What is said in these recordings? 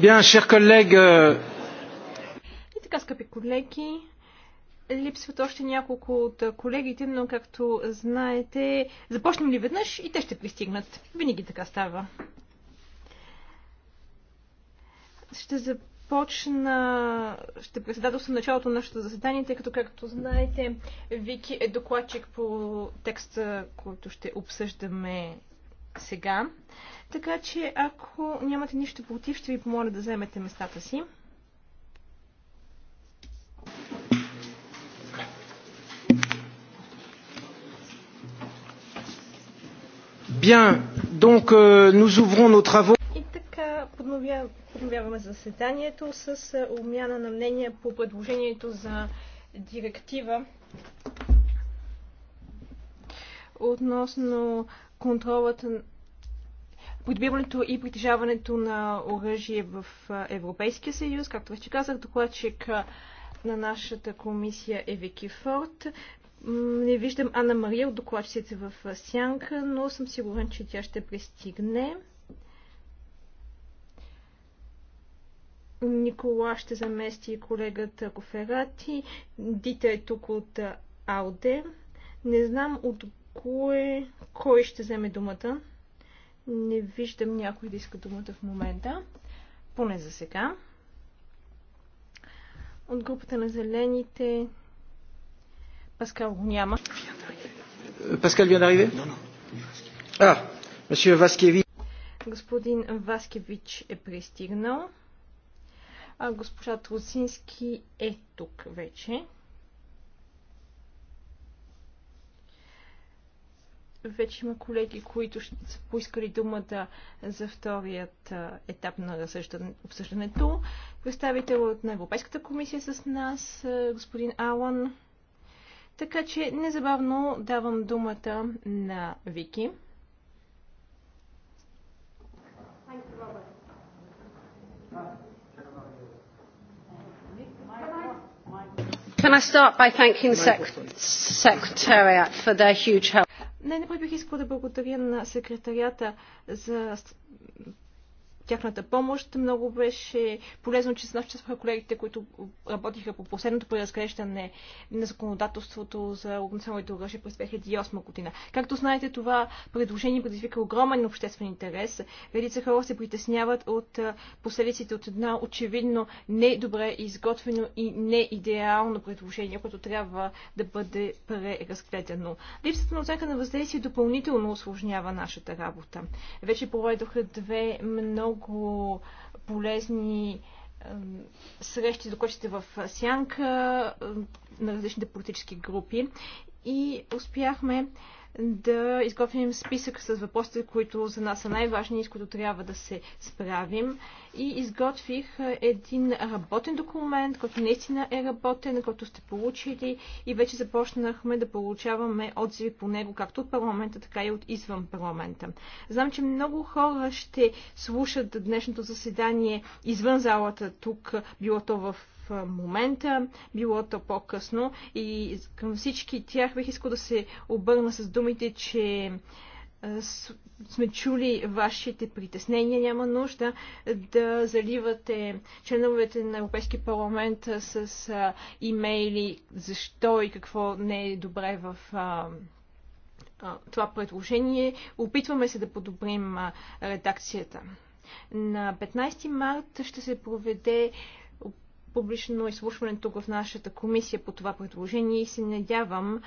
Bien, chers collègues. Euh, и така, скъпи колеги, липсват още няколко от колегите, но както знаете, започнем ли веднъж и те ще пристигнат. Винаги така става. Ще започна, ще председателствам началото на нашето заседание, тъй като, както знаете, Вики е докладчик по текста, който ще обсъждаме сега. Така че, ако нямате нищо против, ще ви помоля да вземете местата си. Bien, donc euh, nous ouvrons nos travaux. И така подновя, подновяваме заседанието с обмяна на мнения по предложението за директива относно контролът придобиването и притежаването на оръжие в Европейския съюз. Както вече казах, докладчик на нашата комисия е Вики Форд. Не виждам Анна Мария от докладчиците в Сянка, но съм сигурен, че тя ще пристигне. Никола ще замести колегата Коферати. Дита е тук от Ауде. Не знам от кое, кой ще вземе думата. Не виждам някой да иска думата в момента, поне за сега. От групата на зелените Паскал го няма. Паскал е нариве? А, месье Васкевич. Господин Васкевич е пристигнал, а госпожа Трусински е тук вече. Вече има колеги, които са поискали думата за вторият етап на обсъждането. Представител на Европейската комисия с нас, господин Алан. Така че незабавно давам думата на Вики. Can I start by thanking Secretariat for their huge help? Не, не бих искала да благодаря на секретарията за тяхната помощ. Много беше полезно, че с нас участваха колегите, които работиха по последното преразглеждане на законодателството за огнестрелните оръжия през 2008 година. Както знаете, това предложение предизвика огромен обществен интерес. Редица хора се притесняват от последиците от една очевидно недобре изготвено и неидеално предложение, което трябва да бъде преразгледано. Липсата на оценка на въздействие допълнително осложнява нашата работа. Вече проведоха две много много полезни срещи, докочите в сянка на различните политически групи и успяхме да изготвим списък с въпросите, които за нас са най-важни и с които трябва да се справим. И изготвих един работен документ, който наистина е работен, който сте получили и вече започнахме да получаваме отзиви по него, както от парламента, така и от извън парламента. Знам, че много хора ще слушат днешното заседание извън залата, тук, било то в момента, било то по-късно. И към всички тях бих искал да се обърна с думите, че сме чули вашите притеснения, няма нужда да заливате членовете на Европейски парламент с имейли защо и какво не е добре в това предложение. Опитваме се да подобрим редакцията. На 15 март ще се проведе публично изслушване тук в нашата комисия по това предложение и се надявам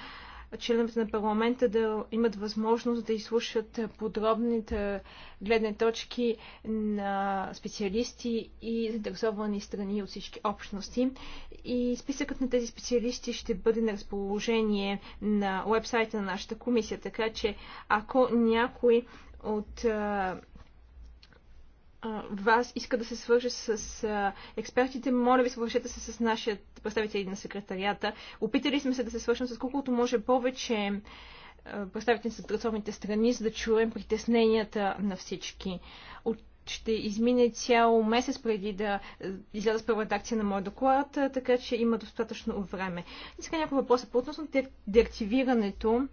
членовете на парламента да имат възможност да изслушат подробните гледни точки на специалисти и заинтересовани страни от всички общности. И списъкът на тези специалисти ще бъде на разположение на вебсайта на нашата комисия, така че ако някой от вас иска да се свърже с а, експертите, моля ви, свършете се с нашия представители на секретарията. Опитали сме се да се свършим с колкото може повече представители на заинтересованите страни, за да чуем притесненията на всички. От ще измине цял месец преди да изляза с първата акция на моя доклад, така че има достатъчно време. Иска някои въпроса по относно деактивирането. Дир-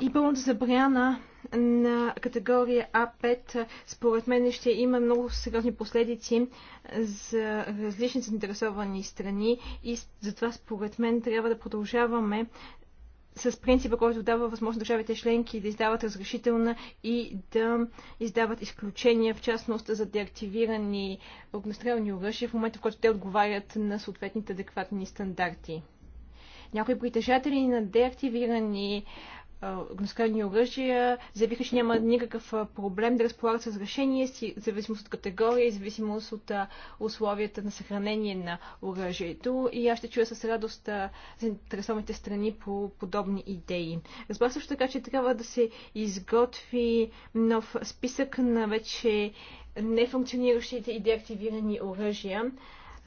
и пълната забрана на категория А5 според мен ще има много сериозни последици за различни заинтересовани страни и затова според мен трябва да продължаваме с принципа, който дава възможност държавите членки да издават разрешителна и да издават изключения, в частност за деактивирани огнестрелни оръжия, в момента в който те отговарят на съответните адекватни стандарти. Някои притежатели на деактивирани огнестрелни оръжия, заявиха, че няма никакъв проблем да разполагат с разрешение си, зависимост от категория и зависимост от условията на съхранение на оръжието. И аз ще чуя с радост заинтересованите страни по подобни идеи. Разбрах също така, че трябва да се изготви нов списък на вече нефункциониращите и деактивирани оръжия.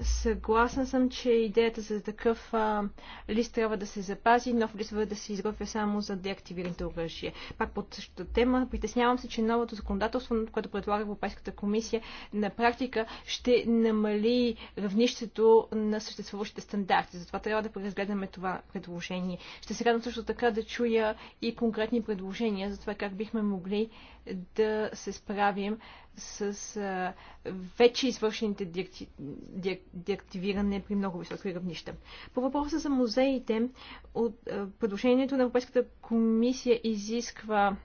Съгласна съм, че идеята за такъв а, лист трябва да се запази, нов лист да се изготвя само за деактивираните оръжия. Пак под същата тема, притеснявам се, че новото законодателство, което предлага Европейската комисия, на практика ще намали равнището на съществуващите стандарти. Затова трябва да преразгледаме това предложение. Ще се радвам също така да чуя и конкретни предложения за това как бихме могли да се справим с а, вече извършените деактивиране при много високи равнища. По въпроса за музеите, от а, предложението на Европейската комисия изисква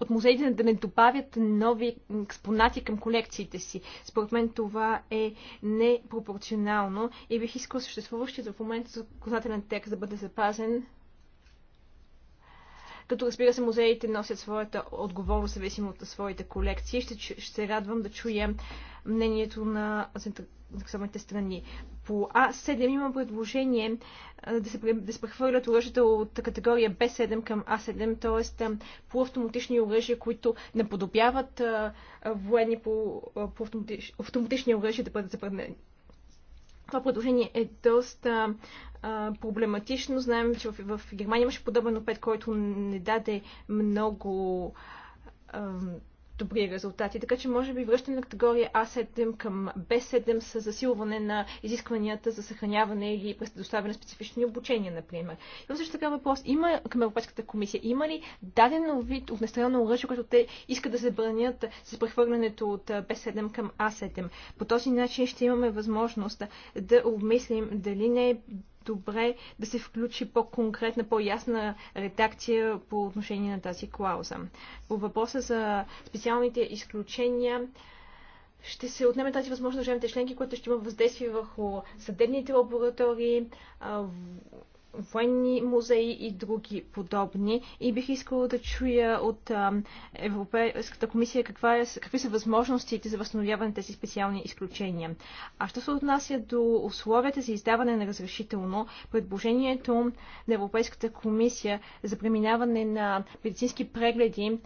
от музеите да не добавят нови експонати към колекциите си. Според мен това е непропорционално и бих искал съществуващия в момента законодателен текст да бъде запазен като разбира се музеите носят своята отговорност, зависимо от своите колекции. Ще, ще се радвам да чуем мнението на заинтересованите страни. По А7 имам предложение да се, да се прехвърлят оръжията от категория Б7 към А7, т.е. по автоматични оръжия, които наподобяват военни по, по автоматични оръжия да бъдат това предложение е доста а, проблематично. Знаем, че в, в Германия имаше подобен опет, който не даде много а, добри резултати. Така че може би връщане на категория А7 към Б7 с засилване на изискванията за съхраняване или предоставяне на специфични обучения, например. Имам също така въпрос. Има към Европейската комисия, има ли даден вид огнестрелно оръжие, което те искат да забранят с прехвърлянето от Б7 към А7? По този начин ще имаме възможност да обмислим дали не е добре да се включи по-конкретна, по-ясна редакция по отношение на тази клауза. По въпроса за специалните изключения, ще се отнеме тази възможност държавните членки, което ще има въздействие върху съдебните лаборатории, военни музеи и други подобни. И бих искала да чуя от Европейската комисия каква е, какви са възможностите за възстановяване на тези специални изключения. А що се отнася до условията за издаване на разрешително, предложението на Европейската комисия за преминаване на медицински прегледи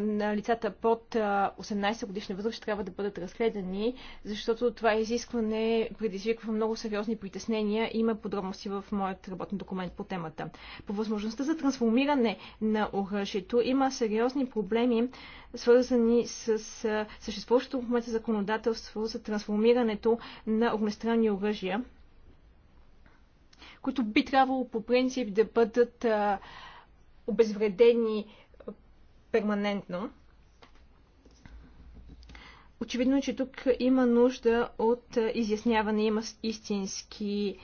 на лицата под 18 годишна възраст трябва да бъдат разгледани, защото това изискване предизвиква много сериозни притеснения. Има подробности в моят работен документ по темата. По възможността за трансформиране на оръжието има сериозни проблеми, свързани с съществуващото в момента законодателство за трансформирането на огнестрелни оръжия, които би трябвало по принцип да бъдат обезвредени перманентно. Очевидно е, че тук има нужда от изясняване, има истински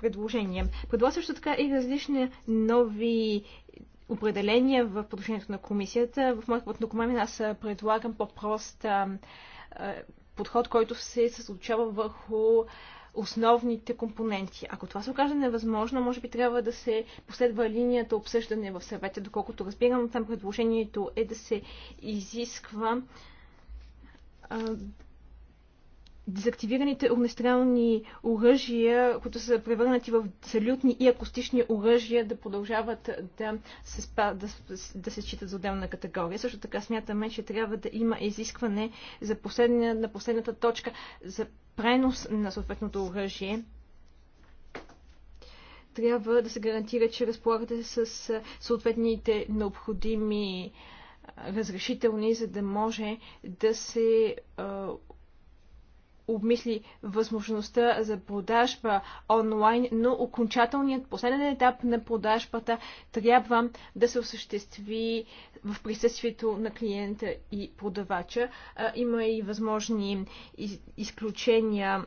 предложения. Предлага също така и различни нови определения в предложението на комисията. В моят документ аз предлагам по-прост подход, който се съслучава върху основните компоненти. Ако това се окаже невъзможно, може би трябва да се последва линията обсъждане в съвета, доколкото разбирам, там предложението е да се изисква дезактивираните огнестрелни оръжия, които са превърнати в салютни и акустични оръжия, да продължават да се, спа, да, да се считат за отделна категория. Също така смятаме, че трябва да има изискване за последна, на последната точка за пренос на съответното оръжие. Трябва да се гарантира, че разполагате с съответните необходими разрешителни, за да може да се обмисли възможността за продажба онлайн, но окончателният последен етап на продажбата трябва да се осъществи в присъствието на клиента и продавача. Има и възможни изключения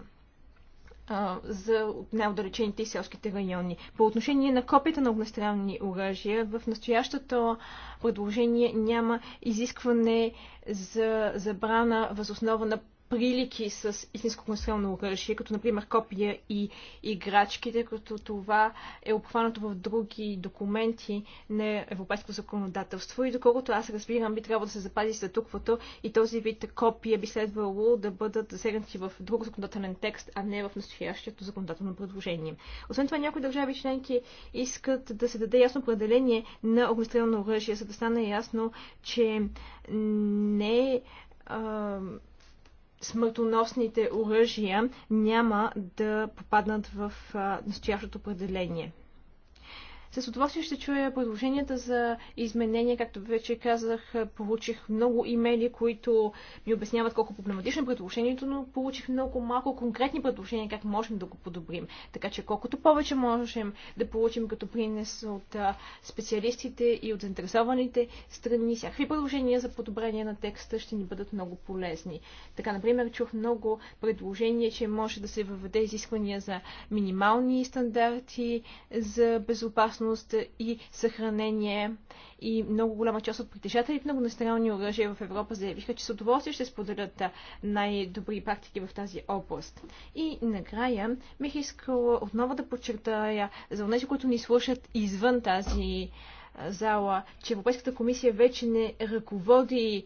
за най удалечените и селските райони. По отношение на копията на огнестрелни оръжия, в настоящото предложение няма изискване за забрана възоснова на прилики с истинско конституционно оръжие, като например копия и играчките, като това е обхванато в други документи на европейско законодателство и доколкото аз разбирам, би трябвало да се запази статуквото и този вид копия би следвало да бъдат засегнати в друг законодателен текст, а не в настоящето законодателно предложение. Освен това, някои държави членки искат да се даде ясно определение на огнестрелно оръжие, за да стане ясно, че не а, смъртоносните оръжия няма да попаднат в настоящото определение. С удоволствие ще чуя предложенията за изменения. Както вече казах, получих много имейли, които ми обясняват колко проблематично е предложението, но получих много малко конкретни предложения как можем да го подобрим. Така че колкото повече можем да получим като принес от специалистите и от заинтересованите страни, всякакви предложения за подобрение на текста ще ни бъдат много полезни. Така, например, чух много предложения, че може да се въведе изисквания за минимални стандарти за безопасност безопасност и съхранение. И много голяма част от притежателите на огнестрелни оръжия в Европа заявиха, че с удоволствие ще споделят най-добри практики в тази област. И накрая бих искала отново да подчертая за тези, които ни слушат извън тази зала, че Европейската комисия вече не ръководи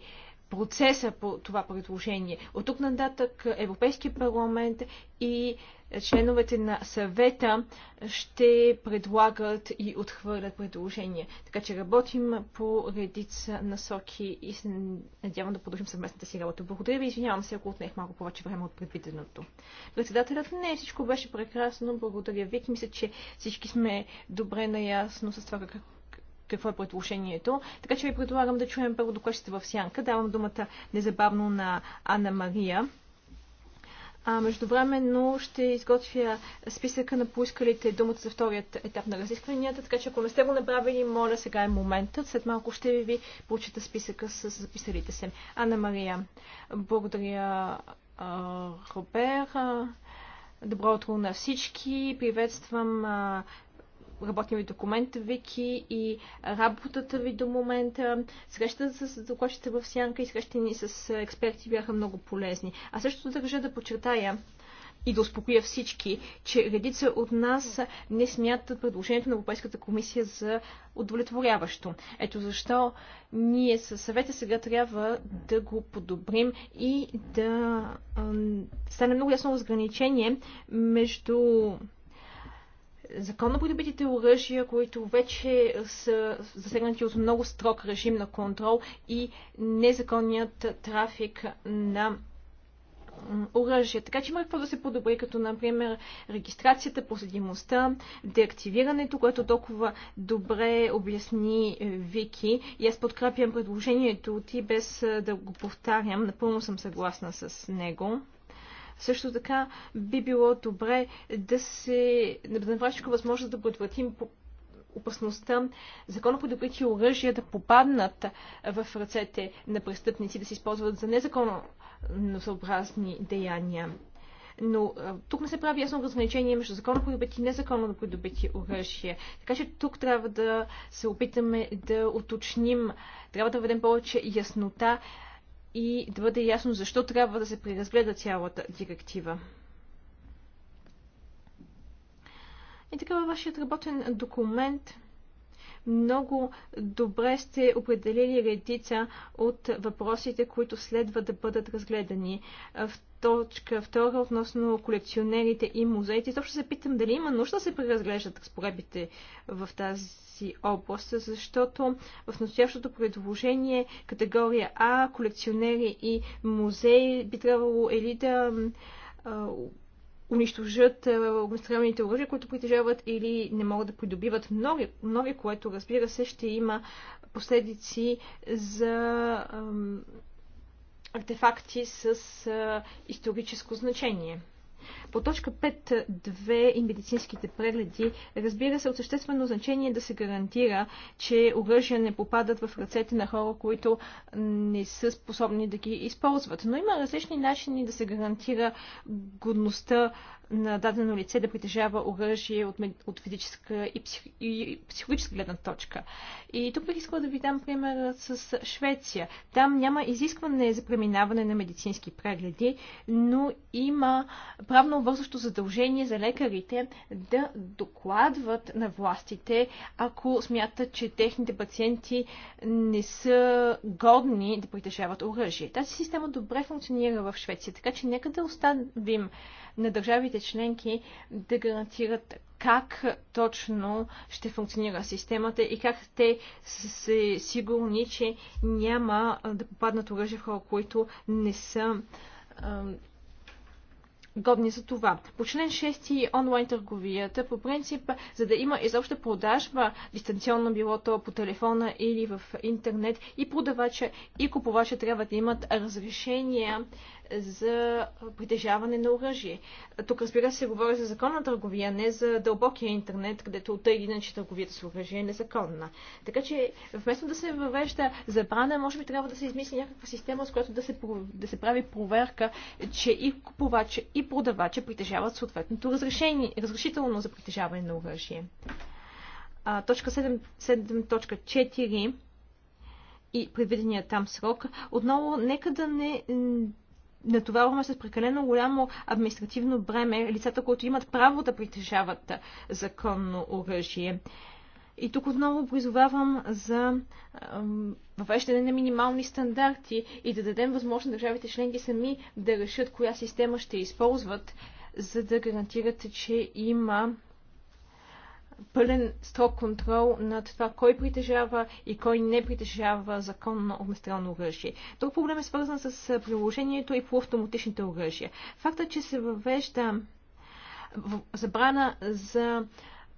процеса по това предложение. От тук нататък Европейския парламент и членовете на съвета ще предлагат и отхвърлят предложения. Така че работим по редица насоки и се надявам да продължим съвместната си работа. Благодаря ви, извинявам се, ако отнех малко повече време от предвиденото. Председателят не, всичко беше прекрасно, благодаря ви. Мисля, че всички сме добре наясно с това как какво е предложението. Така че ви предлагам да чуем първо докладчите в сянка. Давам думата незабавно на Анна Мария. А междувременно ще изготвя списъка на поискалите думата за вторият етап на разискванията, така че ако не сте го направили, моля сега е моментът. След малко ще ви получите списъка с записалите се. Анна Мария, благодаря Робер. Добро утро на всички. Приветствам работния ви документ, Вики, и работата ви до момента. Срещата с докладчите в Сянка и срещи ни с експерти бяха много полезни. А също държа да подчертая, и да успокоя всички, че редица от нас не смятат предложението на Европейската комисия за удовлетворяващо. Ето защо ние със съвета сега трябва да го подобрим и да стане много ясно разграничение между законно придобитите оръжия, които вече са засегнати от много строг режим на контрол и незаконният трафик на оръжия. Така че има какво да се подобри, като например регистрацията, поседимостта, деактивирането, което толкова добре обясни Вики. И аз подкрепям предложението ти, без да го повтарям. Напълно съм съгласна с него. Също така би било добре да се да направи всичко възможно да предотвратим опасността законоподобрити оръжия да попаднат в ръцете на престъпници, да се използват за незаконосъобразни деяния. Но тук не се прави ясно разграничение между законно придобити и незаконно придобити оръжия. Така че тук трябва да се опитаме да уточним, трябва да въведем повече яснота и да бъде ясно защо трябва да се преразгледа цялата директива. И така във вашият работен документ много добре сте определили редица от въпросите, които следва да бъдат разгледани. В точка втора относно колекционерите и музеите, точно се питам дали има нужда да се преразглеждат разпоредбите в тази област, защото в настоящото предложение категория А, колекционери и музеи би трябвало или е да унищожат е, огнестрелните оръжия, които притежават или не могат да придобиват нови, нови което разбира се ще има последици за артефакти с историческо значение. По точка 5.2 и медицинските прегледи, разбира се, от съществено значение е да се гарантира, че оръжия не попадат в ръцете на хора, които не са способни да ги използват. Но има различни начини да се гарантира годността на дадено лице да притежава оръжие от, от физическа и, псих, и психологическа гледна точка. И тук бих искала да ви дам пример с Швеция. Там няма изискване за преминаване на медицински прегледи, но има правно обвързващо задължение за лекарите да докладват на властите, ако смятат, че техните пациенти не са годни да притежават оръжие. Тази система добре функционира в Швеция, така че нека да оставим на държавите членки да гарантират как точно ще функционира системата и как те са се сигурни, че няма да попаднат оръжие в хора, които не са годни за това. По член 6 онлайн търговията, по принцип, за да има изобщо продажба, дистанционно било то по телефона или в интернет, и продавача, и купувача трябва да имат разрешения за притежаване на оръжие. Тук, разбира се, говори за законна търговия, не за дълбокия интернет, където тъй или иначе търговията с оръжие е незаконна. Така че, вместо да се въвежда забрана, може би трябва да се измисли някаква система, с която да се, да се прави проверка, че и купувача, и продавача притежават съответното разрешение, разрешително за притежаване на оръжие. А, точка 7.4 и предвидения там срок, отново нека да не натоварваме с прекалено голямо административно бреме лицата, които имат право да притежават законно оръжие. И тук отново призовавам за въвеждане на минимални стандарти и да дадем възможност държавите членки сами да решат коя система ще използват, за да гарантират, че има пълен строг контрол над това кой притежава и кой не притежава законно огнестрелно оръжие. Друг проблем е свързан с приложението и полуавтоматичните оръжия. Факта, че се въвежда забрана за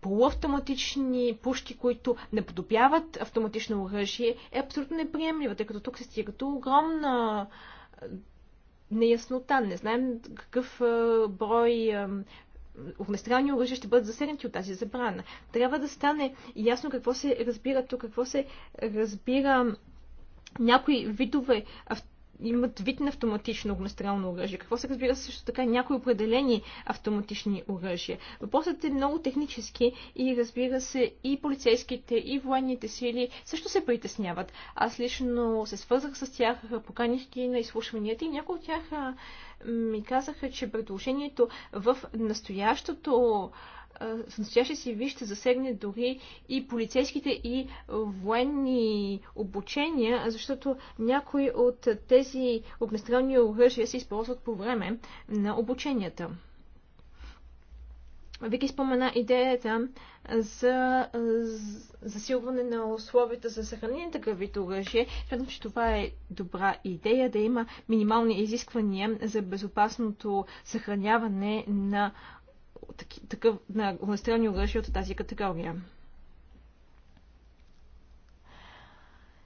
полуавтоматични пушки, които не подобяват автоматично оръжие, е абсолютно неприемлива, тъй като тук се стига до огромна неяснота. Не знаем какъв брой огнестрелни оръжия ще бъдат засегнати от тази забрана. Трябва да стане ясно какво се разбира тук, какво се разбира някои видове авто имат вид на автоматично огнестрелно оръжие. Какво се разбира също така някои определени автоматични оръжия? Въпросът е много технически и разбира се и полицейските, и военните сили също се притесняват. Аз лично се свързах с тях, поканих ги на изслушванията и някои от тях ми казаха, че предложението в настоящото с настоящия си виж ще засегне дори и полицейските и военни обучения, защото някои от тези огнестрелни оръжия се използват по време на обученията. Вики спомена идеята за засилване на условията за съхранение на такъв оръжие. Смятам, че това е добра идея да има минимални изисквания за безопасното съхраняване на такъв, на огнестрелни оръжия от тази категория.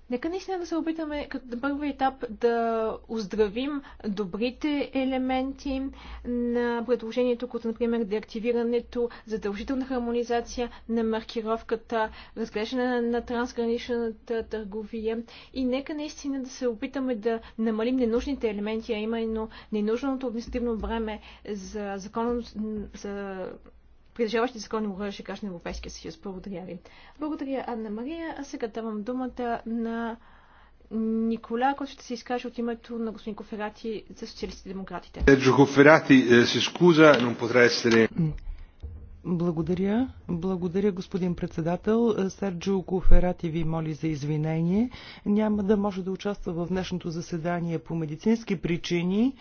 Нека наистина да се опитаме като първи етап да оздравим добрите елементи на предложението, като например деактивирането, задължителна хармонизация на маркировката, разглеждане на трансграничната търговия и нека наистина да се опитаме да намалим ненужните елементи, а именно ненужното административно време за, законно, за притежаващи законни ще граждани на Европейския съюз. Благодаря ви. Благодаря, Анна Мария. А сега давам думата на Никола, който ще се изкаже от името на господин Коферати за социалистите и демократите. Коферати е, се скуза, но потра благодаря. Благодаря, господин председател. Серджо Коферати ви моли за извинение. Няма да може да участва в днешното заседание по медицински причини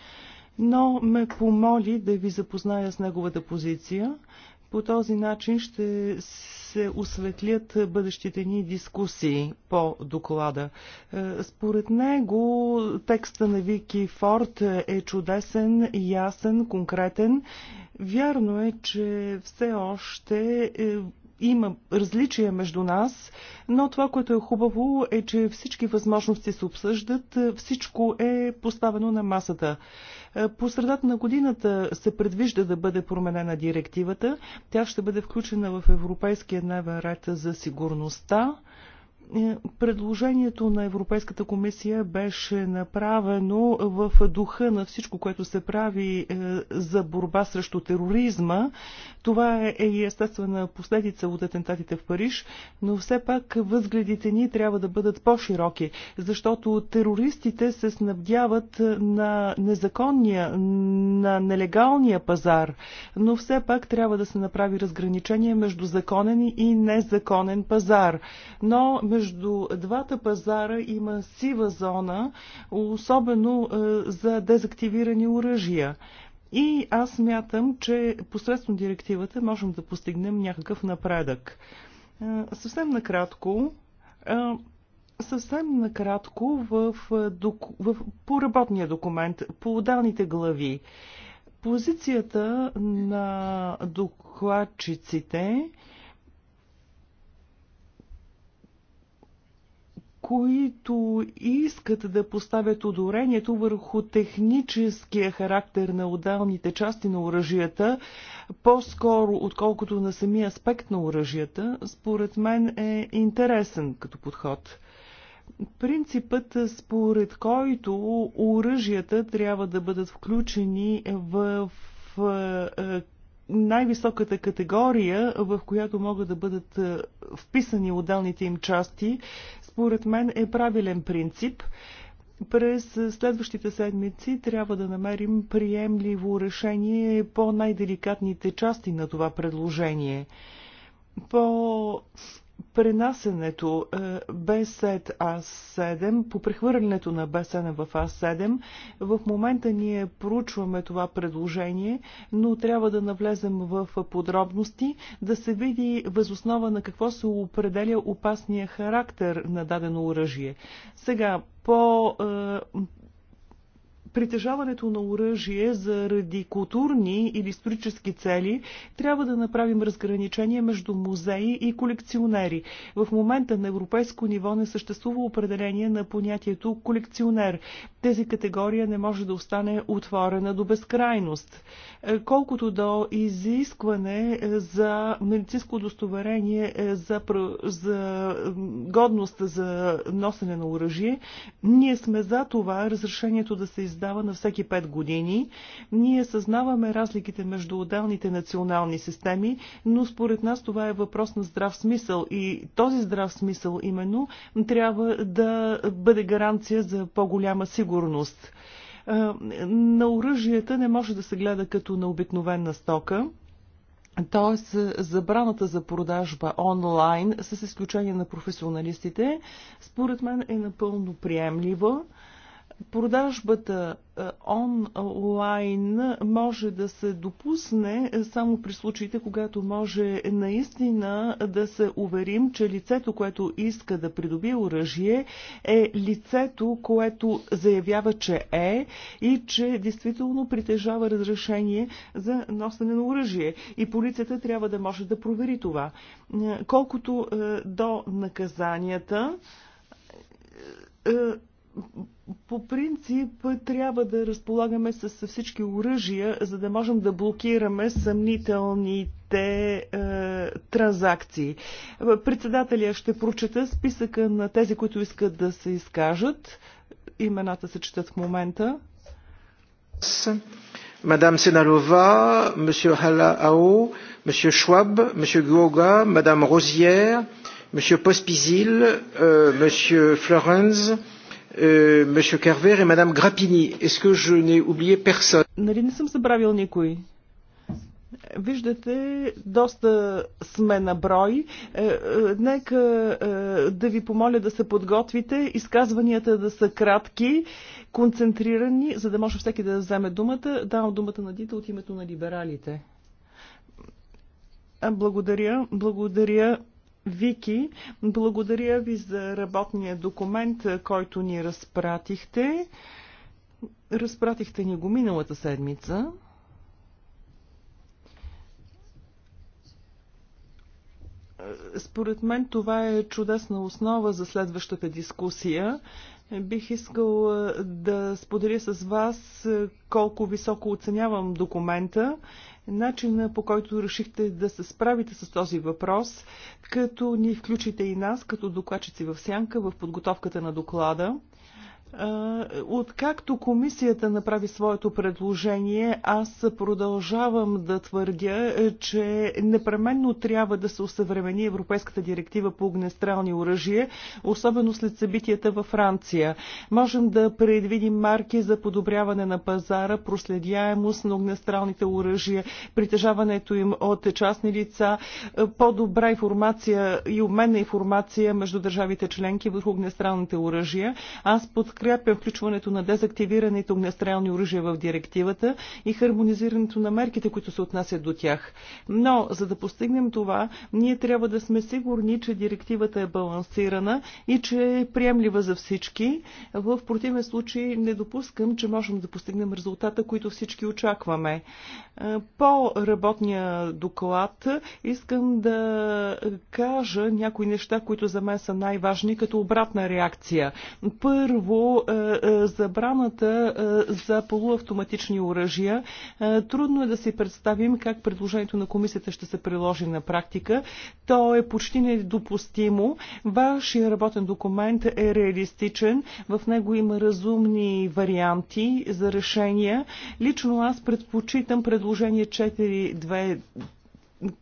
но ме помоли да ви запозная с неговата позиция. По този начин ще се осветлят бъдещите ни дискусии по доклада. Е, според него текста на Вики Форд е чудесен, ясен, конкретен. Вярно е, че все още е, има различия между нас, но това, което е хубаво, е, че всички възможности се обсъждат, всичко е поставено на масата. По средата на годината се предвижда да бъде променена директивата. Тя ще бъде включена в Европейския дневен ред за сигурността. Е, предложението на Европейската комисия беше направено в духа на всичко, което се прави е, за борба срещу тероризма. Това е, е и естествена последица от атентатите в Париж, но все пак възгледите ни трябва да бъдат по-широки, защото терористите се снабдяват на незаконния, на нелегалния пазар, но все пак трябва да се направи разграничение между законен и незаконен пазар. Но между двата пазара има сива зона, особено е, за дезактивирани оръжия. И аз мятам, че посредством директивата можем да постигнем някакъв напредък. Е, съвсем накратко, е, съвсем накратко в, в, по работния документ, по отделните глави. Позицията на докладчиците които искат да поставят ударението върху техническия характер на отделните части на оръжията, по-скоро отколкото на самия аспект на оръжията, според мен е интересен като подход. Принципът, според който оръжията трябва да бъдат включени в е, най-високата категория, в която могат да бъдат е, вписани отделните им части, според мен е правилен принцип. През следващите седмици трябва да намерим приемливо решение по най-деликатните части на това предложение. По пренасенето B7 е, А7, по прехвърлянето на B7 в А7. В момента ние проучваме това предложение, но трябва да навлезем в подробности, да се види възоснова на какво се определя опасния характер на дадено оръжие. Сега, по е, притежаването на оръжие заради културни или исторически цели, трябва да направим разграничение между музеи и колекционери. В момента на европейско ниво не съществува определение на понятието колекционер. Тези категория не може да остане отворена до безкрайност. Е, колкото до изискване е, за медицинско удостоверение е, за, за годност за носене на оръжие, ние сме за това разрешението да се издава издава на всеки 5 години. Ние съзнаваме разликите между отделните национални системи, но според нас това е въпрос на здрав смисъл и този здрав смисъл именно трябва да бъде гаранция за по-голяма сигурност. Е, на оръжията не може да се гледа като на обикновена стока. Т.е. забраната за продажба онлайн, с изключение на професионалистите, според мен е напълно приемлива. Продажбата е, онлайн може да се допусне е, само при случаите, когато може наистина да се уверим, че лицето, което иска да придобие оръжие, е лицето, което заявява, че е и че действително притежава разрешение за носене на оръжие. И полицията трябва да може да провери това. Е, колкото до наказанията, по принцип трябва да разполагаме с всички оръжия, за да можем да блокираме съмнителните е, транзакции. Председателя ще прочета списъка на тези, които искат да се изкажат. Имената се четат в момента. Мадам Сеналова, месье Хала Ао, месье Шваб, месье Гуога, мадам Розиер, месье Поспизил, е, месье Флоренс, Euh, Monsieur Carver et Madame Grappini. Est-ce que je n'ai oublié personne? Нали не съм забравил никой? Виждате, доста сме на брой. Е, е, нека е, да ви помоля да се подготвите, изказванията да са кратки, концентрирани, за да може всеки да вземе думата. Давам думата на Дита от името на либералите. Благодаря, благодаря Вики, благодаря ви за работния документ, който ни разпратихте. Разпратихте ни го миналата седмица. Според мен това е чудесна основа за следващата дискусия. Бих искал да споделя с вас колко високо оценявам документа начина по който решихте да се справите с този въпрос, като ни включите и нас като докладчици в сянка в подготовката на доклада. Откакто комисията направи своето предложение, аз продължавам да твърдя, е, че непременно трябва да се усъвремени Европейската директива по огнестрални оръжия, особено след събитията във Франция. Можем да предвидим марки за подобряване на пазара, проследяемост на огнестралните оръжия, притежаването им от частни лица, по-добра информация и обмен на информация между държавите членки върху огнестралните оръжия. Аз под подкрепя включването на дезактивираните огнестрелни оръжия в директивата и хармонизирането на мерките, които се отнасят до тях. Но, за да постигнем това, ние трябва да сме сигурни, че директивата е балансирана и че е приемлива за всички. В противен случай не допускам, че можем да постигнем резултата, които всички очакваме. По работния доклад искам да кажа някои неща, които за мен са най-важни, като обратна реакция. Първо, е, е, забраната е, за полуавтоматични оръжия. Трудно е да си представим как предложението на комисията ще се приложи на практика. То е почти недопустимо. Вашия работен документ е реалистичен. В него има разумни варианти за решения. Лично аз предпочитам предложение 4.2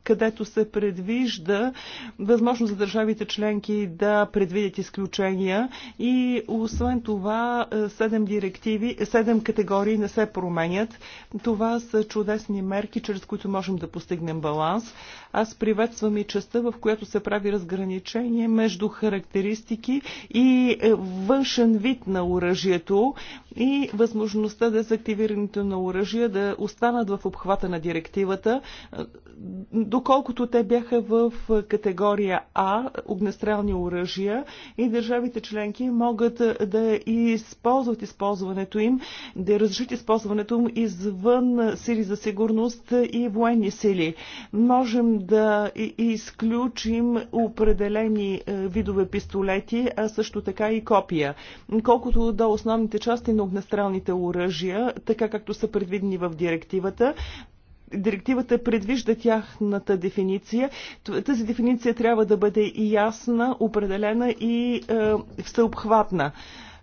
където се предвижда възможност за държавите членки да предвидят изключения и освен това 7 е, директиви, 7 категории не се променят. Това са чудесни мерки, чрез които можем да постигнем баланс. Аз приветствам и частта, в която се прави разграничение между характеристики и е, външен вид на оръжието и възможността дезактивирането на оръжия да останат в обхвата на директивата, е, доколкото те бяха в е, категория А, огнестрелни оръжия, и държавите членки могат да използват използването им, да разрешат използването им извън сили за сигурност и военни сили. Можем да изключим определени е, видове пистолети, а също така и копия. Колкото до основните части на огнестрелните оръжия, така както са предвидени в директивата, директивата предвижда тяхната дефиниция. Тази дефиниция трябва да бъде и ясна, определена и е, всеобхватна.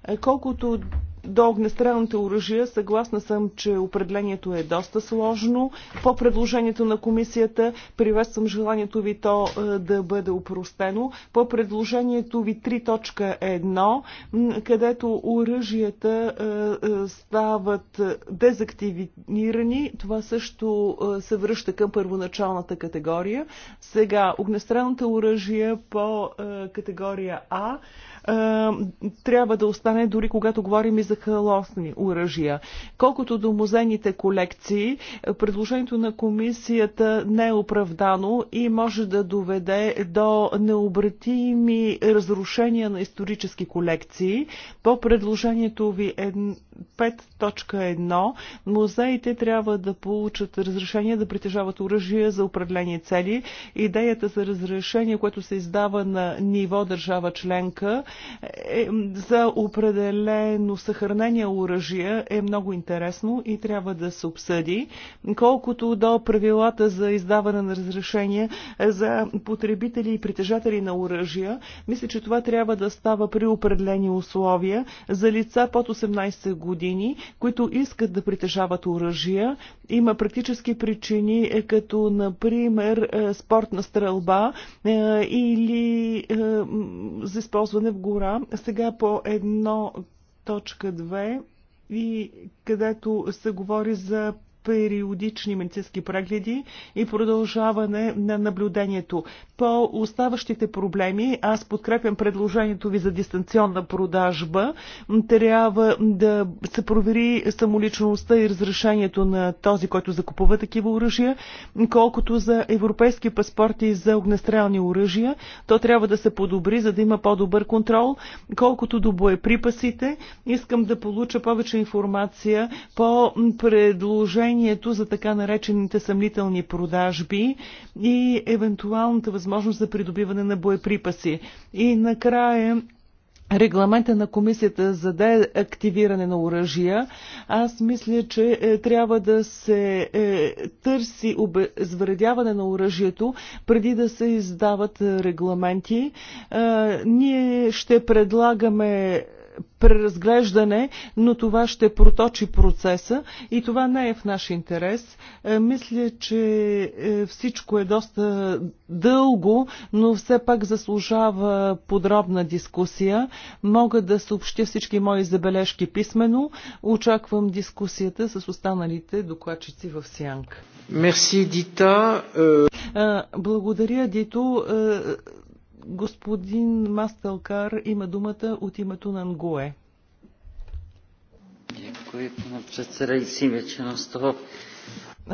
Е, колкото до огнестрелните оръжия, съгласна съм, че определението е доста сложно. По предложението на комисията приветствам желанието ви то е, да бъде упростено. По предложението ви 3.1, където оръжията е, е, стават дезактивирани, това също се връща към първоначалната категория. Сега, огнестрелните оръжия по категория А трябва да остане дори когато говорим и за халосни оръжия. Колкото до музейните колекции, предложението на комисията не е оправдано и може да доведе до необратими разрушения на исторически колекции. По предложението ви е 5.1 музеите трябва да получат разрешение да притежават оръжие за определени цели. Идеята за разрешение, което се издава на ниво държава членка е, за определено съхранение оръжия е много интересно и трябва да се обсъди. Колкото до правилата за издаване на разрешение за потребители и притежатели на оръжия, мисля, че това трябва да става при определени условия за лица под 18 години години, които искат да притежават оръжия. Има практически причини, е, като например е, спортна стрелба е, или за използване в гора. Сега по едно точка и където се говори за периодични медицински прегледи и продължаване на наблюдението. По оставащите проблеми, аз подкрепям предложението ви за дистанционна продажба. Трябва да се провери самоличността и разрешението на този, който закупува такива оръжия. Колкото за европейски паспорти за огнестрелни оръжия, то трябва да се подобри, за да има по-добър контрол. Колкото до боеприпасите, искам да получа повече информация по предложение решението за така наречените съмнителни продажби и евентуалната възможност за придобиване на боеприпаси. И накрая регламента на комисията за деактивиране на оръжия, аз мисля, че е, трябва да се е, търси обезвредяване на оръжието преди да се издават регламенти. Е, ние ще предлагаме преразглеждане, но това ще проточи процеса и това не е в наш интерес. Е, мисля, че е, всичко е доста дълго, но все пак заслужава подробна дискусия. Мога да съобщя всички мои забележки писменно. Очаквам дискусията с останалите докладчици в Сянка. Мерси, Дита. Е, благодаря, Дито. Господин Мастелкар има думата от името на Ангуе.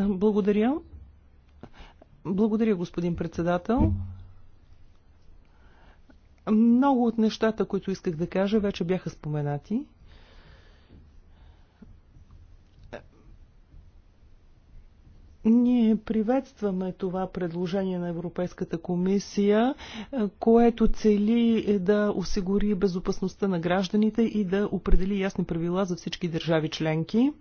Благодаря. Благодаря, господин председател. Много от нещата, които исках да кажа, вече бяха споменати. Ние приветстваме това предложение на Европейската комисия, е, което цели е, да осигури безопасността на гражданите и да определи ясни правила за всички държави членки е,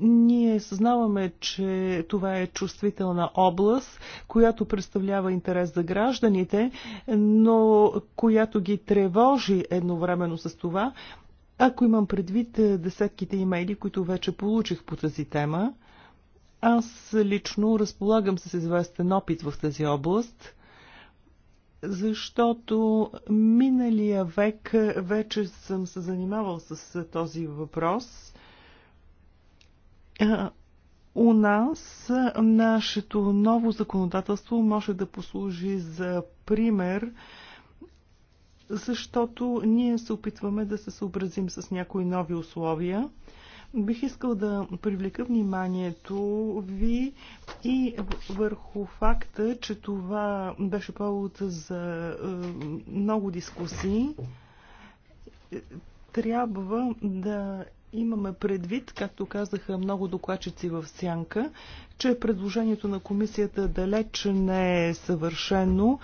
ние съзнаваме, че това е чувствителна област, която представлява интерес за гражданите, но която ги тревожи едновременно с това, ако имам предвид е, десетките имейли, които вече получих по тази тема, аз лично разполагам с известен опит в тази област, защото миналия век е, вече съм се занимавал с е, този въпрос. У нас нашето ново законодателство може да послужи за пример защото ние се опитваме да се съобразим с някои нови условия. Бих искал да привлека вниманието ви и върху факта, че това беше повод за е, много дискусии. Трябва да Имаме предвид, както казаха много докладчици в Сянка, че предложението на комисията далеч не е съвършено.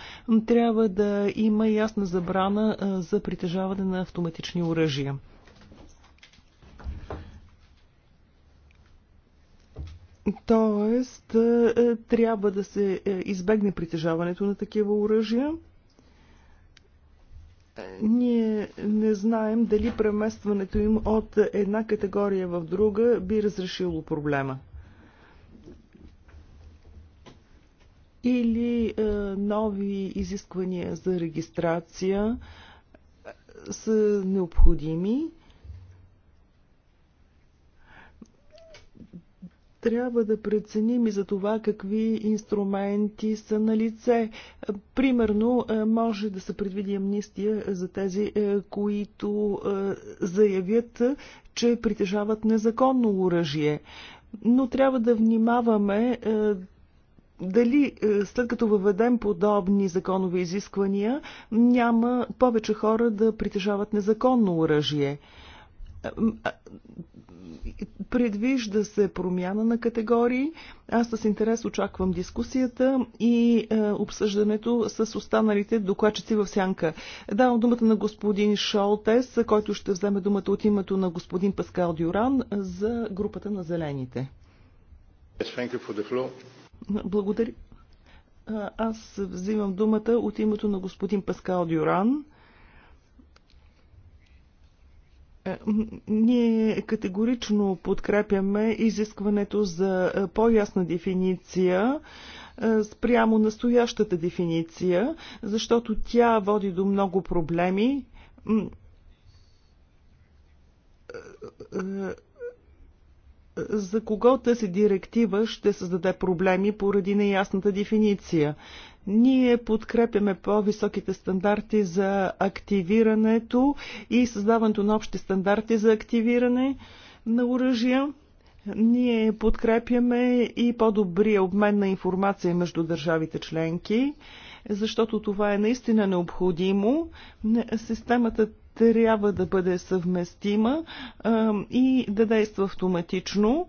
Трябва да има ясна забрана за притежаване на автоматични оръжия. Тоест, трябва да се избегне притежаването на такива оръжия ние не знаем дали преместването им от една категория в друга би разрешило проблема. Или е, нови изисквания за регистрация са необходими трябва да преценим и за това какви инструменти са на лице. Е, примерно, е, може да се предвиди амнистия за тези, е, които заявят, че притежават незаконно оръжие. Но трябва да внимаваме дали след като въведем подобни законови изисквания, няма повече хора да притежават незаконно оръжие Предвижда се промяна на категории. Аз с интерес очаквам дискусията и е, обсъждането с останалите докладчици в сянка. Давам думата на господин Шолтес, който ще вземе думата от името на господин Паскал Дюран за групата на зелените. Yes, Благодаря. Е, аз взимам думата от името на господин Паскал Дюран. Е, ние категорично подкрепяме изискването за е, по-ясна дефиниция е, спрямо настоящата дефиниция, защото тя води до много проблеми за кого тази директива ще създаде проблеми поради неясната дефиниция. Ние подкрепяме по-високите стандарти за активирането и създаването на общи стандарти за активиране на оръжия. Ние подкрепяме и по-добрия обмен на информация между държавите членки, защото това е наистина необходимо. Системата трябва да бъде съвместима и да действа автоматично.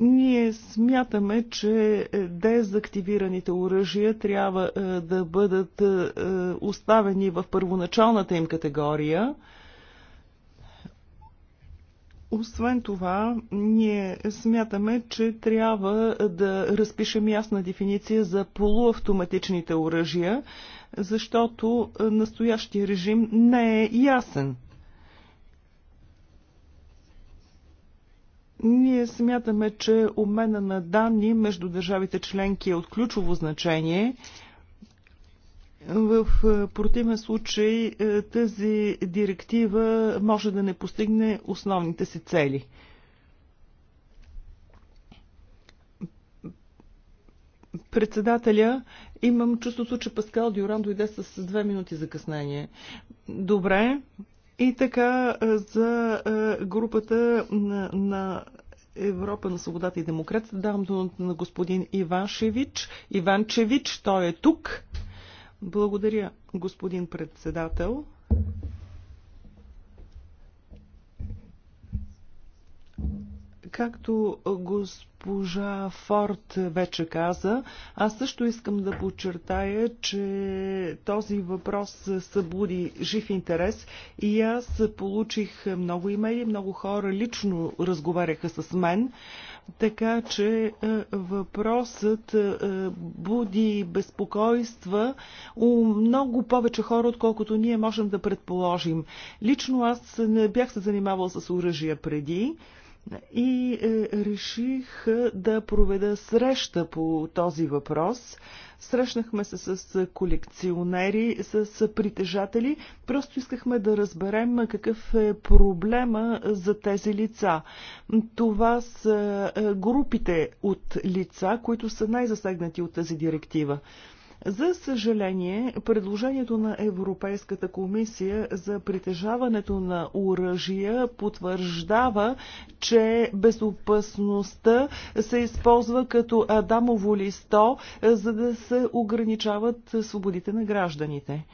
Ние смятаме, че дезактивираните оръжия трябва е, да бъдат е, оставени в първоначалната им категория. Освен това, ние смятаме, че трябва да разпишем ясна дефиниция за полуавтоматичните оръжия, защото е, настоящия режим не е ясен. Ние смятаме, че обмена на данни между държавите членки е от ключово значение. В е, противен случай е, тази директива може да не постигне основните си цели. Председателя, имам чувството, че Паскал Дюран дойде с две минути закъснение. Добре, и така е, за е, групата на, на Европа на свободата и демокрация, давам думата на господин Иваншевич. Иванчевич, той е тук. Благодаря, господин председател. Както госпожа Форд вече каза, аз също искам да подчертая, че този въпрос събуди жив интерес и аз получих много имейли, много хора лично разговаряха с мен, така че е, въпросът е, буди безпокойства у много повече хора, отколкото ние можем да предположим. Лично аз не бях се занимавал с оръжия преди и е, реших е, да проведа среща по този въпрос. Срещнахме се с е, колекционери, с притежатели. Просто искахме да разберем какъв е проблема за тези лица. Това са групите от лица, които са най-засегнати от тази директива. За съжаление, предложението на Европейската комисия за притежаването на оръжия потвърждава, че безопасността се използва като адамово листо, за да се ограничават свободите на гражданите.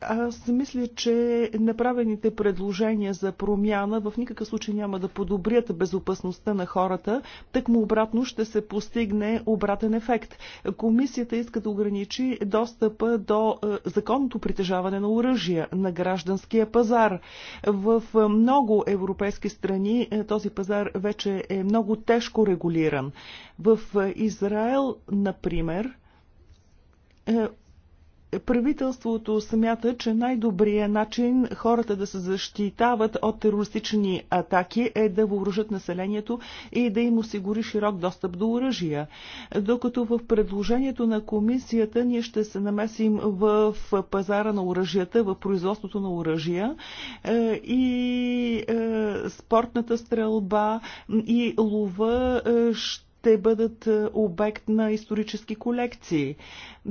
Аз мисля, че направените предложения за промяна в никакъв случай няма да подобрят безопасността на хората. Тък му обратно ще се постигне обратен ефект. Комисията иска да ограничи достъпа до е, законното притежаване на оръжия на гражданския пазар. В е, много европейски страни е, този пазар вече е много тежко регулиран. В Израел, например, правителството смята, че най-добрият начин хората да се защитават от терористични атаки е да въоръжат населението и да им осигури широк достъп до оръжия. Докато в предложението на комисията ние ще се намесим в пазара на оръжията, в производството на оръжия е, и е, спортната стрелба и лова е, ще те бъдат е, обект на исторически колекции.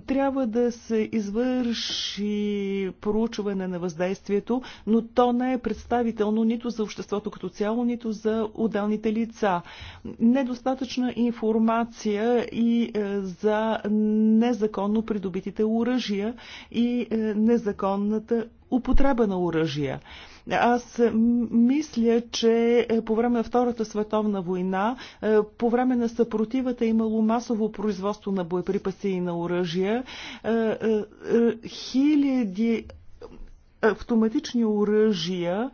Трябва да се извърши проучване на въздействието, но то не е представително нито за обществото като цяло, нито за отделните лица. Недостатъчна информация и е, за незаконно придобитите оръжия и е, незаконната употреба на оръжия. Аз мисля, че е, по време на Втората световна война, е, по време на съпротивата е имало масово производство на боеприпаси и на оръжия. Хиляди автоматични оръжия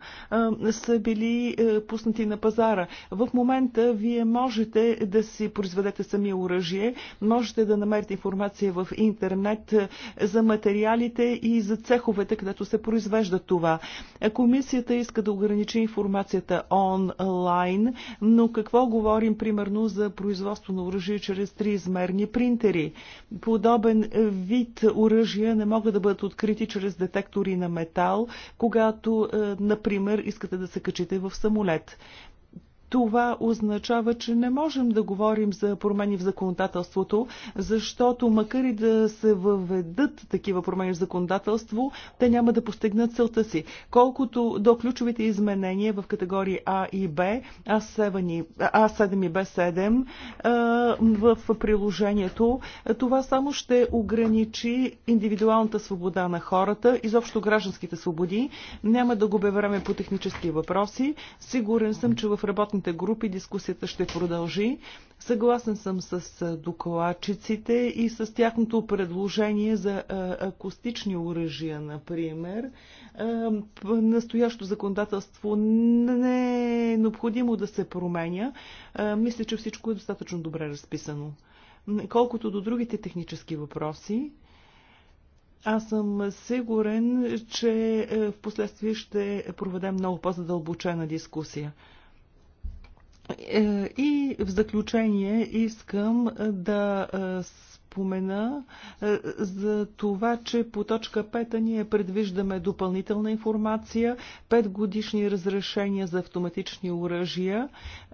са били е, пуснати на пазара. В момента вие можете да си произведете сами оръжие, можете да намерите информация в интернет е, за материалите и за цеховете, където се произвежда това. Е, комисията иска да ограничи информацията онлайн, но какво говорим примерно за производство на оръжие чрез триизмерни принтери? Подобен вид оръжия не могат да бъдат открити чрез детектори на метал квартал, когато, е, например, искате да се качите в самолет това означава, че не можем да говорим за промени в законодателството, защото макар и да се въведат такива промени в законодателство, те няма да постигнат целта си. Колкото до ключовите изменения в категории А и Б, А7 и, А7 и Б7 в приложението, това само ще ограничи индивидуалната свобода на хората, изобщо гражданските свободи. Няма да губя време по технически въпроси. Сигурен съм, че в работната работните групи дискусията ще продължи. Съгласен съм с докладчиците и с тяхното предложение за акустични оръжия, например. Настоящо законодателство не е необходимо да се променя. Мисля, че всичко е достатъчно добре разписано. Колкото до другите технически въпроси, аз съм сигурен, че в последствие ще проведем много по-задълбочена дискусия. Е, и в заключение искам да е, спомена е, за това, че по точка 5 ние предвиждаме допълнителна информация, 5 годишни разрешения за автоматични оръжия.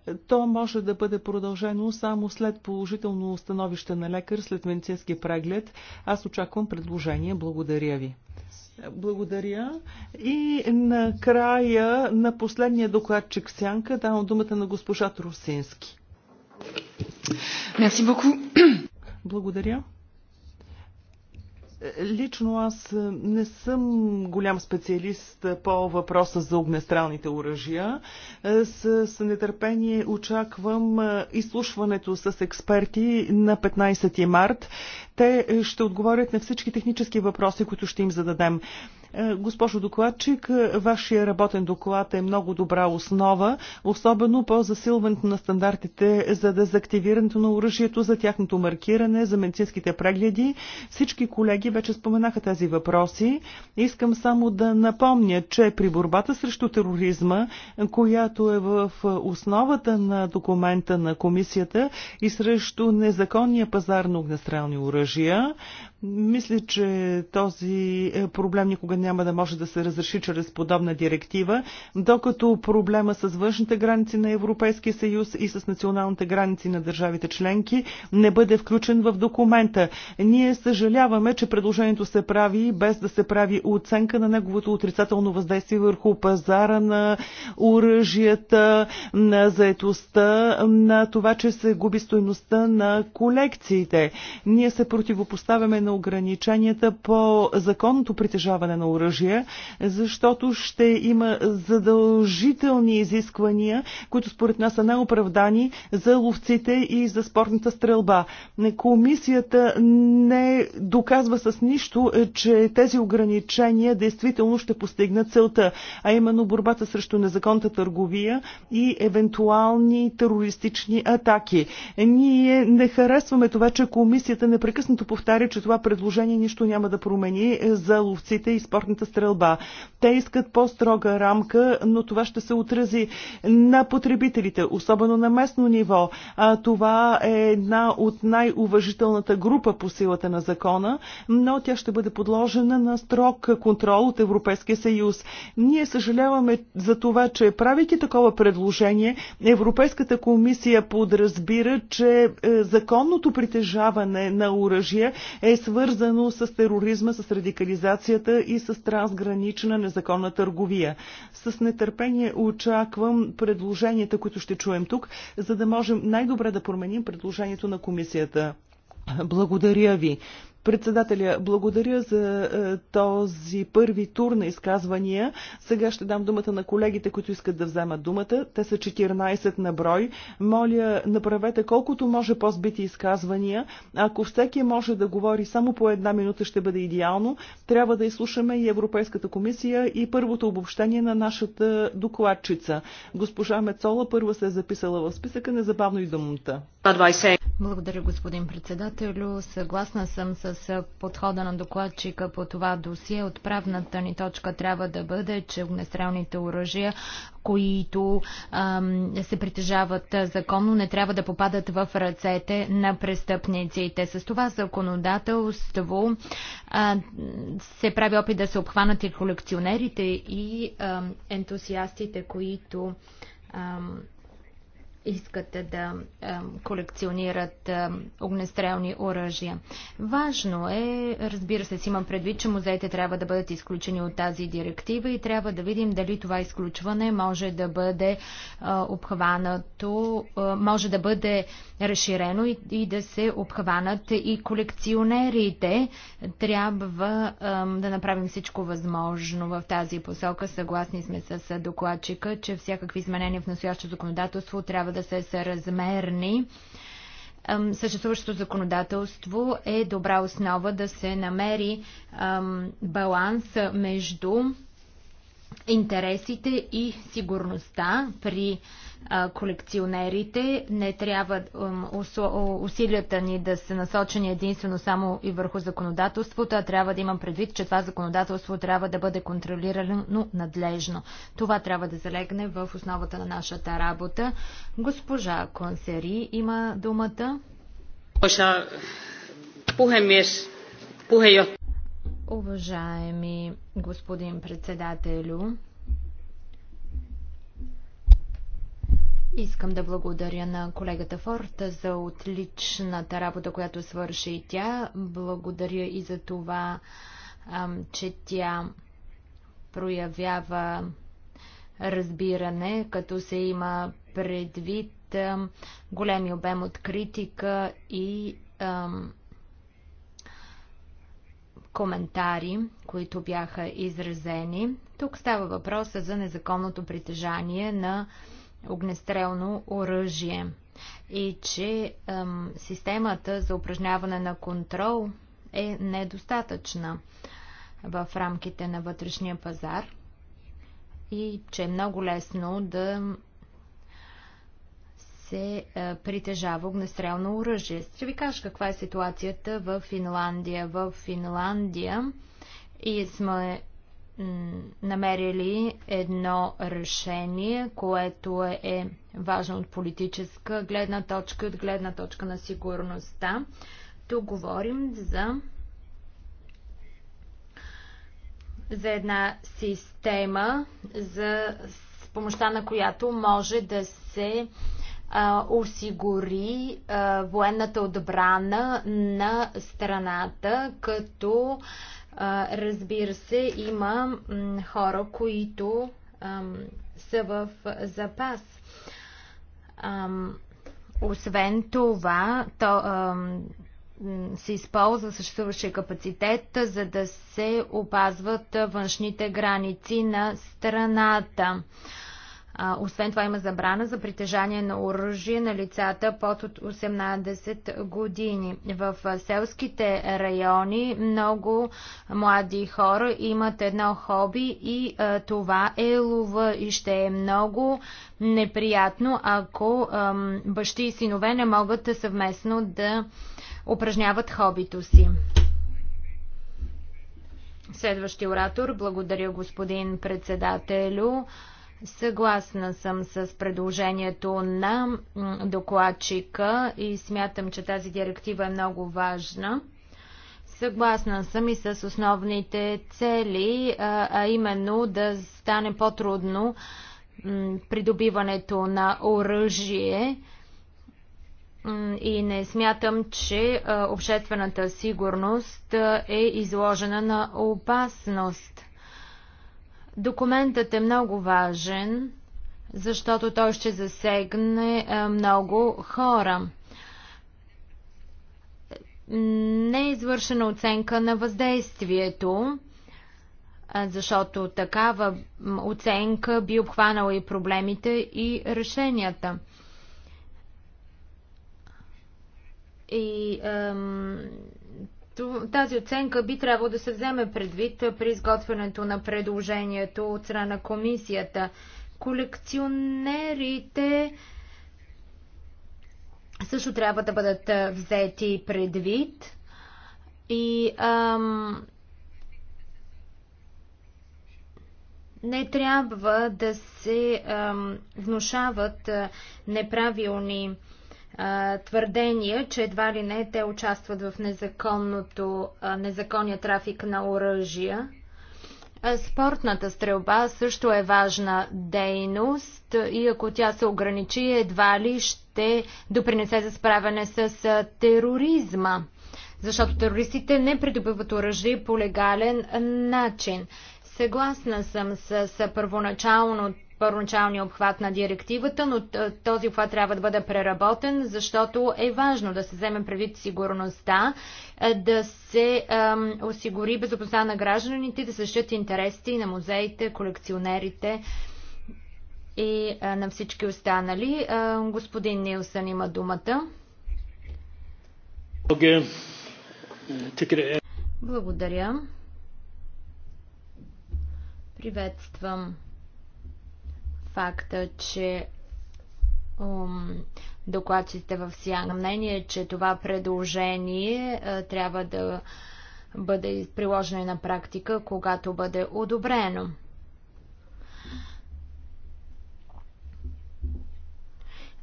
Е, то може да бъде продължено само след положително становище на лекар, след медицински преглед. Аз очаквам предложение. Благодаря ви. Благодаря. И накрая на последния докладчик Сянка давам думата на госпожа Трусински. Merci beaucoup. Благодаря. Лично аз не съм голям специалист по въпроса за огнестралните оръжия. С, с нетърпение очаквам изслушването с експерти на 15 март. Те ще отговорят на всички технически въпроси, които ще им зададем. Е, госпожо докладчик, е, вашия работен доклад е много добра основа, особено по засилването на стандартите за дезактивирането на оръжието, за тяхното маркиране, за медицинските прегледи. Всички колеги вече споменаха тези въпроси. Искам само да напомня, че при борбата срещу тероризма, която е в основата на документа на комисията и срещу незаконния пазар на огнестрелни оръжия, мисля, че този е, проблем никога не няма да може да се разреши чрез подобна директива, докато проблема с външните граници на Европейския съюз и с националните граници на държавите членки не бъде включен в документа. Ние съжаляваме, че предложението се прави без да се прави оценка на неговото отрицателно въздействие върху пазара на оръжията, на заетостта, на това, че се губи стойността на колекциите. Ние се противопоставяме на ограниченията по законното притежаване на на оръжия, защото ще има задължителни изисквания, които според нас са неоправдани за ловците и за спортната стрелба. Комисията не доказва с нищо, че тези ограничения действително ще постигнат целта, а именно борбата срещу незаконната търговия и евентуални терористични атаки. Ние не харесваме това, че комисията непрекъснато повтаря, че това предложение нищо няма да промени за ловците и спортната спортната стрелба. Те искат по-строга рамка, но това ще се отрази на потребителите, особено на местно ниво. А, това е една от най-уважителната група по силата на закона, но тя ще бъде подложена на строг контрол от Европейския съюз. Ние съжаляваме за това, че правейки такова предложение, Европейската комисия подразбира, че е, законното притежаване на оръжия е свързано с тероризма, с радикализацията и с трансгранична незаконна търговия. С нетърпение очаквам предложенията, които ще чуем тук, за да можем най-добре да променим предложението на комисията. Благодаря ви. Председателя, благодаря за е, този първи тур на изказвания. Сега ще дам думата на колегите, които искат да вземат думата. Те са 14 на брой. Моля, направете колкото може по-збити изказвания. Ако всеки може да говори само по една минута, ще бъде идеално. Трябва да изслушаме и Европейската комисия и първото обобщение на нашата докладчица. Госпожа Мецола първа се е записала в списъка, незабавно и думата. Благодаря, господин председателю. Съгласна съм с с подхода на докладчика по това досие. Отправната ни точка трябва да бъде, че огнестрелните оръжия, които ам, се притежават законно, не трябва да попадат в ръцете на престъпниците. С това законодателство а, се прави опит да се обхванат и колекционерите и ам, ентусиастите, които ам, искат да колекционират огнестрелни оръжия. Важно е, разбира се, си имам предвид, че музеите трябва да бъдат изключени от тази директива и трябва да видим дали това изключване може да бъде обхванато, може да бъде разширено и, и да се обхванат и колекционерите. Трябва да направим всичко възможно в тази посока. Съгласни сме с докладчика, че всякакви изменения в настоящото законодателство трябва да да са съразмерни. Съществуващото законодателство е добра основа да се намери баланс между интересите и сигурността при колекционерите. Не трябва усилията ни да са насочени единствено само и върху законодателството, а трябва да имам предвид, че това законодателство трябва да бъде контролирано надлежно. Това трябва да залегне в основата на нашата работа. Госпожа Консери има думата. Пухемиес, puheenjohtaja. Уважаеми господин председателю, Искам да благодаря на колегата Форта за отличната работа, която свърши и тя. Благодаря и за това, че тя проявява разбиране, като се има предвид големи обем от критика и коментари, които бяха изразени. Тук става въпроса за незаконното притежание на огнестрелно оръжие и че ем, системата за упражняване на контрол е недостатъчна в рамките на вътрешния пазар и че е много лесно да се е, притежава огнестрелно оръжие. Ще ви кажа каква е ситуацията в Финландия. В Финландия и сме намерили едно решение, което е, е важно от политическа гледна точка, и от гледна точка на сигурността. Тук говорим за за една система, за, с помощта на която може да се а, осигури военната отбрана на страната, като разбира се има хора, които са в запас. Освен това, то, се използва съществуващия капацитет, за да се опазват външните граници на страната. А, освен това има забрана за притежание на оръжие на лицата под 18 години. В селските райони много млади хора имат едно хоби и а, това е лова и ще е много неприятно, ако а, бащи и синове не могат съвместно да упражняват хобито си. Следващи оратор. Благодаря, господин председателю. Съгласна съм с предложението на докладчика и смятам, че тази директива е много важна. Съгласна съм и с основните цели, а именно да стане по-трудно придобиването на оръжие и не смятам, че обществената сигурност е изложена на опасност. Документът е много важен, защото той ще засегне е, много хора. Не е извършена оценка на въздействието, е, защото такава оценка би обхванала и проблемите и решенията. И ем, тази оценка би трябвало да се вземе предвид при изготвянето на предложението от страна на комисията. Колекционерите също трябва да бъдат взети предвид. И ам, не трябва да се ам, внушават неправилни твърдения, че едва ли не те участват в незаконното, незаконния трафик на оръжия. Спортната стрелба също е важна дейност и ако тя се ограничи, едва ли ще допринесе за справяне с тероризма. Защото терористите не придобиват оръжие по легален начин. Съгласна съм с първоначалното първоначалния обхват на директивата, но този обхват трябва да бъде преработен, защото е важно да се вземе предвид сигурността, е, да се ем, осигури безопасността на гражданите, да същат интересите и на музеите, колекционерите и е, на всички останали. Е, господин Нилсън има думата. Благодаря. Приветствам факта, че um, докладчите в Сиана мнение, че това предложение а, трябва да бъде приложено на практика, когато бъде одобрено.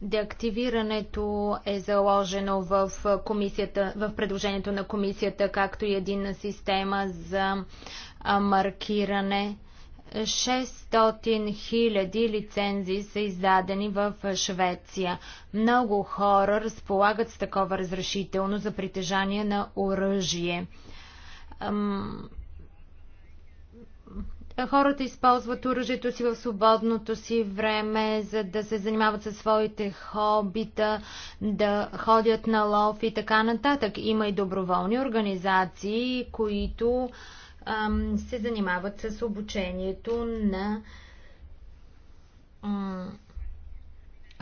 Деактивирането е заложено в, комисията, в предложението на комисията, както и единна система за маркиране. 600 000 лицензии са издадени в Швеция. Много хора разполагат с такова разрешително за притежание на оръжие. Хората използват оръжието си в свободното си време, за да се занимават със своите хобита, да ходят на лов и така нататък. Има и доброволни организации, които а, се занимават с обучението на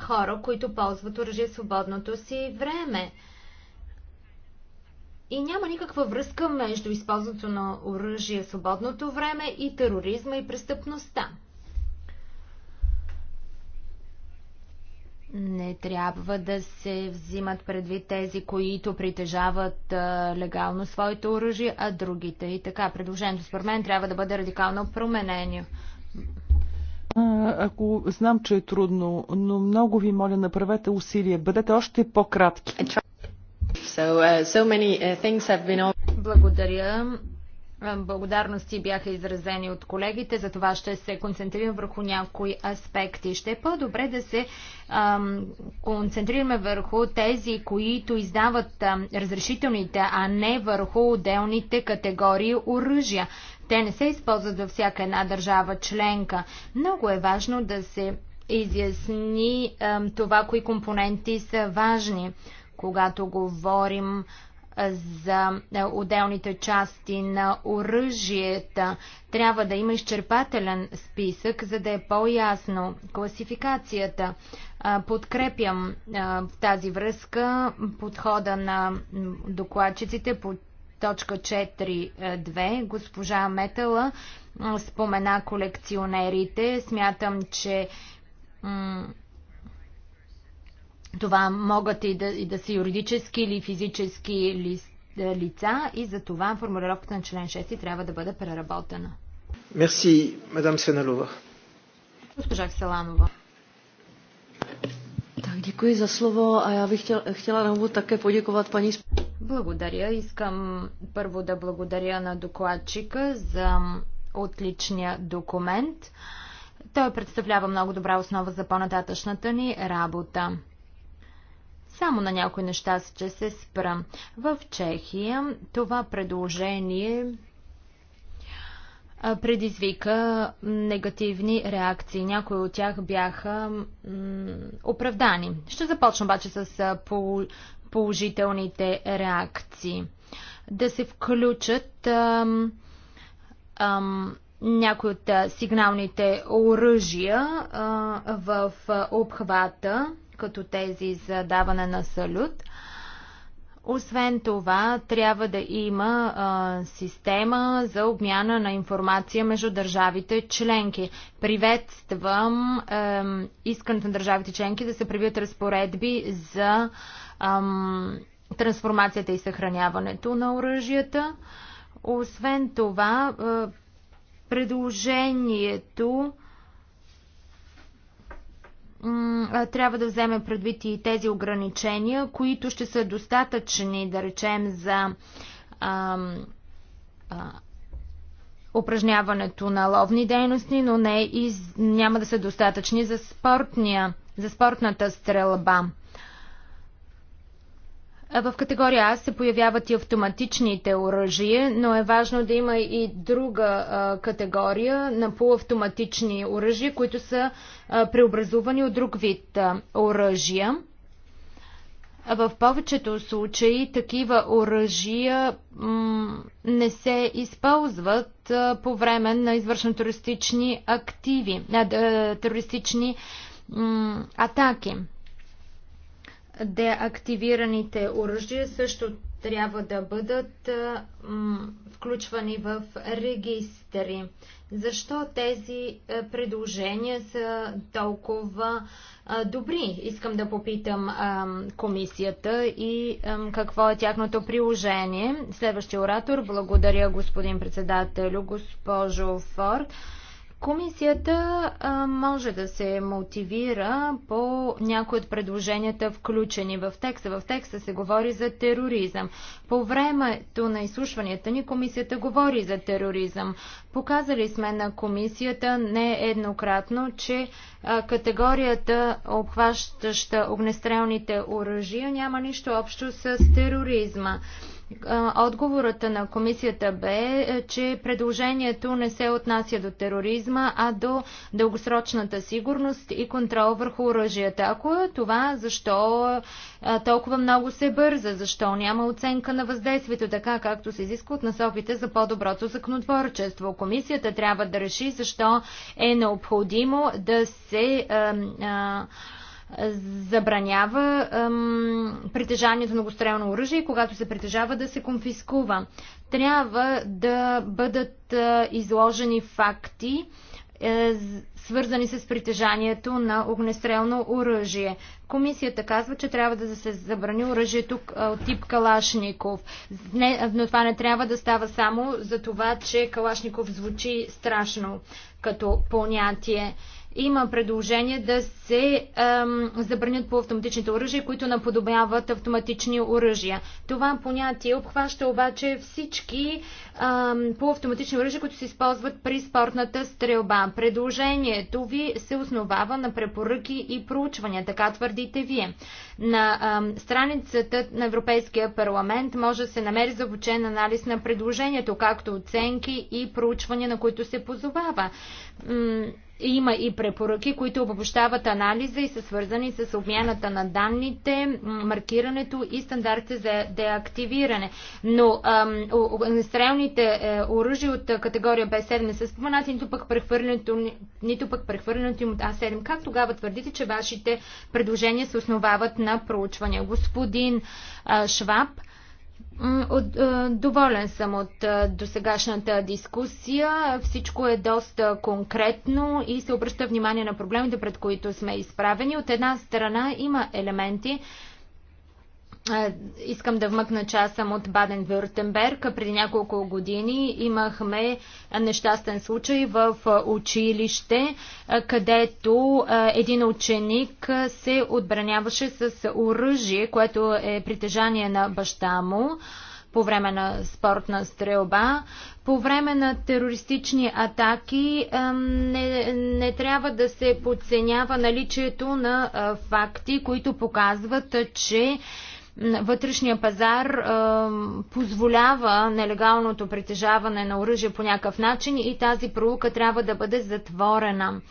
хора, които ползват оръжие свободното си време. И няма никаква връзка между използването на оръжие свободното време и тероризма и престъпността. не трябва да се взимат предвид тези, които притежават а, легално своите оръжие, а другите. И така, предложението според мен трябва да бъде радикално променено. Ако знам, че е трудно, но много ви моля, направете усилия. Бъдете още по-кратки. So, uh, so many, uh, been... Благодаря. Е, благодарности бяха изразени от колегите, за това ще се концентрирам върху някои аспекти. Ще е по-добре да се ам, концентрираме върху тези, които издават ам, разрешителните, а не върху отделните категории оръжия. Те не се използват във всяка една държава членка. Много е важно да се изясни ам, това, кои компоненти са важни, когато говорим за е, отделните части на оръжията. Трябва да има изчерпателен списък, за да е по-ясно класификацията. Подкрепям в тази връзка подхода на докладчиците по точка 4.2. Госпожа Метала спомена колекционерите. Смятам, че това могат и да, и да са юридически или физически ли, е, лица и за това формулировката на член 6 трябва да бъде преработена. Мерси, мадам Сеналова. Госпожа Кселанова. Так, дякую за слово, а я bych хотела chtěla na úvod také poděkovat paní... Благодаря. Искам първо да благодаря на докладчика за отличния документ. Той представлява много добра основа за по-нататъчната ни работа. Само на някои неща ще се спра. В Чехия това предложение предизвика негативни реакции. Някои от тях бяха оправдани. Ще започна обаче с положителните реакции. Да се включат ам, ам, някои от сигналните оръжия а, в обхвата като тези за даване на салют. Освен това, трябва да има а, система за обмяна на информация между държавите членки. Приветствам а, искането на държавите членки да се привият разпоредби за а, трансформацията и съхраняването на оръжията. Освен това, а, е, предложението а, трябва да вземе предвид и тези ограничения, които ще са достатъчни, да речем, за а, а, упражняването на ловни дейности, но не и няма да са достатъчни за спортния, за спортната стрелба. В категория А се появяват и автоматичните оръжия, но е важно да има и друга категория на полуавтоматични оръжия, които са преобразувани от друг вид оръжия. В повечето случаи такива оръжия не се използват по време на извършно терористични активи, терористични атаки деактивираните оръжия също трябва да бъдат включвани в регистри. Защо тези предложения са толкова добри? Искам да попитам комисията и какво е тяхното приложение. Следващия оратор. Благодаря, господин председател, госпожо Форд. Комисията а, може да се мотивира по някои от предложенията, включени в текста. В текста се говори за тероризъм. По времето на изслушванията ни комисията говори за тероризъм. Показали сме на комисията не еднократно, че а, категорията, обхващаща огнестрелните оръжия, няма нищо общо с тероризма. Отговорът на комисията бе, е, че предложението не се отнася до тероризма, а до дългосрочната сигурност и контрол върху оръжията. Ако е това, защо толкова много се бърза? Защо няма оценка на въздействието, така както се изисква от насоките за по-доброто законотворчество? Комисията трябва да реши защо е необходимо да се а, а, забранява ем, притежанието на гострелно оръжие, когато се притежава да се конфискува. Трябва да бъдат е, изложени факти, е, свързани с притежанието на огнестрелно оръжие. Комисията казва, че трябва да се забрани оръжието от тип Калашников. Не, но това не трябва да става само за това, че Калашников звучи страшно като понятие. Има предложение да се ем, забранят по автоматичните оръжия, които наподобяват автоматични оръжия. Това понятие обхваща обаче всички ем, автоматични оръжия, които се използват при спортната стрелба. Предложението ви се основава на препоръки и проучвания, така твърдите вие. На ем, страницата на Европейския парламент може да се намери заобучен анализ на предложението, както оценки и проучвания, на които се позовава има и препоръки, които обобщават анализа и са свързани с обмяната на данните, маркирането и стандартите за деактивиране. Но огнестрелните е, оръжия от категория B7 не са споменати, нито пък прехвърлянето, нито пък прехвърлянето им от А7. Как тогава твърдите, че вашите предложения се основават на проучвания? Господин Шваб, Доволен съм от досегашната дискусия. Всичко е доста конкретно и се обръща внимание на проблемите, пред които сме изправени. От една страна има елементи, Искам да вмъкна, че аз съм от Баден-Вюртенберг. Преди няколко години имахме нещастен случай в училище, където един ученик се отбраняваше с оръжие, което е притежание на баща му по време на спортна стрелба. По време на терористични атаки не, не трябва да се подценява наличието на факти, които показват, че вътрешния пазар е, позволява нелегалното притежаване на оръжие по някакъв начин и тази проука трябва да бъде затворена.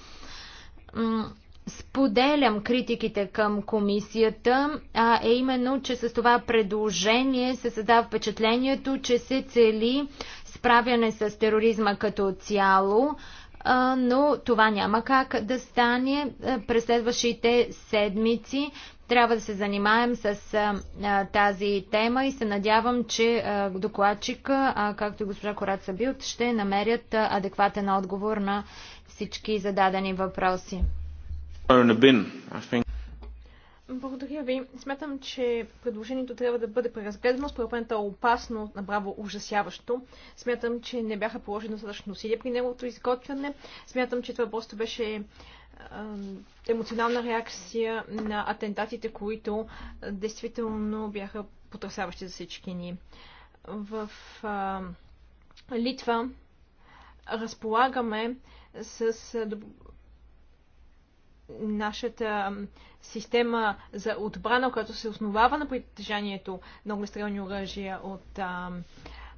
Споделям критиките към комисията, а е именно, че с това предложение се създава впечатлението, че се цели справяне с тероризма като цяло, но това няма как да стане през следващите седмици. Трябва да се занимаем с тази тема и се надявам, че докладчика, както и госпожа Корат Сабилт, ще намерят адекватен отговор на всички зададени въпроси. Благодаря ви. Смятам, че предложението трябва да бъде преразгледано. Според мен е опасно, направо ужасяващо. Смятам, че не бяха положени достатъчно усилия при неговото изготвяне. Смятам, че това просто беше емоционална реакция на атентатите, които действително бяха потрясаващи за всички ни. В а, Литва разполагаме с нашата система за отбрана, която се основава на притежанието на огнестрелни оръжия от а,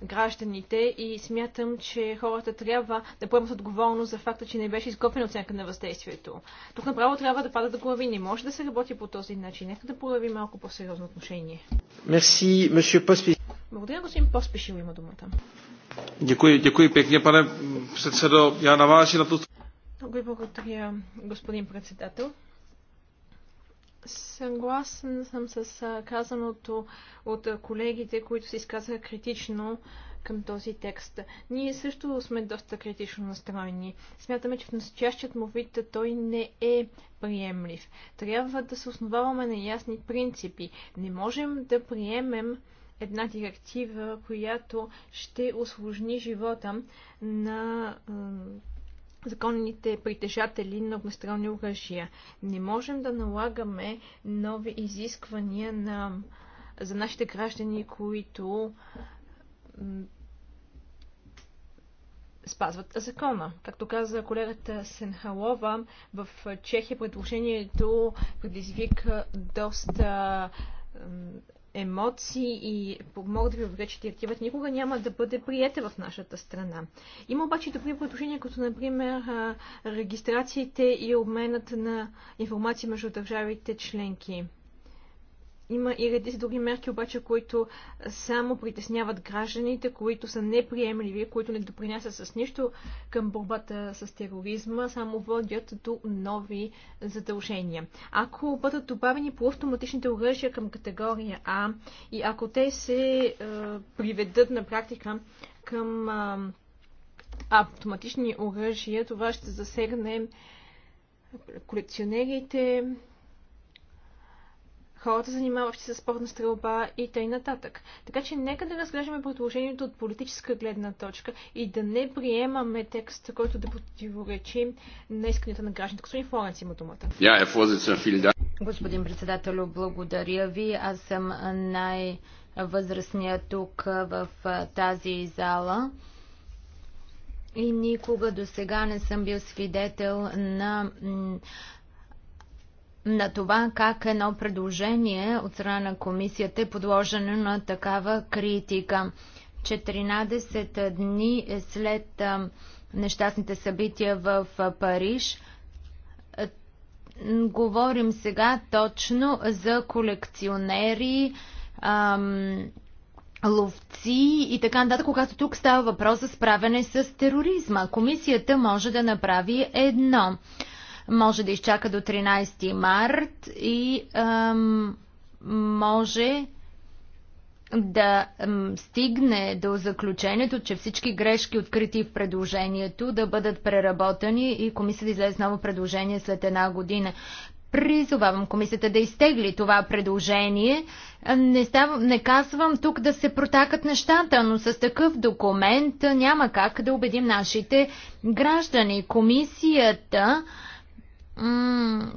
гражданите и смятам, че хората трябва да поемат отговорност за факта, че не беше изкопена оценка на въздействието. Тук направо трябва да падат глави. Не може да се работи по този начин. Нека да прояви малко по-сериозно отношение. Мерси, месье Поспиш. Благодаря, господин Поспишил има думата. Děkuji, děkuji pěkně, pane předsedo. Já navážu na to. Много ви благодаря, господин председател. Съгласен съм с казаното от колегите, които се изказаха критично към този текст. Ние също сме доста критично настроени. Смятаме, че в настоящият му вид той не е приемлив. Трябва да се основаваме на ясни принципи. Не можем да приемем една директива, която ще осложни живота на законните притежатели на огнестрелни оръжия. Не можем да налагаме нови изисквания на, за нашите граждани, които спазват закона. Както каза колегата Сенхалова, в Чехия предложението предизвика доста емоции и могат да ви уверя, че директивата никога няма да бъде приета в нашата страна. Има обаче добри предложения, като например регистрациите и обменът на информация между държавите членки. Има и редица други мерки, обаче, които само притесняват гражданите, които са неприемливи, които не допринасят с нищо към борбата с тероризма, само водят до нови задължения. Ако бъдат добавени полуавтоматичните оръжия към категория А и ако те се е, приведат на практика към е, автоматични оръжия, това ще засегне колекционерите, хората, занимаващи се с спортна стрелба и тъй нататък. Така че нека да разглеждаме предложението от политическа гледна точка и да не приемаме текст, който да противоречи на исканията на гражданите. Господин Флоренц има думата. Господин председател, благодаря ви. Аз съм най-възрастният тук в тази зала. И никога до сега не съм бил свидетел на на това как едно предложение от страна на комисията е подложено на такава критика. 14 дни след нещастните събития в Париж говорим сега точно за колекционери, ловци и така нататък, когато тук става въпрос за справяне с тероризма. Комисията може да направи едно може да изчака до 13 март и ам, може да ам, стигне до заключението, че всички грешки, открити в предложението, да бъдат преработени и комисията да излезе с ново предложение след една година призовавам комисията да изтегли това предложение. Не, став, не казвам тук да се протакат нещата, но с такъв документ няма как да убедим нашите граждани. Комисията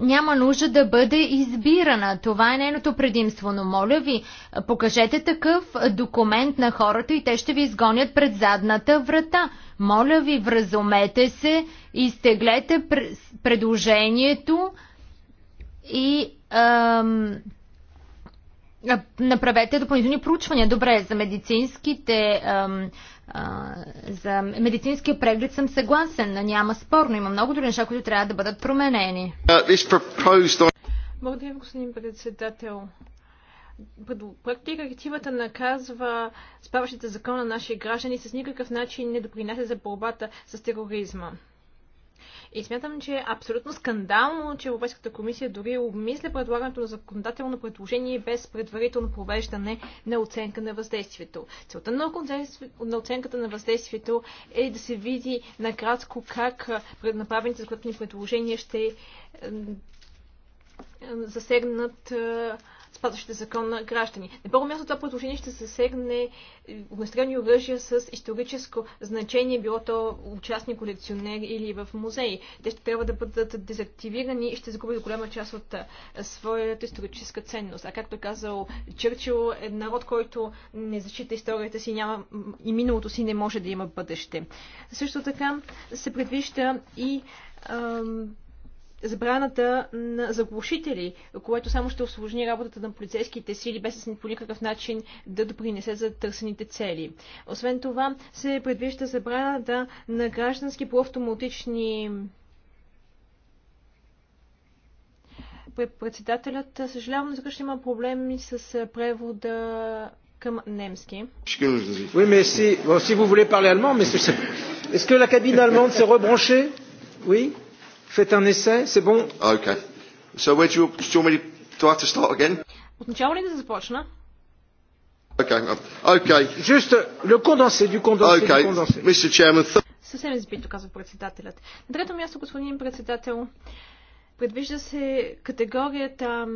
няма нужда да бъде избирана. Това е нейното предимство. Но моля ви, покажете такъв документ на хората и те ще ви изгонят пред задната врата. Моля ви, вразумете се, изтеглете предложението и ам, направете допълнителни проучвания. Добре, за медицинските ам, а, за медицинския преглед съм съгласен. Няма спорно. Има много други неща, които трябва да бъдат променени. Uh, Благодаря, господин председател. Проекта директивата наказва спаващите закона на нашите граждани с никакъв начин не допринася за борбата с тероризма. И смятам, че е абсолютно скандално, че Европейската комисия дори обмисля предлагането на законодателно предложение без предварително провеждане на оценка на въздействието. Целта на, на оценката на въздействието е да се види накратко как преднаправените законодателни предложения ще засегнат спазващите закона граждани. На първо място това предложение ще засегне огнестрелни оръжия с историческо значение, било то участни колекционери или в музеи. Те ще трябва да бъдат дезактивирани и ще загубят голяма част от своята историческа ценност. А както е казал Чърчил, е народ, който не зачита историята си няма, и миналото си не може да има бъдеще. Също така се предвижда и ам, забраната на заглушители, което само ще осложни работата на полицейските сили, без да по никакъв начин да допринесе за търсените цели. Освен това, се предвижда забраната на граждански по автоматични председателят. Съжалявам, защото ще има проблеми с превода към немски. Oui, mais si, bon, si vous voulez parler allemand, mais est-ce que la cabine allemande s'est rebranchée Oui Faites un essai, c'est bon? Ok. So where do you, do you want me to, do I have to start again? Отначало ли да започна? Okay. Um, okay. Juste uh, le condensé du condensé okay. du condensé. Mr. Chairman, Съвсем избито, казва председателят. На трето място, господин председател, предвижда се категорията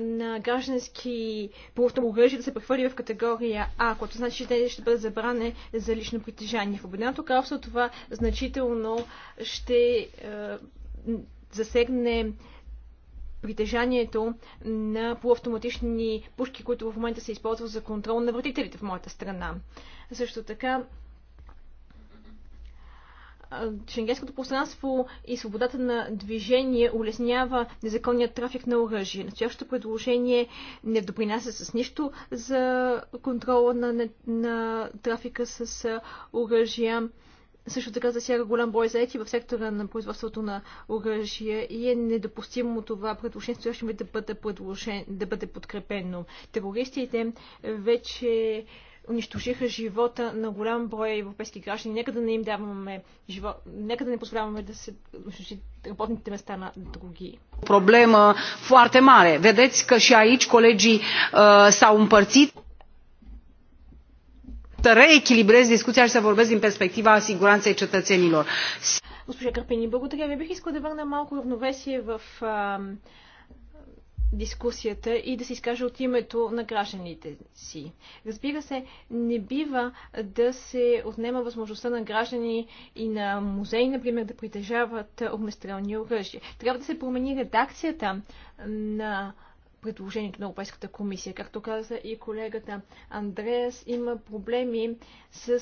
на граждански полуавтомобилно да се прехвърли в категория А, което значи, че те ще бъдат забране за лично притежание. В Обединеното кралство това значително ще е, засегне притежанието на полуавтоматични пушки, които в момента се използват за контрол на вратителите в моята страна. Също така, Шенгенското пространство и свободата на движение улеснява незаконният трафик на оръжие. Настоящото предложение не допринася с нищо за контрола на, на, на трафика с оръжия също така засяга голям брой заети в сектора на производството на оръжие и е недопустимо това предложение, стоящо да бъде, предложен, да бъде подкрепено. Терористите вече унищожиха живота на голям брой европейски граждани. Нека да не им даваме живот, нека да не позволяваме да се работните места на други. Проблема foarte mare. Vedeți că și aici colegii uh, s-au împărțit să reechilibrez discuția și să vorbesc din perspectiva siguranței cetățenilor. Госпожа Карпини, благодаря ви. Бих искала да върна малко равновесие в а, дискусията и да се изкаже от името на гражданите си. Разбира се, не бива да се отнема възможността на граждани и на музеи, например, да притежават огнестрелни оръжия. Трябва да се промени редакцията на предложението на Европейската комисия. Както каза и колегата Андреас, има проблеми с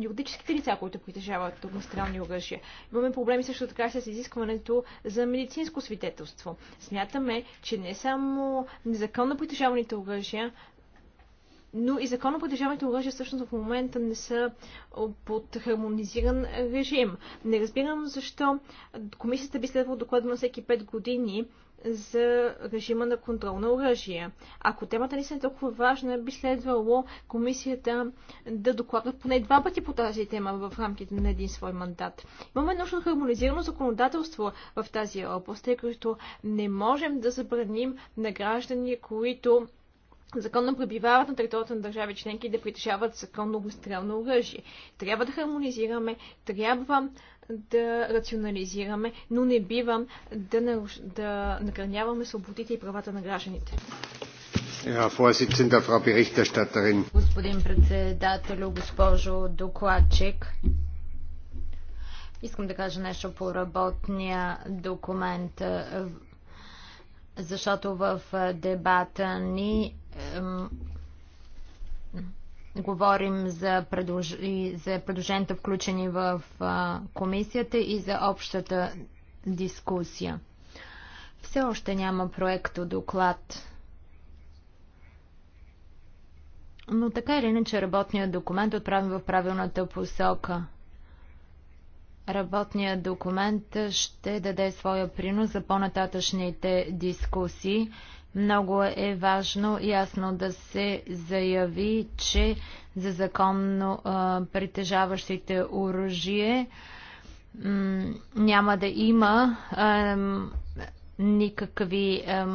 юридическите лица, които притежават огнестрелни оръжия. Имаме проблеми също така с изискването за медицинско свидетелство. Смятаме, че не само незаконно притежаваните оръжия, но и законно притежаваните оръжия всъщност в момента не са под хармонизиран режим. Не разбирам защо комисията би следвало доклада на всеки 5 години за режима на контрол на оръжия. Ако темата не се е толкова важна, би следвало комисията да докладва поне два пъти по тази тема в рамките на един свой мандат. Имаме нужно хармонизирано законодателство в тази област, тъй като не можем да забраним на граждани, които законно пребивават на територията на държави членки да притежават законно огнестрелно оръжие. Трябва да хармонизираме, трябва да рационализираме, но не бивам да, наруш... да накърняваме свободите и правата на гражданите. Господин председател, госпожо докладчик, искам да кажа нещо по работния документ защото в дебата ни ем, говорим за, предлож... за предложенията включени в комисията и за общата дискусия. Все още няма проекто доклад. Но така или иначе работният документ е отправен в правилната посока – Работният документ ще даде своя принос за по-нататъчните дискусии. Много е важно ясно да се заяви, че за законно а, притежаващите оръжие няма да има а, никакви а,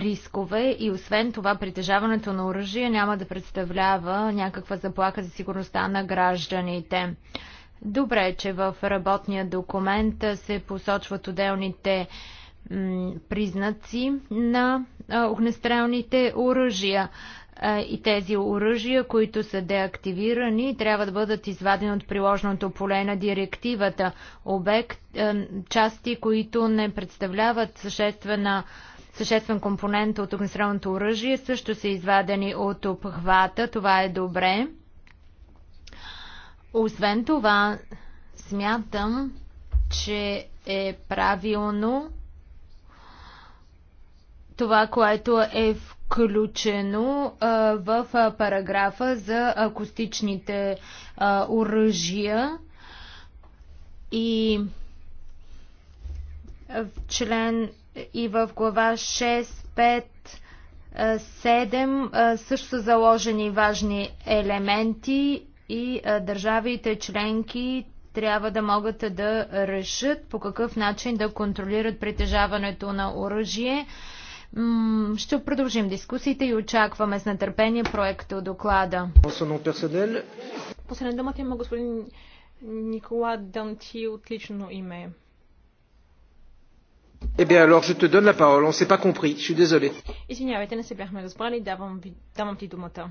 рискове и освен това притежаването на оръжие няма да представлява някаква заплаха за сигурността на гражданите. Добре е, че в работния документ се посочват отделните признаци на огнестрелните оръжия. И тези оръжия, които са деактивирани, трябва да бъдат извадени от приложеното поле на директивата. Обект, части, които не представляват съществена съществен компонент от огнестрелното оръжие, също са извадени от обхвата. Това е добре. Освен това, смятам, че е правилно това, което е включено а, в а, параграфа за акустичните а, оръжия и в член и в глава 6, 5, 7 също са заложени важни елементи и държавите членки трябва да могат да решат по какъв начин да контролират притежаването на оръжие. Ще продължим дискусиите и очакваме с нетърпение проекта от доклада. Последна думата има господин Никола Данти, отлично име. Eh bien alors je te donne la parole, on s'est pas compris, je suis désolé. Извинявайте, не се бяхме разбрали, давам, ви, давам ти думата.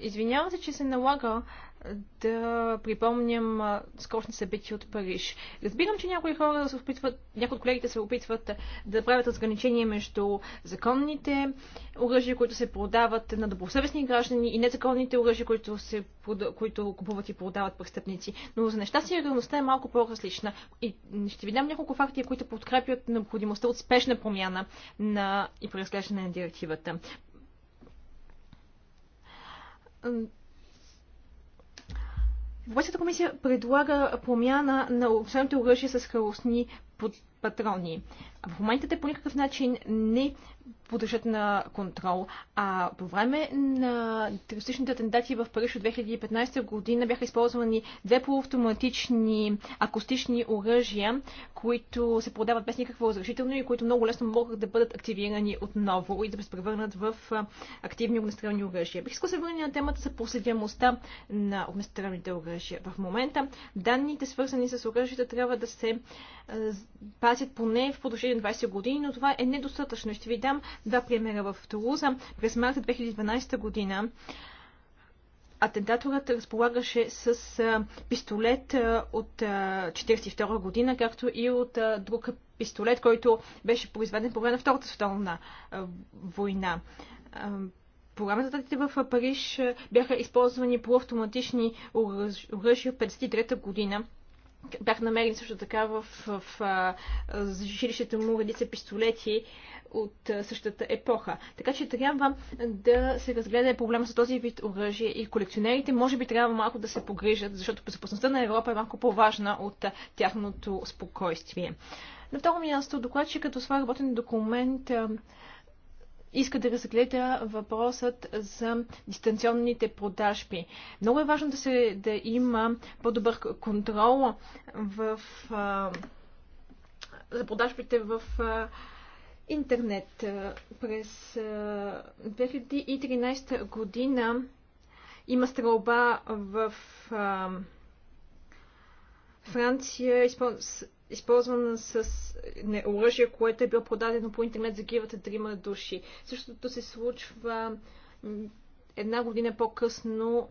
Извинявам се, че се налага да припомням скорошни събития от Париж. Разбирам, че някои хора се опитват, някои от колегите се опитват да правят разграничение между законните оръжия, които се продават на добросъвестни граждани и незаконните оръжия, които, се, които купуват и продават престъпници. Но за неща си реалността е малко по-различна. И ще ви дам няколко факти, които подкрепят необходимостта от спешна промяна на и преразглеждане на директивата. Въпросната комисия предлага промяна на огнестрелните оръжия с скоростни патрони. В момента те по никакъв начин не подлежат на контрол, а по време на терористичните атентати в Париж от 2015 година бяха използвани две полуавтоматични акустични оръжия, които се продават без никакво разрешително и които много лесно могат да бъдат активирани отново и да се превърнат в активни огнестрелни оръжия. Бих искал да се върна на темата за последимостта на огнестрелните оръжия. В момента данните, свързани с оръжията, трябва да се пазят поне в продължение последните 20 години, но това е недостатъчно. Ще ви дам два примера в Тулуза. През март 2012 година атентаторът разполагаше с а, пистолет а, от 1942 година, както и от а, друг пистолет, който беше произведен по време на Втората световна а, война. А, по в Париж бяха използвани полуавтоматични оръжия в 1953 година бях намерен също така в, в, в жилището му редица пистолети от същата епоха. Така че трябва да се разгледа проблема с този вид оръжие и колекционерите може би трябва малко да се погрижат, защото безопасността на Европа е малко по-важна от тяхното спокойствие. На второ място, докладчикът своя работен документ иска да разгледа въпросът за дистанционните продажби. Много е важно да, се, да има по-добър контрол в, а, за продажбите в а, интернет. През а, 2013 година има стрелба в а, Франция, използван с оръжие, което е било продадено по интернет, гивата трима души. Същото се случва една година по-късно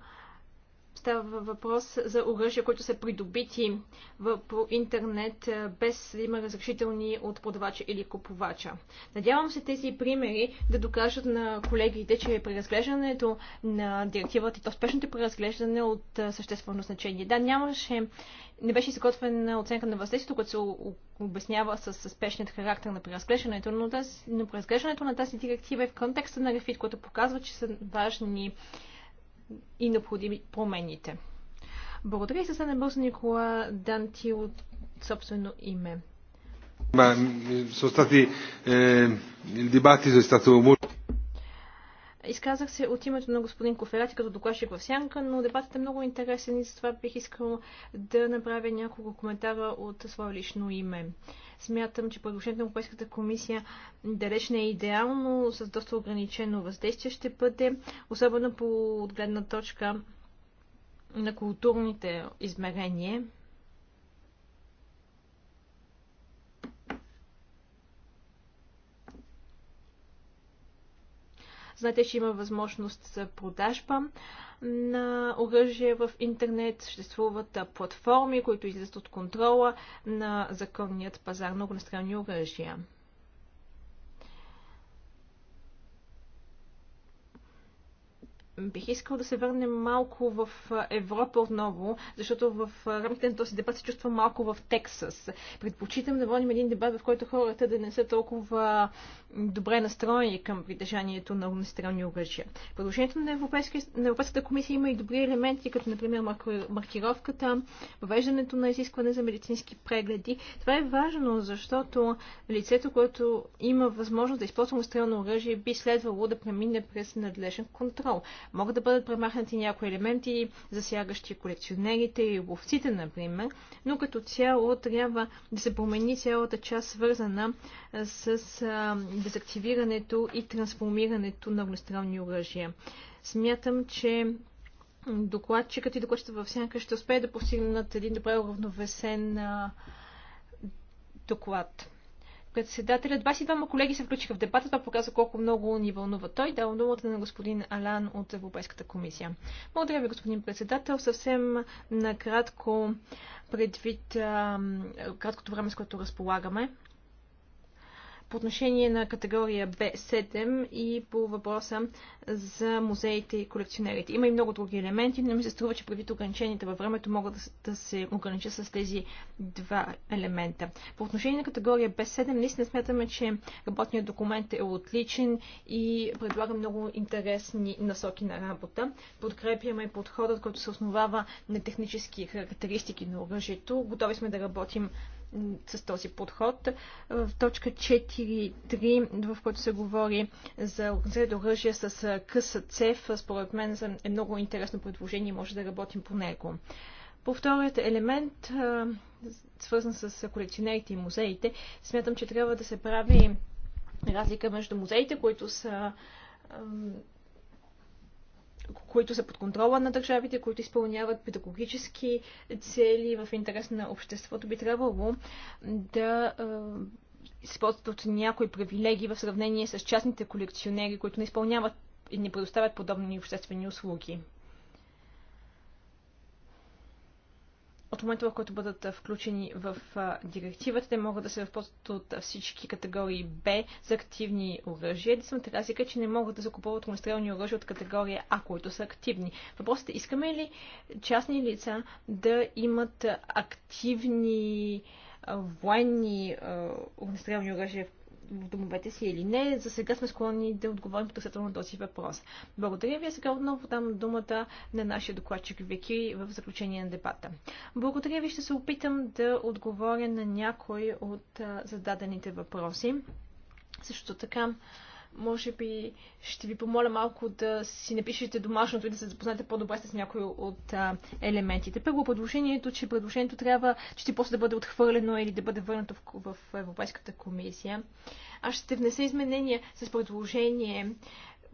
Става въпрос за оръжия, които са придобити в, по интернет без да има разрешителни от продавача или купувача. Надявам се тези примери да докажат на колегите, че преразглеждането на директивата и то спешното преразглеждане от съществено значение. Да, нямаше, не беше изготвена оценка на въздействието, което се обяснява с спешният характер на преразглеждането, но, тази, но преразглеждането на тази директива е в контекста на Рефит, което показва, че са важни и необходими промените. Благодаря и съвсем набързо Никола Данти от собствено име. Е, Изказах се от името на господин Коферати като докладчик в сянка, но дебатът е много интересен и затова бих искал да направя няколко коментара от свое лично име. Uh, Смятам, че предложението на Европейската комисия далеч не е идеално, с доста ограничено въздействие ще бъде, особено по отгледна точка на културните измерения. Знаете, че има възможност за продажба на оръжие в интернет, съществуват платформи, които излизат от контрола на законният пазар на огнестрелни оръжия. Бих искал да се върнем малко в Европа отново, защото в рамките на този дебат се чувствам малко в Тексас. Предпочитам да водим един дебат, в който хората да не са толкова добре настроени към притежанието на огнестрелни оръжия. Продължението на, на Европейската комисия има и добри елементи, като например маркировката, въвеждането на изискване за медицински прегледи. Това е важно, защото лицето, което има възможност да използва огнестрелно оръжие, би следвало да премине през надлежен контрол. Могат да бъдат премахнати някои елементи, засягащи колекционерите и ловците, например, но като цяло трябва да се промени цялата част, свързана с дезактивирането и трансформирането на огнестрелни оръжия. Смятам, че докладчикът и докладчета в сянка ще успее да постигнат един добре уравновесен доклад председателя. 22 колеги се включиха в дебата. Това показва колко много ни вълнува той. Дава думата на господин Алан от Европейската комисия. Благодаря ви, господин председател. Съвсем накратко предвид краткото време, с което разполагаме по отношение на категория B7 и по въпроса за музеите и колекционерите. Има и много други елементи, но ми се струва, че предвид ограниченията във времето могат да, да се ограничат с тези два елемента. По отношение на категория B7, наистина смятаме, че работният документ е отличен и предлага много интересни насоки на работа. Подкрепяме подходът, който се основава на технически характеристики на оръжието. Готови сме да работим с този подход. В точка 4.3, в който се говори за организиране оръжие с къса цев, според мен е много интересно предложение и може да работим по него. По вторият елемент, свързан с колекционерите и музеите, смятам, че трябва да се прави разлика между музеите, които са които са под контрола на държавите, които изпълняват педагогически цели в интерес на обществото, би трябвало да използват някои привилегии в сравнение с частните колекционери, които не изпълняват и не предоставят подобни обществени услуги. от момента, в който бъдат включени в директивата, те могат да се възползват от всички категории Б за активни оръжия. Единствената разлика е, че не могат да закупуват огнестрелни оръжия от категория А, които са активни. Въпросът е, искаме ли частни лица да имат активни военни огнестрелни оръжия, в домовете си или не. За сега сме склонни да отговорим потъсително на този въпрос. Благодаря ви. Сега отново дам думата на нашия докладчик Вики в заключение на дебата. Благодаря ви. Ще се опитам да отговоря на някой от зададените въпроси. Също така, може би ще ви помоля малко да си напишете домашното и да се запознаете по-добре с някои от а, елементите. Първо предложението, че предложението трябва, че ти после да бъде отхвърлено или да бъде върнато в, в Европейската комисия. Аз ще внеса изменения с предложение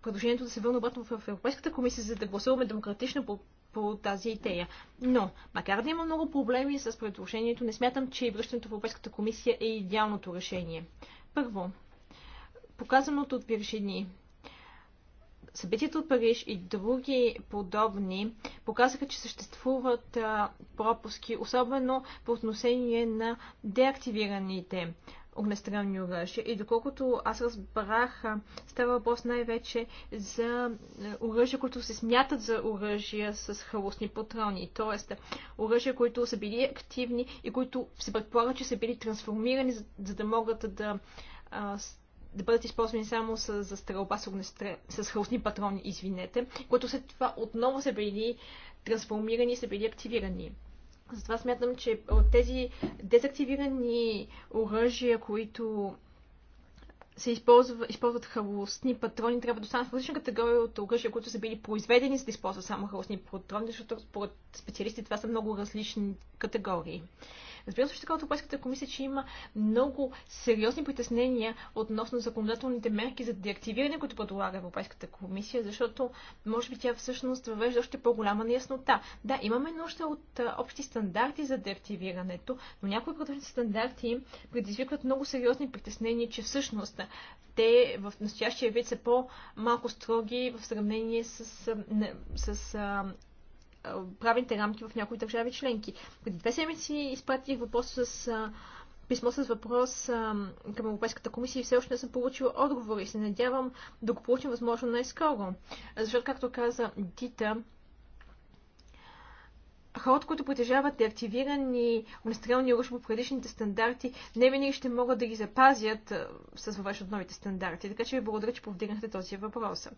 предложението да се върне обратно в Европейската комисия, за да гласуваме демократично по, по тази идея. Но, макар да има много проблеми с предложението, не смятам, че връщането в Европейската комисия е идеалното решение. Първо, показаното от бивши дни. Събитията от Париж и други подобни показаха, че съществуват пропуски, особено по отношение на деактивираните огнестрелни оръжия. И доколкото аз разбрах, става въпрос най-вече за оръжия, които се смятат за оръжия с халусни патрони. Тоест, оръжия, които са били активни и които се предполага, че са били трансформирани, за, за да могат да а, да бъдат използвани само с, за стрелба с, огнестрел... с хрустни патрони, извинете, които след това отново са били трансформирани, и са били активирани. Затова смятам, че от тези дезактивирани оръжия, които се използва, използват хаосни патрони, трябва да останат в различна категория от оръжия, които са били произведени, за да използват само хаосни патрони, защото според специалисти това са много различни категории. Разбира се, така от Европейската комисия, че има много сериозни притеснения относно законодателните мерки за деактивиране, които предлага Европейската комисия, защото може би тя всъщност въвежда още по-голяма неяснота. Да, имаме нужда от общи стандарти за деактивирането, но някои продължени стандарти предизвикват много сериозни притеснения, че всъщност те в настоящия вид са по-малко строги в сравнение с, с, с правните рамки в някои държави членки. Преди две седмици изпратих въпрос с писмо с въпрос а, към Европейската комисия и все още не съм получила отговор и се надявам да го получим възможно най-скоро. Защото, както каза Дита, хората, които притежават деактивирани огнестрелни оръжия по предишните стандарти, не винаги ще могат да ги запазят а, с въвеждането от новите стандарти. Така че ви благодаря, че повдигнахте този въпрос.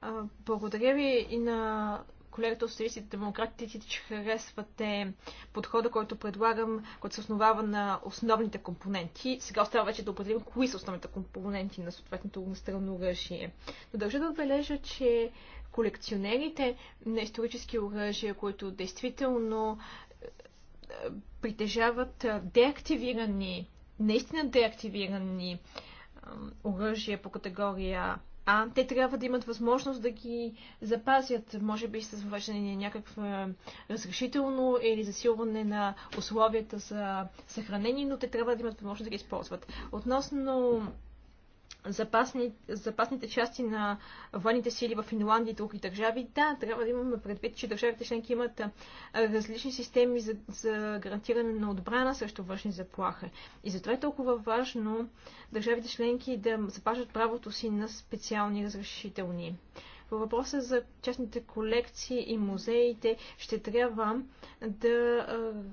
А, благодаря ви и на колегата от социалистите демократите, че харесвате подхода, който предлагам, който се основава на основните компоненти. Сега остава вече да определим кои са основните компоненти на съответното огнестрелно оръжие. Но държа да отбележа, че колекционерите на исторически оръжия, които действително е, притежават е, деактивирани, наистина деактивирани е, оръжия по категория а те трябва да имат възможност да ги запазят, може би с въвеждане на някакво е, разрешително или засилване на условията за съхранение, но те трябва да имат възможност да ги използват. Относно запасни, запасните части на военните сили в Финландия и други държави. Да, трябва да имаме предвид, че държавите членки имат различни системи за, за гарантиране на отбрана срещу външни заплахи. И затова е толкова важно държавите членки да запазят правото си на специални разрешителни. По въпроса за частните колекции и музеите ще трябва да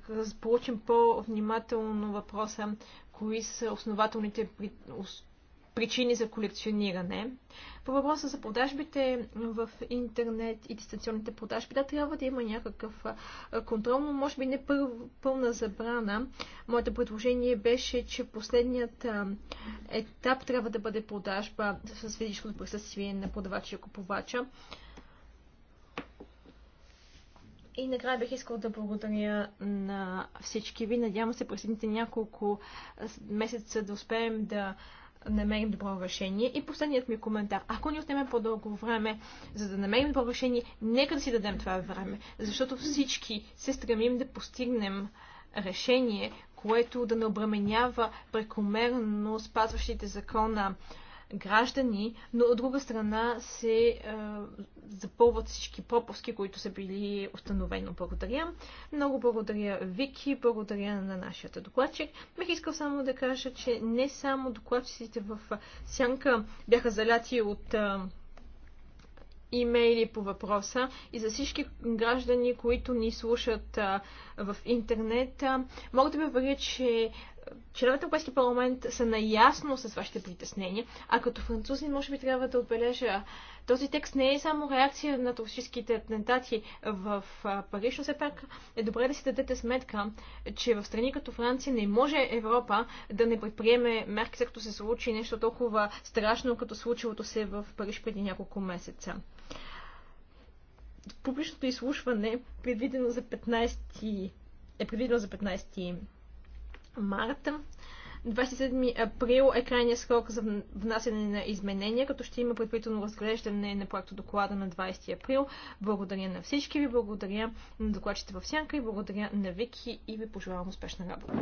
разполучим по-внимателно въпроса кои са основателните причини за колекциониране. По въпроса за продажбите в интернет и дистанционните продажби, да, трябва да има някакъв контрол, но може би не пълна забрана. Моето предложение беше, че последният етап трябва да бъде продажба с физическото присъствие на продавача и купувача. И накрая бих искал да благодаря на всички ви. Надявам се през няколко месеца да успеем да намерим добро решение. И последният ми коментар. Ако ни отнеме по-дълго време, за да намерим добро решение, нека да си дадем това време, защото всички се стремим да постигнем решение, което да не обременява прекомерно спазващите закона граждани, но от друга страна се е, запълват всички пропуски, които са били установени. Благодаря. Много благодаря Вики, благодаря на нашия докладчик. Бих искал само да кажа, че не само докладчиците в Сянка бяха заляти от е, имейли по въпроса и за всички граждани, които ни слушат а, в интернет. А, мога да ви уверя, че членовете Европейски парламент са наясно с вашите притеснения, а като французи, може би трябва да отбележа, този текст не е само реакция на туристическите атентати в Париж, но все пак е добре да си дадете сметка, че в страни като Франция не може Европа да не предприеме мерки, като се случи нещо толкова страшно, като случилото се в Париж преди няколко месеца публичното изслушване, предвидено за 15 е предвидено за 15 Марта. 27 април е крайният срок за внасяне на изменения, като ще има предварително разглеждане на проекта доклада на 20 април. Благодаря на всички ви, благодаря на докладчите в Сянка и благодаря на Вики и ви пожелавам успешна работа.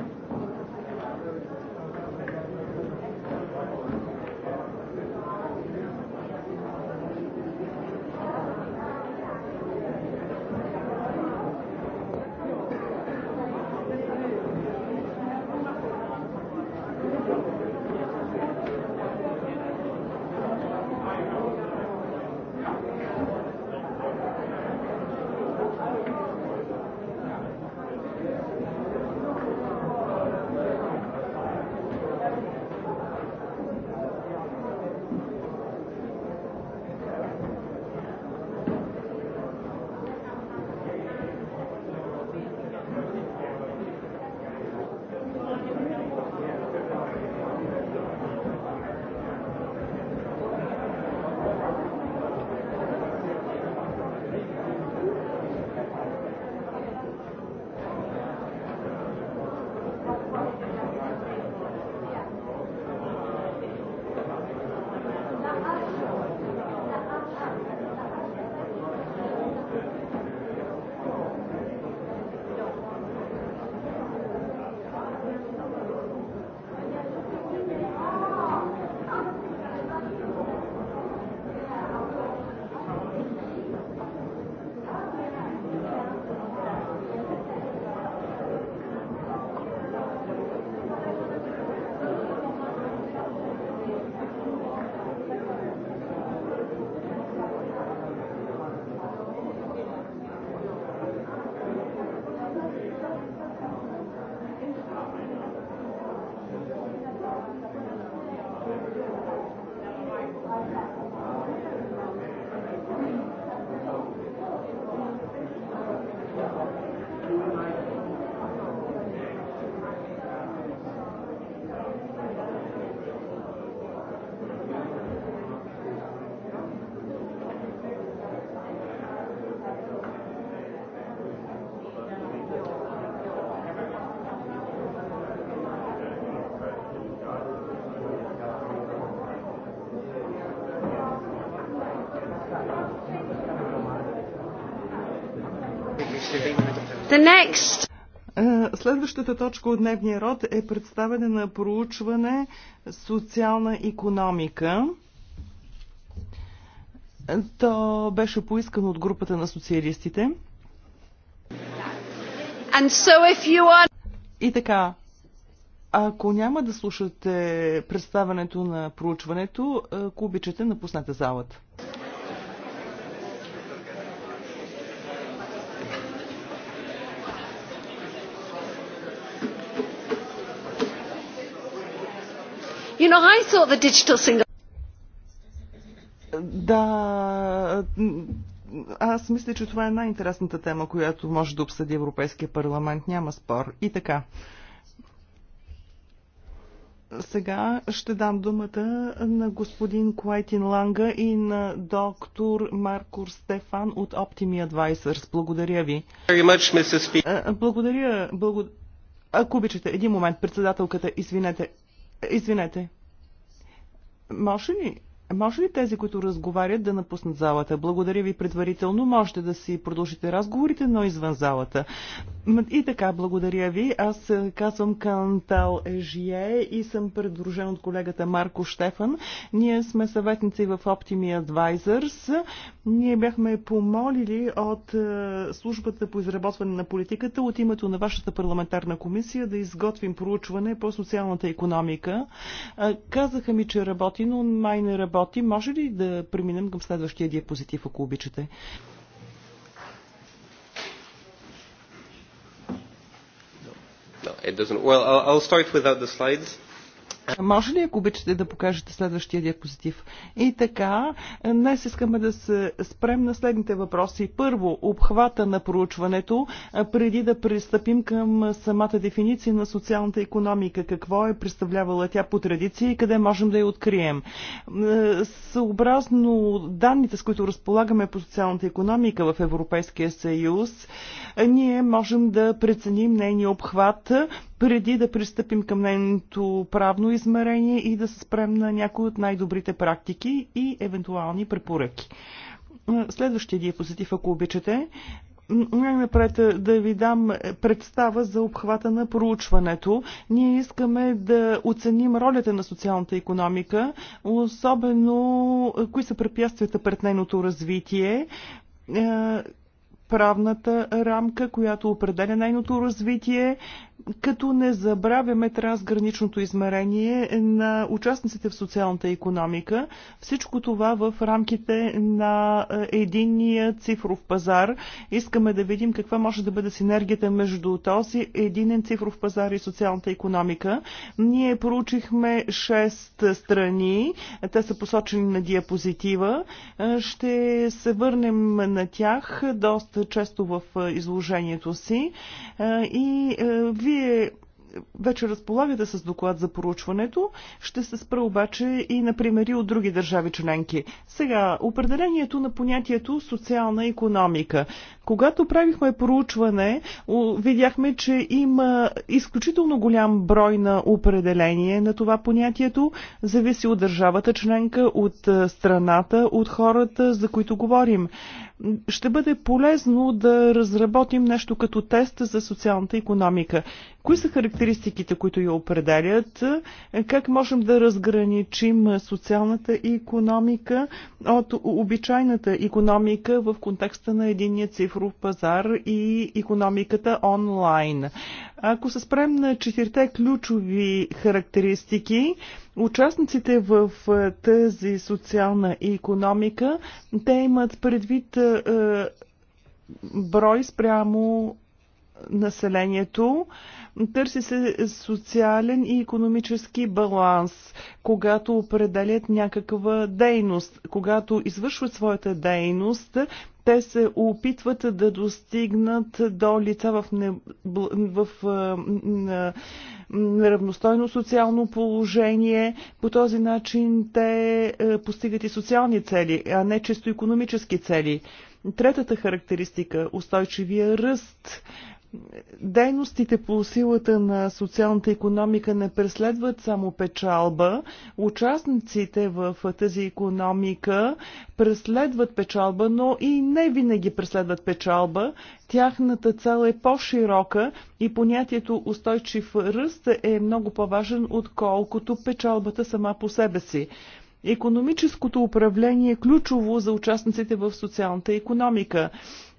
next... Е, следващата точка от дневния род е представене на проучване социална економика. То беше поискано от групата на социалистите. And so if you are... И така, ако няма да слушате представането на проучването, е, ако обичате, напуснете залата. You know, I thought the digital single... Да, аз мисля, че това е най-интересната тема, която може да обсъди Европейския парламент. Няма спор. И така. Сега ще дам думата на господин Куайтин Ланга и на доктор Марко Стефан от Optimi Advisors. Благодаря ви. Е, благодаря. Благо... Ако обичате, един момент, председателката, извинете, Извинете. Може ли? Може ли тези, които разговарят, да напуснат залата? Благодаря ви предварително. Можете да си продължите разговорите, но извън залата. И така, благодаря ви. Аз е, казвам Кантал Ежие и съм предружен от колегата Марко Штефан. Ние сме съветници в Optimi Advisors. Ние бяхме помолили от е, службата по изработване на политиката от името на вашата парламентарна комисия да изготвим проучване по социалната економика. Е, казаха ми, че работи, но май не работи работи. Може ли да преминем към следващия диапозитив, ако обичате? it doesn't. Well, I'll start without the slides. Може ли, ако обичате, да покажете следващия диапозитив? И така, днес искаме да се спрем на следните въпроси. Първо, обхвата на проучването, преди да пристъпим към самата дефиниция на социалната економика. Какво е представлявала тя по традиции и къде можем да я открием? Съобразно данните, с които разполагаме по социалната економика в Европейския съюз, ние можем да преценим нейния обхват преди да пристъпим към нейното правно измерение и да се спрем на някои от най-добрите практики и евентуални препоръки. Следващия диапозитив, ако обичате, най-напред е, да ви дам представа за обхвата на проучването. Ние искаме да оценим ролята на социалната економика, особено е, кои са препятствията пред нейното развитие, е, правната рамка, която определя нейното развитие, като не забравяме трансграничното измерение на участниците в социалната економика. Всичко това в рамките на е, единния цифров пазар. Искаме да видим каква може да бъде синергията между този единен цифров пазар и социалната економика. Ние проучихме 6 страни. Те са посочени на диапозитива. Е, ще се върнем на тях доста често в е, изложението си. И вие вие вече разполагате с доклад за проучването. Ще се спра обаче и на примери от други държави членки. Сега, определението на понятието социална економика. Когато правихме проучване, видяхме, че има изключително голям брой на определение на това понятието. Зависи от държавата членка, от страната, от хората, за които говорим ще бъде полезно да разработим нещо като тест за социалната економика. Кои са характеристиките, които я определят? Как можем да разграничим социалната економика от обичайната економика в контекста на единия цифров пазар и економиката онлайн? Ако се спрем на четирите ключови характеристики, Участниците в е, тази социална економика, те имат предвид е, брой спрямо населението. Търси се социален и економически баланс, когато определят някаква дейност. Когато извършват своята дейност, те се опитват да достигнат до лица в, не, в, в е, неравностойно социално положение. По този начин те е, постигат и социални цели, а не чисто економически цели. Третата характеристика – устойчивия ръст. Дейностите по силата на социалната економика не преследват само печалба. Участниците в тази економика преследват печалба, но и не винаги преследват печалба. Тяхната цел е по-широка и понятието устойчив ръст е много по-важен, отколкото печалбата сама по себе си. Економическото управление е ключово за участниците в социалната економика.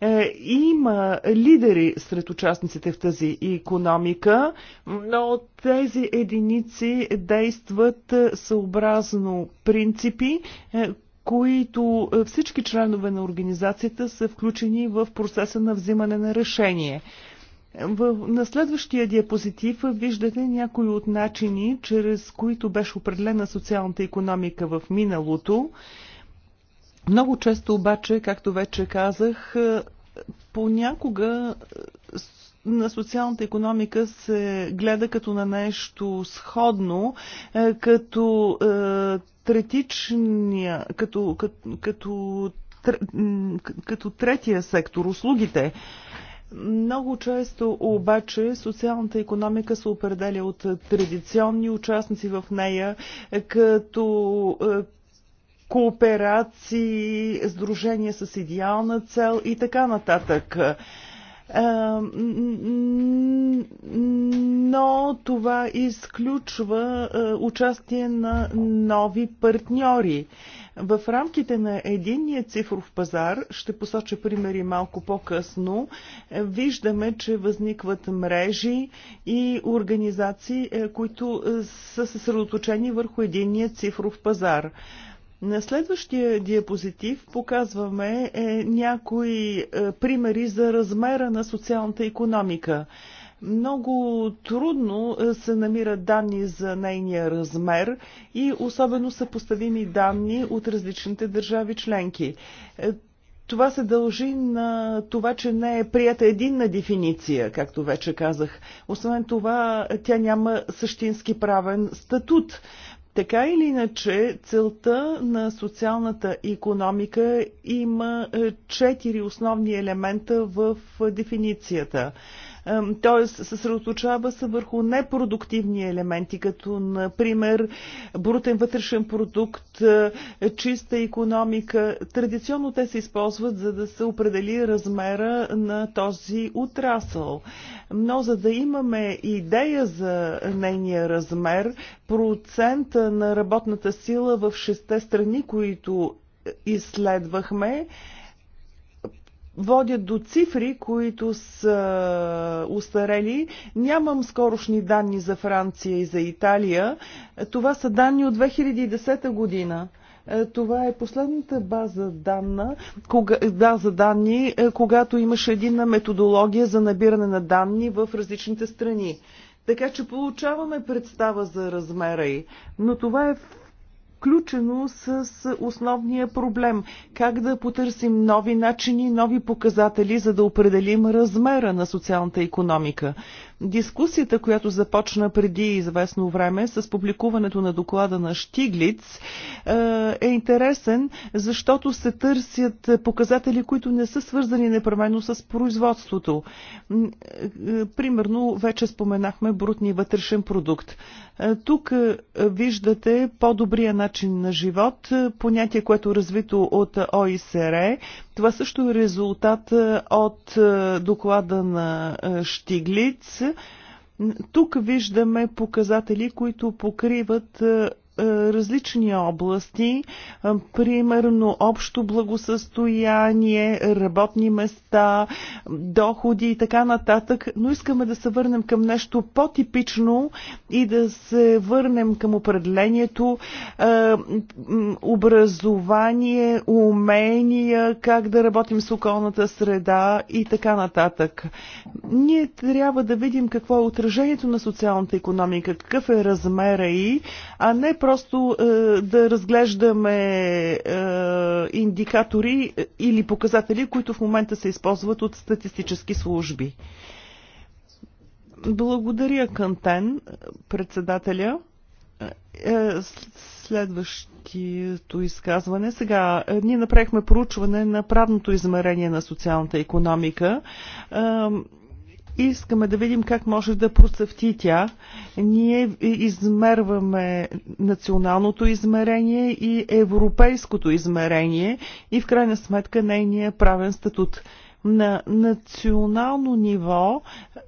Е, има лидери сред участниците в тази економика, но тези единици действат е, съобразно принципи, е, които всички членове на организацията са включени в процеса на взимане на решение. На следващия диапозитив виждате някои от начини, чрез които беше определена социалната економика в миналото. Много често обаче, както вече казах, е, понякога е, на социалната економика се гледа като на нещо сходно, е, като третичния, като, като, като, като третия сектор, услугите. Много често обаче социалната економика се определя от традиционни участници в нея, като кооперации, сдружения с идеална цел и така нататък. Е, но това изключва е, участие на нови партньори. В рамките на единния цифров пазар, ще посоча примери малко по-късно, е, виждаме, че възникват мрежи и организации, които са съсредоточени върху единния цифров пазар. На следващия диапозитив показваме е, някои е, примери за размера на социалната економика. Много трудно е, се намират данни за нейния размер и особено съпоставими данни от различните държави членки. Е, това се дължи на това, че не е прията единна дефиниция, както вече казах. Освен това, тя няма същински правен статут. Така или иначе, целта на социалната економика има е, четири основни елемента в дефиницията – т.е. съсредоточава се върху непродуктивни елементи, като например брутен вътрешен продукт, чиста економика. Традиционно те се използват за да се определи размера на този отрасъл. Но за да имаме идея за нейния размер, процента на работната сила в шесте страни, които е, изследвахме, водят до цифри, които са устарели. Нямам скорошни данни за Франция и за Италия. Това са данни от 2010 година. Е, това е последната база данна, кога, да, за данни, е, когато имаше единна методология за набиране на данни в различните страни. Така че получаваме представа за размера й. Но това е включено с основния проблем. Как да потърсим нови начини, нови показатели, за да определим размера на социалната економика. Дискусията, която започна преди известно време с публикуването на доклада на Штиглиц, е, е интересен, защото се търсят показатели, които не са свързани непременно с производството. Е, е, примерно, вече споменахме брутния вътрешен продукт. Тук виждате по-добрия начин на живот, понятие, което е развито от ОИСР, това също е резултат е, от е, доклада на е, Штиглиц. Тук виждаме показатели, които покриват е, различни области, е, примерно общо благосъстояние, работни места, доходи и така нататък, но искаме да се върнем към нещо по-типично и да се върнем към определението е, образование, умения, как да работим с околната среда и така нататък. Ние трябва да видим какво е отражението на социалната економика, какъв е размера и, а не просто е, да разглеждаме е, индикатори е, или показатели, които в момента се използват от статистически служби. Благодаря, Кантен, председателя. Е, следващото изказване. Сега, е, ние направихме проучване на правното измерение на социалната економика. Искаме да видим как може да процъфти тя. Ние измерваме националното измерение и европейското измерение и в крайна сметка нейния правен статут. На национално ниво е,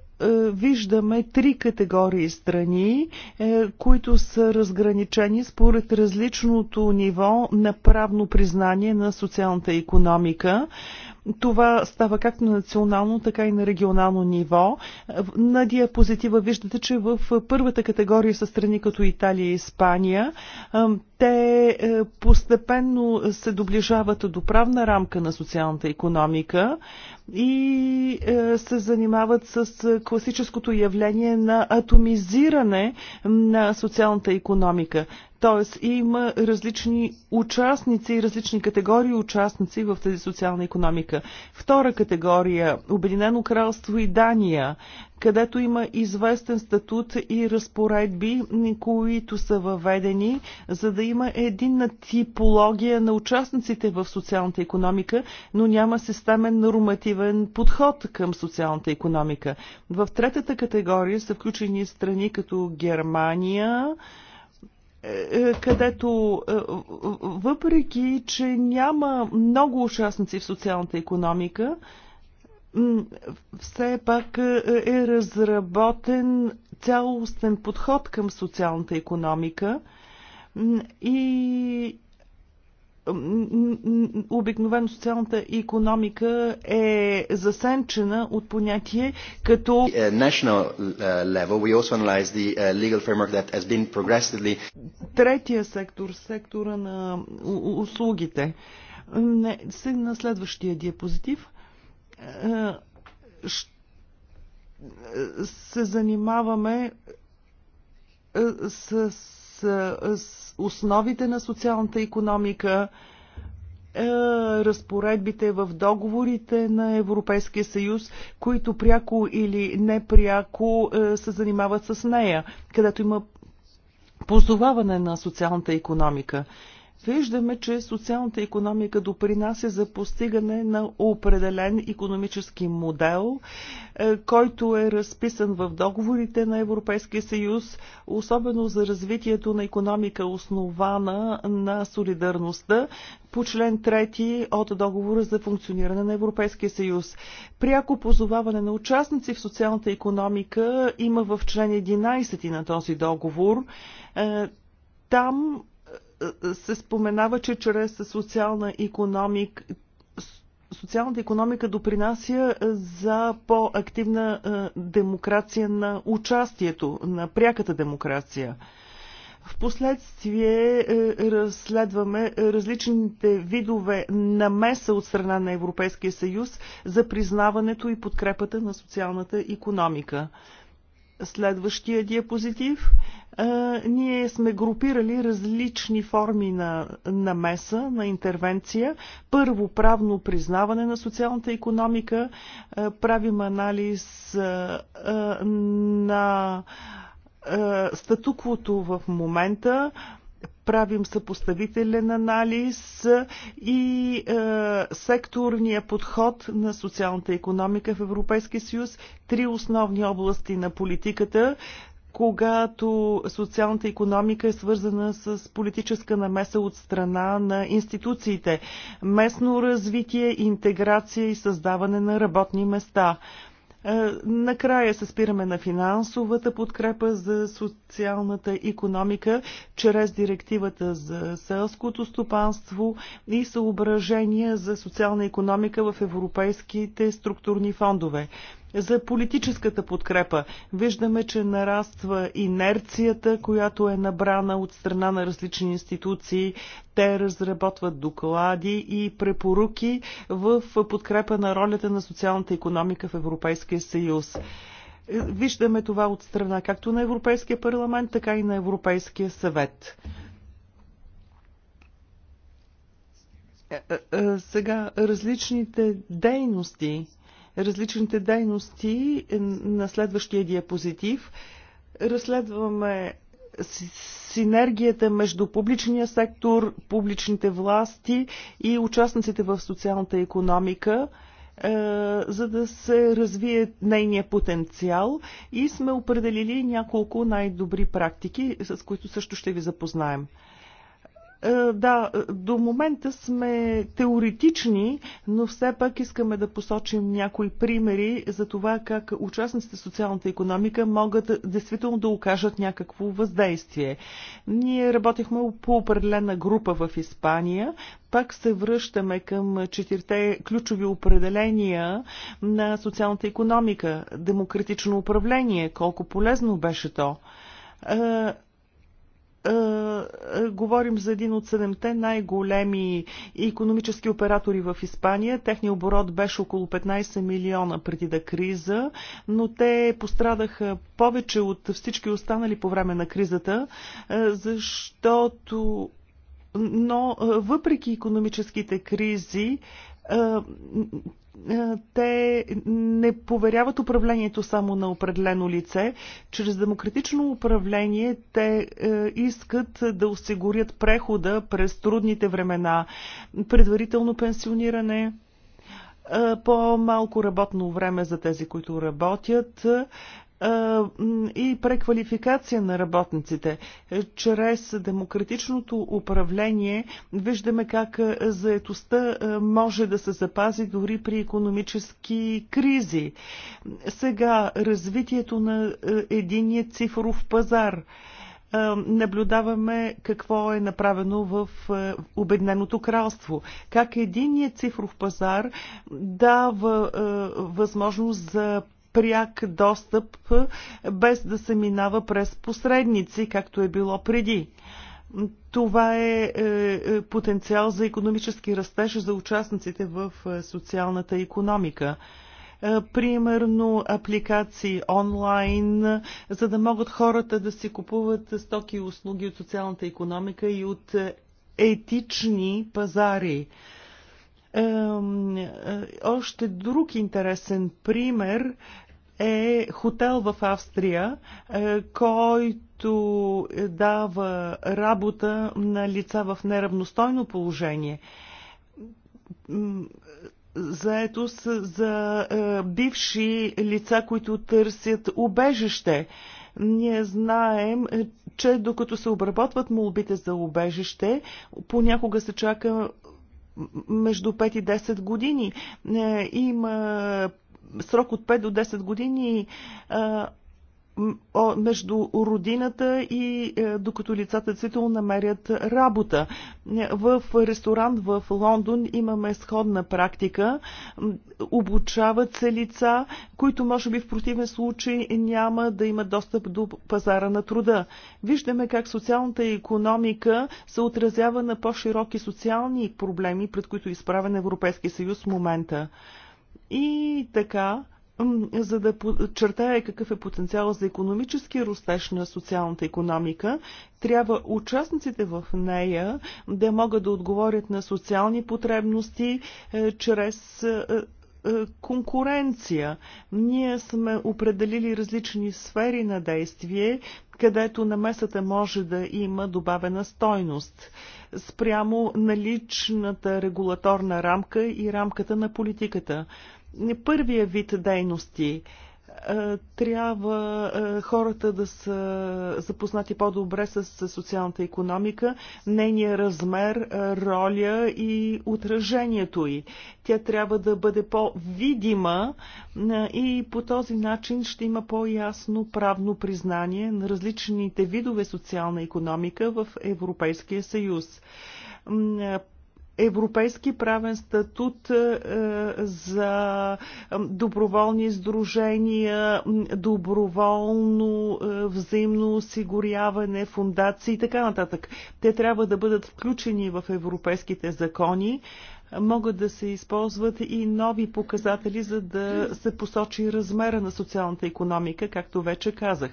виждаме три категории страни, е, които са разграничени според различното ниво на правно признание на социалната економика. Това става както на национално, така и на регионално ниво. На диапозитива виждате, че в първата категория са страни като Италия и Испания. Те е, постепенно се доближават до правна рамка на социалната економика и е, се занимават с класическото явление на атомизиране на социалната економика. Т.е. има различни участници, и различни категории участници в тази социална економика. Втора категория – Обединено кралство и Дания, където има известен статут и разпоредби, които са въведени, за да има единна типология на участниците в социалната економика, но няма системен нормативен подход към социалната економика. В третата категория са включени страни като Германия, е, е, където е, въпреки, че няма много участници в социалната економика, все пак е разработен цялостен подход към социалната економика и обикновено социалната економика е засенчена от понятие като level, третия сектор, сектора на услугите. Не, на следващия диапозитив е, е, е, се занимаваме с основите на социалната економика, разпоредбите в договорите на Европейския съюз, които пряко или непряко се занимават с нея, където има позоваване на социалната економика. Виждаме, че социалната економика допринася за постигане на определен економически модел, е, който е разписан в договорите на Европейския съюз, особено за развитието на економика основана на солидарността по член 3 от договора за функциониране на Европейския съюз. Пряко позоваване на участници в социалната економика има в член 11 на този договор. Е, Там се споменава, че чрез социална економика социалната економика допринася за по-активна демокрация на участието, на пряката демокрация. Впоследствие е, разследваме различните видове намеса от страна на Европейския съюз за признаването и подкрепата на социалната економика следващия диапозитив ние сме групирали различни форми на намеса, на интервенция. Първо, правно признаване на социалната економика. Правим анализ на статуквото в момента, правим съпоставителен анализ и е, секторния подход на социалната економика в Европейския съюз. Три основни области на политиката когато социалната економика е свързана с политическа намеса от страна на институциите, местно развитие, интеграция и създаване на работни места – е, накрая се спираме на финансовата подкрепа за социалната економика чрез директивата за селското стопанство и съображения за социална економика в европейските структурни фондове. За политическата подкрепа виждаме, че нараства инерцията, която е набрана от страна на различни институции. Те разработват доклади и препоруки в подкрепа на ролята на социалната економика в Европейския съюз. Виждаме това от страна както на Европейския парламент, така и на Европейския съвет. Е, е, е, сега различните дейности различните дейности на следващия диапозитив. Разследваме синергията между публичния сектор, публичните власти и участниците в социалната економика е, за да се развие нейния потенциал и сме определили няколко най-добри практики, с които също ще ви запознаем. Е, да, до момента сме теоретични, но все пак искаме да посочим някои примери за това как участниците в социалната економика могат действително да окажат някакво въздействие. Ние работихме по определена група в Испания, пак се връщаме към четирите ключови определения на социалната економика, демократично управление, колко полезно беше то е, е, е, говорим за един от седемте най-големи економически оператори в Испания. Техният оборот беше около 15 милиона преди да криза, но те пострадаха повече от всички останали по време на кризата, е, защото но въпреки економическите кризи, е, те не поверяват управлението само на определено лице. Чрез демократично управление те е, искат да осигурят прехода през трудните времена, предварително пенсиониране, е, по-малко работно време за тези, които работят, и преквалификация на работниците. Е, чрез демократичното управление виждаме как е, заетостта е, може да се запази дори при економически кризи. Сега развитието на единия цифров пазар наблюдаваме какво е направено в Обедненото кралство. Как единият цифров пазар дава възможност за пряк достъп, без да се минава през посредници, както е било преди. Това е, е, е потенциал за економически растеж за участниците в е, социалната економика е, примерно апликации онлайн, за да могат хората да си купуват стоки и услуги от социалната економика и от етични пазари. Още друг интересен пример е хотел в Австрия, е, който дава работа на лица в неравностойно положение. Заетост за е, бивши лица, които търсят убежище. Ние знаем, че докато се обработват молбите за убежище, понякога се чака между 5 и 10 години. Е, има срок от 5 до 10 години е, между родината и е, докато лицата действително намерят работа. В ресторант в Лондон имаме сходна практика. Обучават се лица, които може би в противен случай няма да имат достъп до пазара на труда. Виждаме как социалната економика се отразява на по-широки социални проблеми, пред които е изправен Европейски съюз в момента. И така, за да подчертая какъв е потенциал за економически растеж на социалната економика, трябва участниците в нея да могат да отговорят на социални потребности е, чрез е, е, конкуренция. Ние сме определили различни сфери на действие, където намесата може да има добавена стойност спрямо наличната регулаторна рамка и рамката на политиката първия вид дейности е, трябва е, хората да са запознати по-добре с социалната економика, нейния размер, е, роля и отражението й. Тя трябва да бъде по-видима и по този начин ще има по-ясно правно признание на различните видове социална економика в Европейския съюз европейски правен статут е, за е, доброволни сдружения, доброволно е, взаимно осигуряване, фундации и така нататък. Те трябва да бъдат включени в европейските закони. Могат да се използват и нови показатели, за да се посочи размера на социалната економика, както вече казах.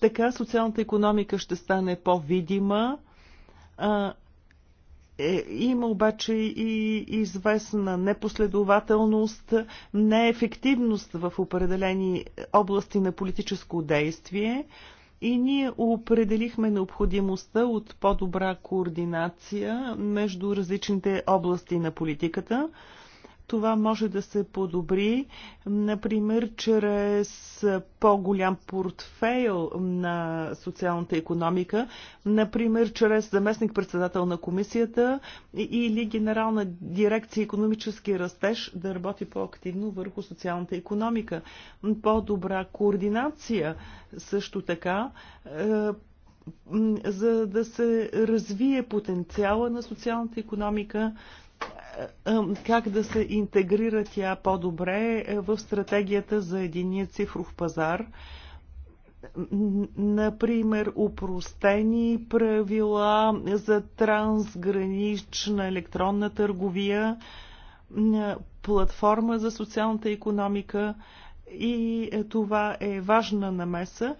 Така социалната економика ще стане по-видима, е, има обаче и известна непоследователност, неефективност в определени области на политическо действие и ние определихме необходимостта от по-добра координация между различните области на политиката. Това може да се подобри, например, чрез по-голям портфейл на социалната економика, например, чрез заместник-председател на комисията или генерална дирекция економически растеж да работи по-активно върху социалната економика. По-добра координация също така е, за да се развие потенциала на социалната економика, е, как да се интегрира тя по-добре е, в стратегията за единия цифров пазар. Например, упростени правила за трансгранична електронна търговия, платформа за социалната економика и е, това е важна намеса,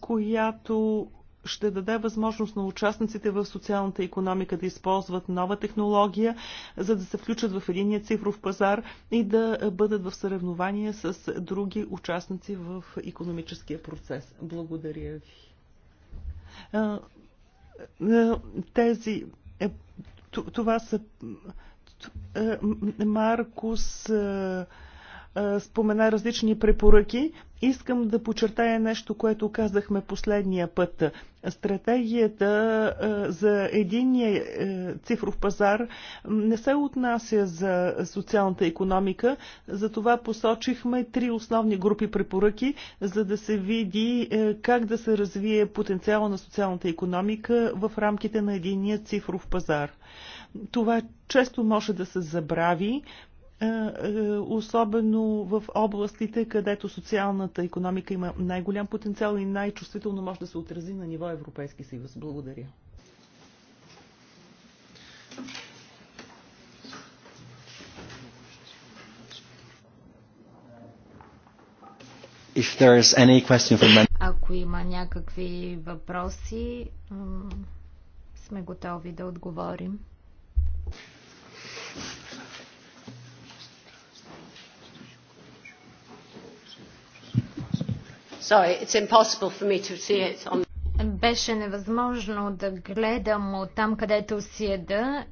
която ще даде възможност на участниците в социалната економика да използват нова технология, за да се включат в единия цифров пазар и да бъдат в съревнование с други участници в економическия процес. Благодаря ви. Тези. Е, това са. Е, Маркус. Е, е, спомена различни препоръки. Искам да подчертая нещо, което казахме последния път. Стратегията е, за единния е, цифров пазар не се отнася за социалната економика. За това посочихме три основни групи препоръки, за да се види как да се развие потенциала на социалната економика в рамките на единния цифров пазар. Това често може да се забрави, е, е, особено в областите, където социалната економика има най-голям потенциал и най-чувствително може да се отрази на ниво Европейски съюз. Благодаря. If there is any question for men... Ако има някакви въпроси, сме готови да отговорим. Sorry, it's impossible for me to see it on... Беше невъзможно да гледам от там, където седа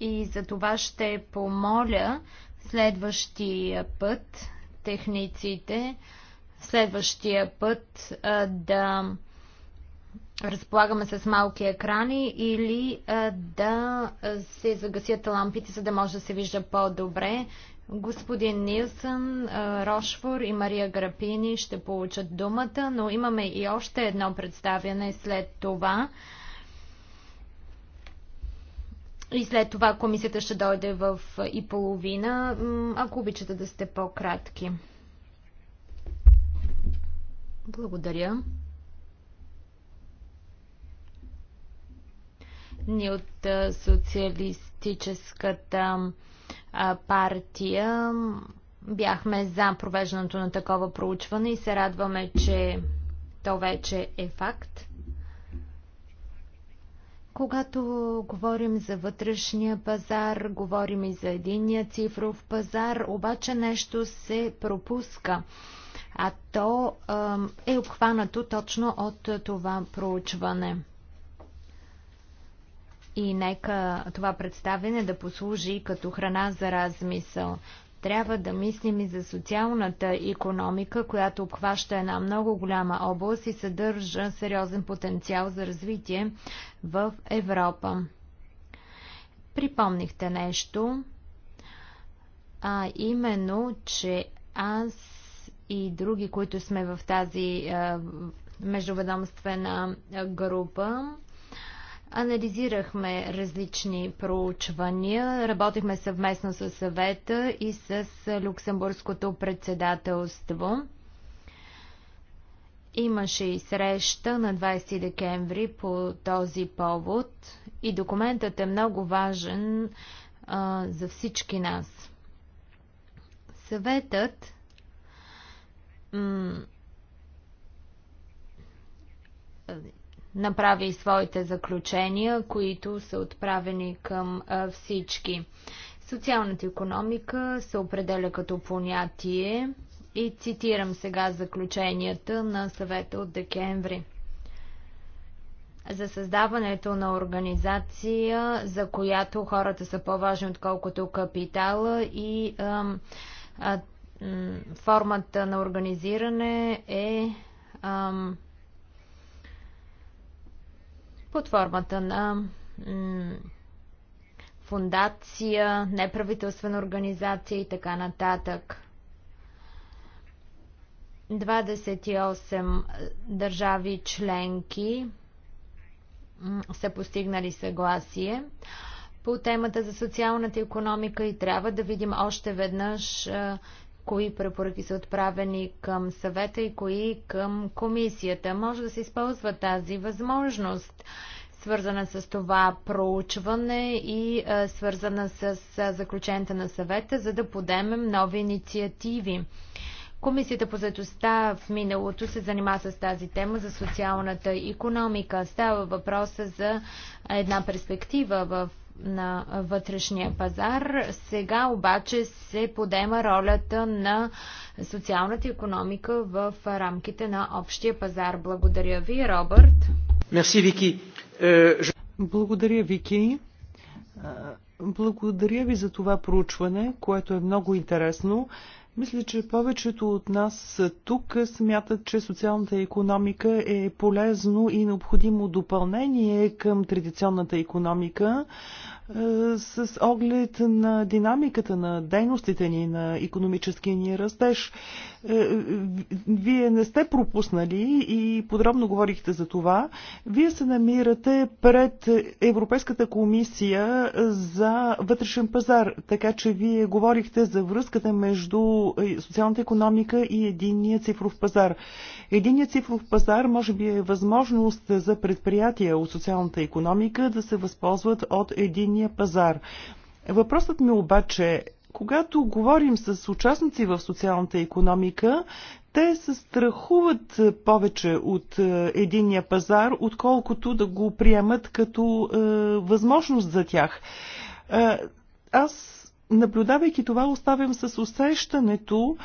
и за това ще помоля следващия път техниците следващия път а, да разполагаме с малки екрани или а, да се загасят лампите, за да може да се вижда по-добре. Господин Нилсън, Рошфор и Мария Грапини ще получат думата, но имаме и още едно представяне след това. И след това комисията ще дойде в и половина, ако обичате да сте по-кратки. Благодаря. Ние от социалистическата партия бяхме за провеждането на такова проучване и се радваме, че то вече е факт. Когато говорим за вътрешния пазар, говорим и за единния цифров пазар, обаче нещо се пропуска. А то е обхванато точно от това проучване. И нека това представене да послужи като храна за размисъл. Трябва да мислим и за социалната економика, която обхваща една много голяма област и съдържа сериозен потенциал за развитие в Европа. Припомнихте нещо, а именно, че аз и други, които сме в тази междуведомствена група, Анализирахме различни проучвания, работихме съвместно с съвета и с Люксембургското председателство. Имаше и среща на 20 декември по този повод и документът е много важен а, за всички нас. Съветът направи своите заключения, които са отправени към всички. Социалната економика се определя като понятие и цитирам сега заключенията на съвета от декември. За създаването на организация, за която хората са по-важни, отколкото капитала и ам, а, формата на организиране е ам, под формата на фундация, неправителствена организация и така нататък. 28 държави членки са постигнали съгласие по темата за социалната економика и трябва да видим още веднъж кои препоръки са отправени към съвета и кои към комисията. Може да се използва тази възможност, свързана с това проучване и а, свързана с а, заключенията на съвета, за да подемем нови инициативи. Комисията по заедостта в миналото се занима с тази тема за социалната економика. Става въпроса за една перспектива в на вътрешния пазар. Сега обаче се подема ролята на социалната економика в рамките на общия пазар. Благодаря ви, Робърт. Мерси, Вики. Е, благодаря, Вики. Е, благодаря ви за това проучване, което е много интересно. Мисля, че повечето от нас тук смятат, че социалната економика е полезно и необходимо допълнение към традиционната економика е, с оглед на динамиката на дейностите ни, на економическия ни растеж. Е, е, вие не сте пропуснали и подробно говорихте за това. Вие се намирате пред Европейската комисия за вътрешен пазар, така че вие говорихте за връзката между е, социалната економика и единния цифров пазар. Единият цифров пазар може би е възможност за предприятия от социалната економика да се възползват от единния пазар. Въпросът ми обаче когато говорим с участници в социалната економика, те се страхуват повече от е, единния пазар, отколкото да го приемат като е, възможност за тях. Е, аз, наблюдавайки това, оставям с усещането,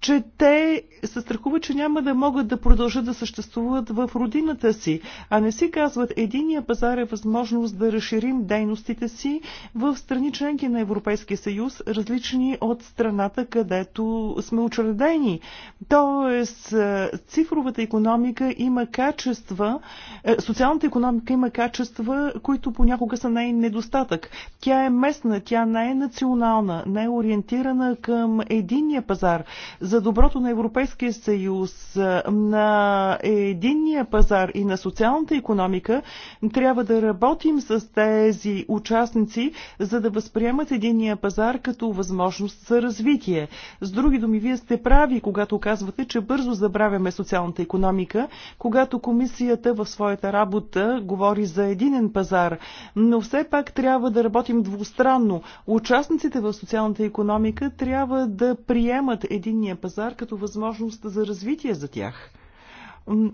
че те се страхуват, че няма да могат да продължат да съществуват в родината си, а не си казват, единия пазар е възможност да разширим дейностите си в страни членки на Европейския съюз, различни от страната, където сме учредени. Тоест, е, цифровата економика има качества, е, социалната економика има качества, които понякога са най недостатък. Тя е местна, тя не е национална, не е ориентирана към единния пазар за доброто на Европейския съюз, на единния пазар и на социалната економика, трябва да работим с тези участници, за да възприемат единния пазар като възможност за развитие. С други думи, вие сте прави, когато казвате, че бързо забравяме социалната економика, когато комисията в своята работа говори за единен пазар, но все пак трябва да работим двустранно. Участниците в социалната економика трябва да приемат единния пазар като възможност за развитие за тях.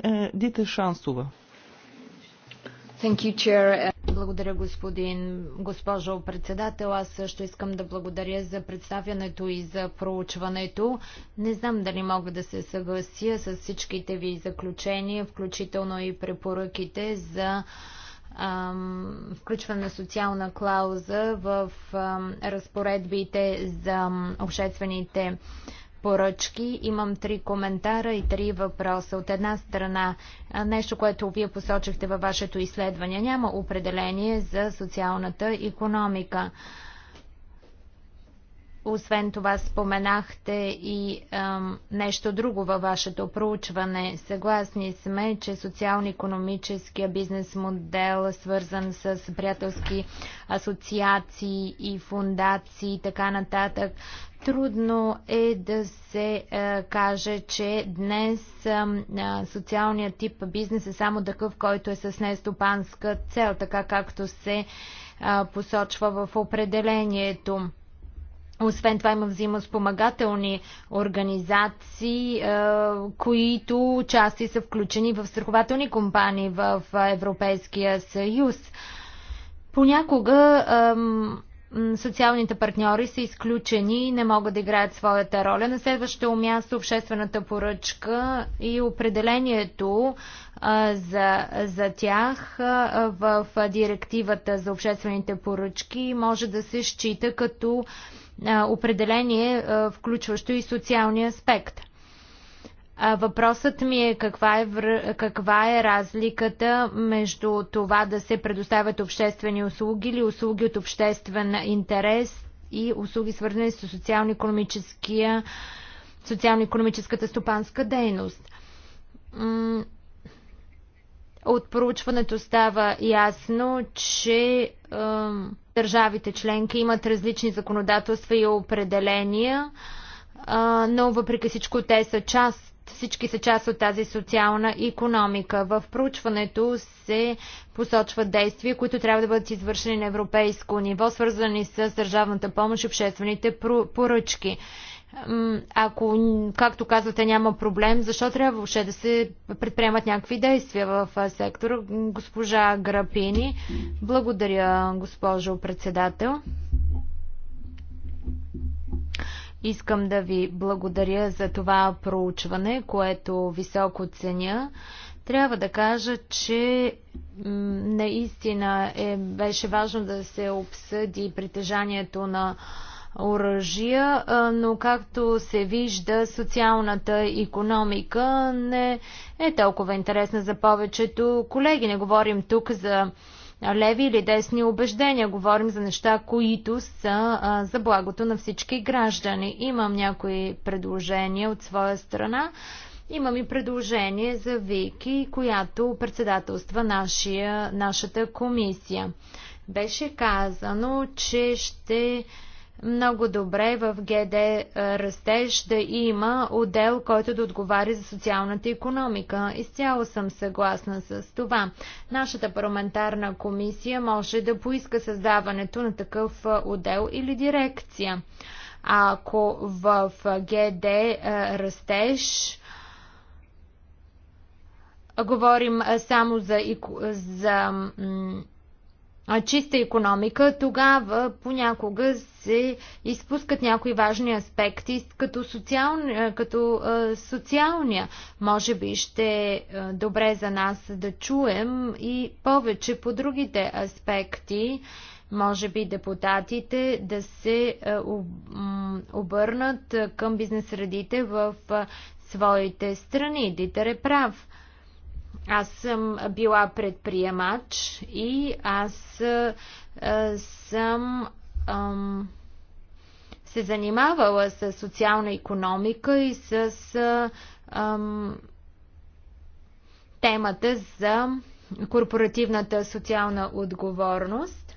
Е, Дита Шансова. You, благодаря, господин, госпожо председател. Аз също искам да благодаря за представянето и за проучването. Не знам дали мога да се съглася с всичките ви заключения, включително и препоръките за ам, включване на социална клауза в ам, разпоредбите за обществените поръчки. Имам три коментара и три въпроса. От една страна, нещо, което вие посочихте във вашето изследване, няма определение за социалната економика. Освен това споменахте и ам, нещо друго във вашето проучване. Съгласни сме, че социално-економическия бизнес модел, свързан с приятелски асоциации и фундации и така нататък, трудно е да се е, каже, че днес е, социалният тип бизнес е само такъв, който е с нестопанска цел, така както се е, посочва в определението. Освен това има взаимоспомагателни организации, е, които части са включени в страхователни компании в Европейския съюз. Понякога социалните партньори са изключени и не могат да играят своята роля. На следващо място обществената поръчка и определението за, за тях в директивата за обществените поръчки може да се счита като определение, включващо и социалния аспект. Въпросът ми е каква, е каква е разликата между това да се предоставят обществени услуги или услуги от обществен интерес и услуги свързани с социално економическата стопанска дейност. От проучването става ясно, че Държавите членки имат различни законодателства и определения, но въпреки всичко те са част всички са част от тази социална економика. В проучването се посочват действия, които трябва да бъдат извършени на европейско ниво, свързани с държавната помощ и обществените поръчки ако, както казвате, няма проблем, защо трябва въобще да се предприемат някакви действия в сектора? Госпожа Грапини, благодаря, госпожо председател. Искам да ви благодаря за това проучване, което високо ценя. Трябва да кажа, че наистина е, беше важно да се обсъди притежанието на оръжия, но както се вижда, социалната економика не е толкова интересна за повечето колеги. Не говорим тук за леви или десни убеждения, говорим за неща, които са за благото на всички граждани. Имам някои предложения от своя страна. Имам и предложение за Вики, която председателства нашия, нашата комисия. Беше казано, че ще много добре в ГД Растеж да има отдел, който да отговаря за социалната економика. Изцяло съм съгласна с това. Нашата парламентарна комисия може да поиска създаването на такъв отдел или дирекция. Ако в ГД Растеж говорим само за, за чиста економика, тогава понякога се изпускат някои важни аспекти, като, социал, е, като е, социалния. Може би ще е добре за нас да чуем и повече по другите аспекти. Може би депутатите да се е, обърнат към бизнес средите в своите страни. Дитър е прав аз съм била предприемач и аз а, съм ам, се занимавала с социална економика и с ам, темата за корпоративната социална отговорност.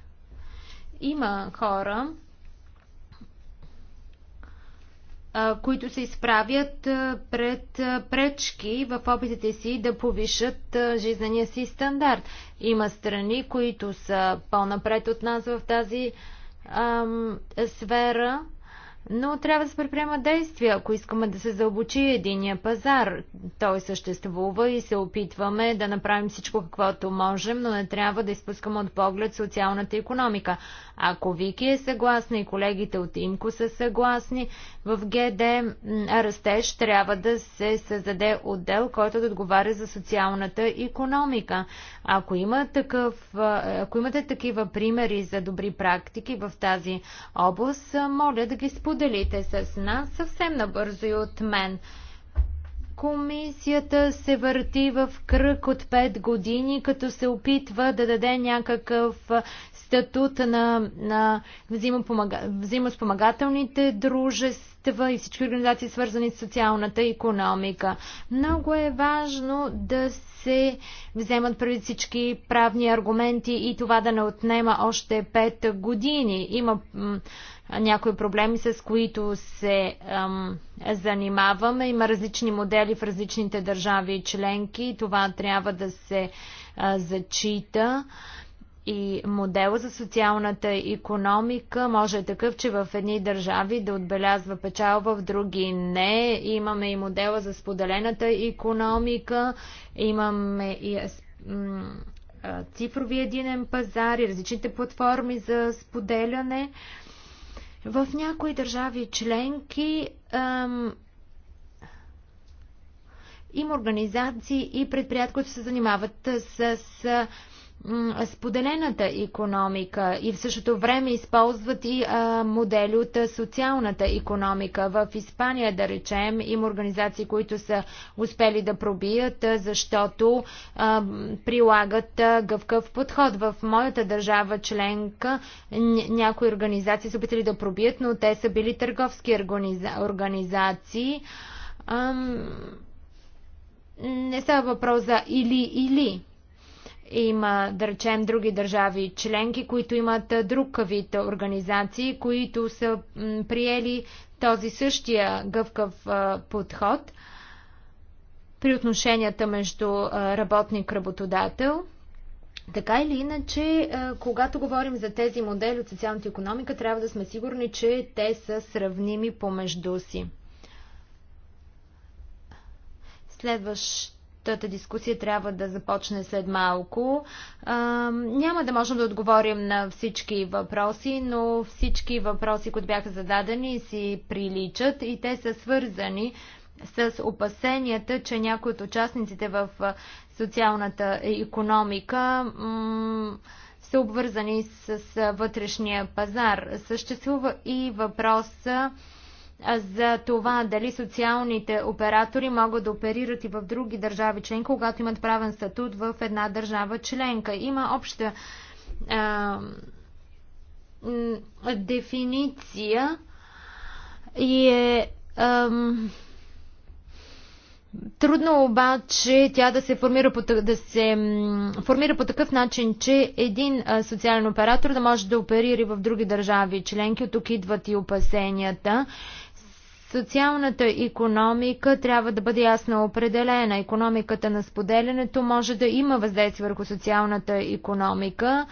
Има хора, които се изправят пред пречки в опитите си да повишат жизнения си стандарт. Има страни, които са по-напред от нас в тази ам, сфера но трябва да се предприема действия, ако искаме да се заобучи единия пазар. Той съществува и се опитваме да направим всичко каквото можем, но не трябва да изпускаме от поглед социалната економика. Ако Вики е съгласна и колегите от Имко са съгласни, в ГД Растеж трябва да се създаде отдел, който да отговаря за социалната економика. Ако, има такъв, ако имате такива примери за добри практики в тази област, моля да ги споделите споделите с нас съвсем набързо и от мен. Комисията се върти в кръг от 5 години, като се опитва да даде някакъв статут на, на взаимоспомагателните дружества и всички организации, свързани с социалната економика. Много е важно да се вземат преди всички правни аргументи и това да не отнема още 5 години. Има някои проблеми, с които се ам, занимаваме. Има различни модели в различните държави и членки. Това трябва да се а, зачита. А, и модела за социалната економика може е такъв, че в едни държави да отбелязва печалба, в други не. Имаме и модела за споделената економика, имаме и цифрови единен пазар и различните платформи за споделяне. В някои държави членки ам, има организации и предприятия, които се занимават с, с споделената економика и в същото време използват и а, модели от социалната економика. В Испания, да речем, има организации, които са успели да пробият, защото а, прилагат а, гъвкав подход. В моята държава членка някои организации са опитали да пробият, но те са били търговски организа... организации. А, не става въпрос за или-или има, да речем, други държави членки, които имат друг вид организации, които са приели този същия гъвкав подход при отношенията между работник-работодател. Така или иначе, когато говорим за тези модели от социалната економика, трябва да сме сигурни, че те са сравними помежду си. Следващ Тата дискусия трябва да започне след малко. А, няма да можем да отговорим на всички въпроси, но всички въпроси, които бяха зададени, си приличат и те са свързани с опасенията, че някои от участниците в социалната економика са обвързани с вътрешния пазар. Съществува и въпроса за това дали социалните оператори могат да оперират и в други държави членка, когато имат правен статут в една държава членка. Има обща а, дефиниция и е ам, трудно обаче тя да се формира по, да се формира по такъв начин, че един социален оператор да може да оперира в други държави членки. От тук идват и опасенията. А, Социалната економика трябва да бъде ясно определена. Економиката на споделянето може да има въздействие върху социалната економика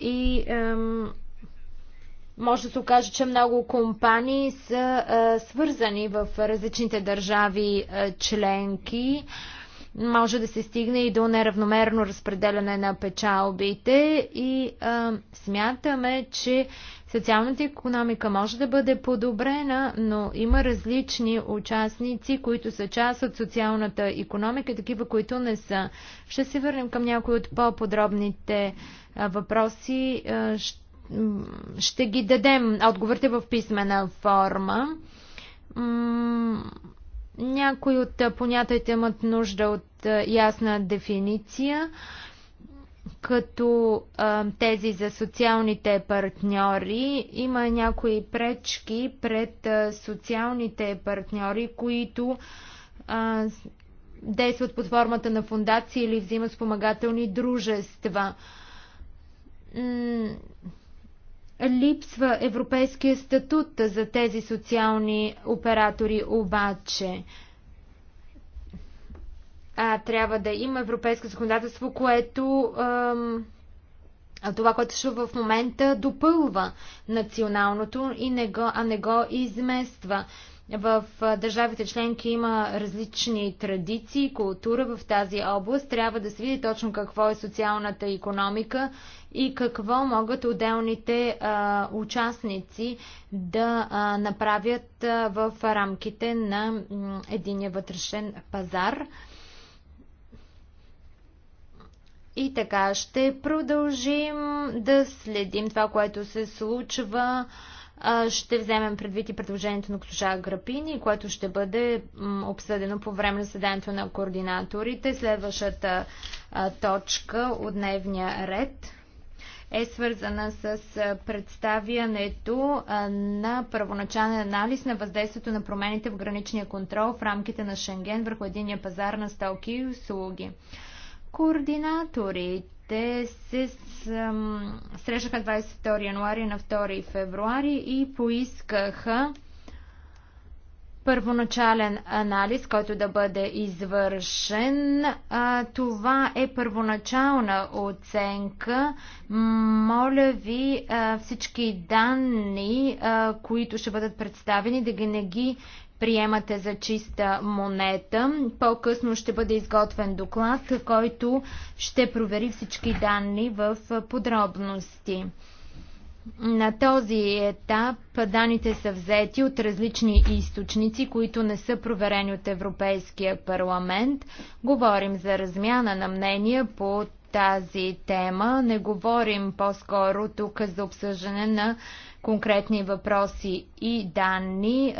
и ем, може да се окаже, че много компании са е, свързани в различните държави е, членки. Може да се стигне и до неравномерно разпределяне на печалбите и е, смятаме, че Социалната економика може да бъде подобрена, но има различни участници, които са част от социалната економика, такива, които не са. Ще се върнем към някои от по-подробните въпроси. Ще ги дадем отговорите в писмена форма. Някои от понятията имат нужда от ясна дефиниция като а, тези за социалните партньори, има някои пречки пред а, социалните партньори, които а, действат под формата на фундации или взимат спомагателни дружества. М липсва европейския статут за тези социални оператори обаче а, трябва да има европейско законодателство, което а, това, което ще в момента допълва националното, и не го, а не го измества. В държавите членки има различни традиции, култура в тази област. Трябва да се види точно какво е социалната економика и какво могат отделните а, участници да а, направят а, в рамките на единия вътрешен пазар. И така ще продължим да следим това, което се случва. Ще вземем предвид и предложението на госпожа Грапини, което ще бъде обсъдено по време на заседанието на координаторите. Следващата точка от дневния ред е свързана с представянето на първоначален анализ на въздействието на промените в граничния контрол в рамките на Шенген върху единия пазар на стоки и услуги. Координаторите се срещаха 22 януари на 2 февруари и поискаха първоначален анализ, който да бъде извършен. Това е първоначална оценка. Моля ви всички данни, които ще бъдат представени, да ги не ги приемате за чиста монета. По-късно ще бъде изготвен доклад, който ще провери всички данни в подробности. На този етап данните са взети от различни източници, които не са проверени от Европейския парламент. Говорим за размяна на мнения по тази тема. Не говорим по-скоро тук за обсъждане на конкретни въпроси и данни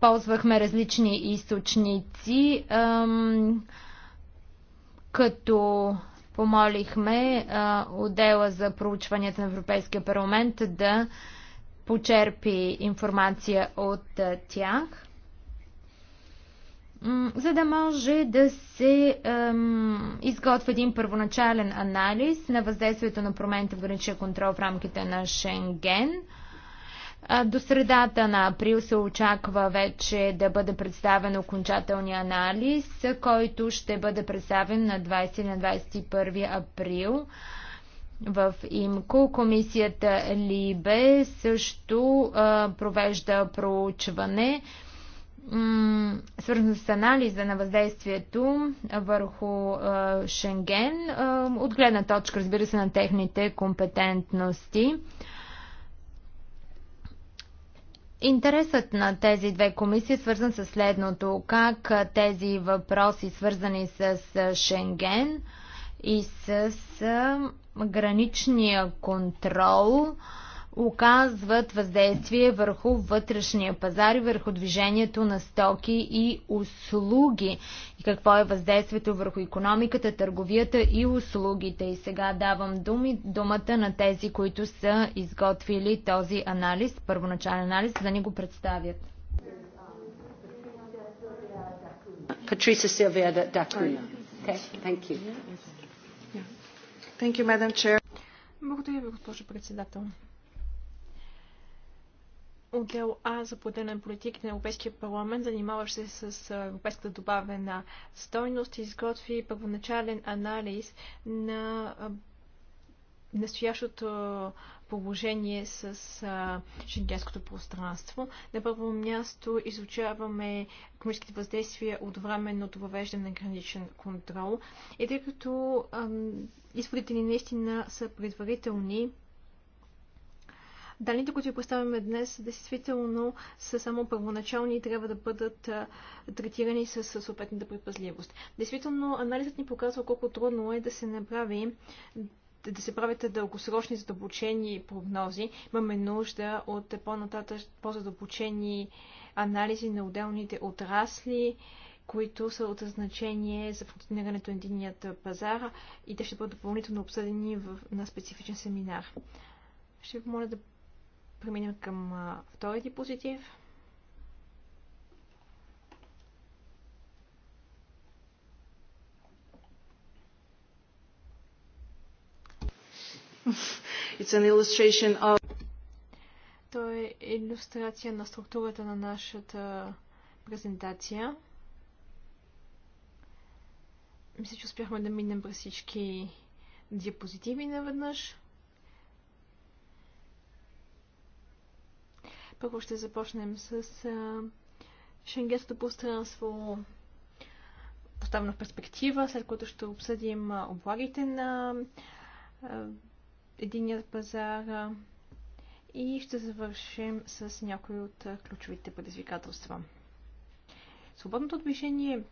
ползвахме различни източници, като помолихме отдела за проучванията на Европейския парламент да почерпи информация от тях, за да може да се изготви един първоначален анализ на въздействието на промените в граничния контрол в рамките на Шенген – до средата на април се очаква вече да бъде представен окончателния анализ, който ще бъде представен на 20 на 21 април в ИМКО. Комисията ЛИБЕ също а, провежда проучване свързано с анализа на въздействието върху а, Шенген, а, от гледна точка, разбира се, на техните компетентности. Интересът на тези две комисии е свързан с следното. Как тези въпроси, свързани с Шенген и с граничния контрол, оказват въздействие върху вътрешния пазар и върху движението на стоки и услуги и какво е въздействието върху економиката, търговията и услугите. И сега давам думи, думата на тези, които са изготвили този анализ, първоначален анализ, за да ни го представят. Patricia Silvia Dacuna. Okay, thank you. Thank you, Madam Chair. Благодаря ви, госпожо председател отдел А за на политика на Европейския парламент, занимаващ се с европейската добавена стойност, изготви първоначален анализ на настоящото положение с шенгенското пространство. На първо място изучаваме економическите въздействия от временното въвеждане на граничен контрол. И тъй като изводите ни наистина са предварителни, Даните, които ви поставяме днес, действително са само първоначални и трябва да бъдат третирани с съответната предпазливост. Действително, анализът ни показва колко трудно е да се направи да се правят дългосрочни задълбочени прогнози. Имаме нужда от по-нататъч по-задълбочени анализи на отделните отрасли, които са от значение за функционирането на единният пазар и те ще бъдат допълнително обсъдени в, на специфичен семинар. Ще ви моля да преминем към втория диапозитив. It's an illustration of... То е иллюстрация на структурата на нашата презентация. Мисля, че успяхме да минем през всички диапозитиви наведнъж. Първо ще започнем с а, шенгенското пространство поставено в перспектива, след което ще обсъдим облагите на единия единият пазар и ще завършим с някои от ключовите предизвикателства. Свободното движение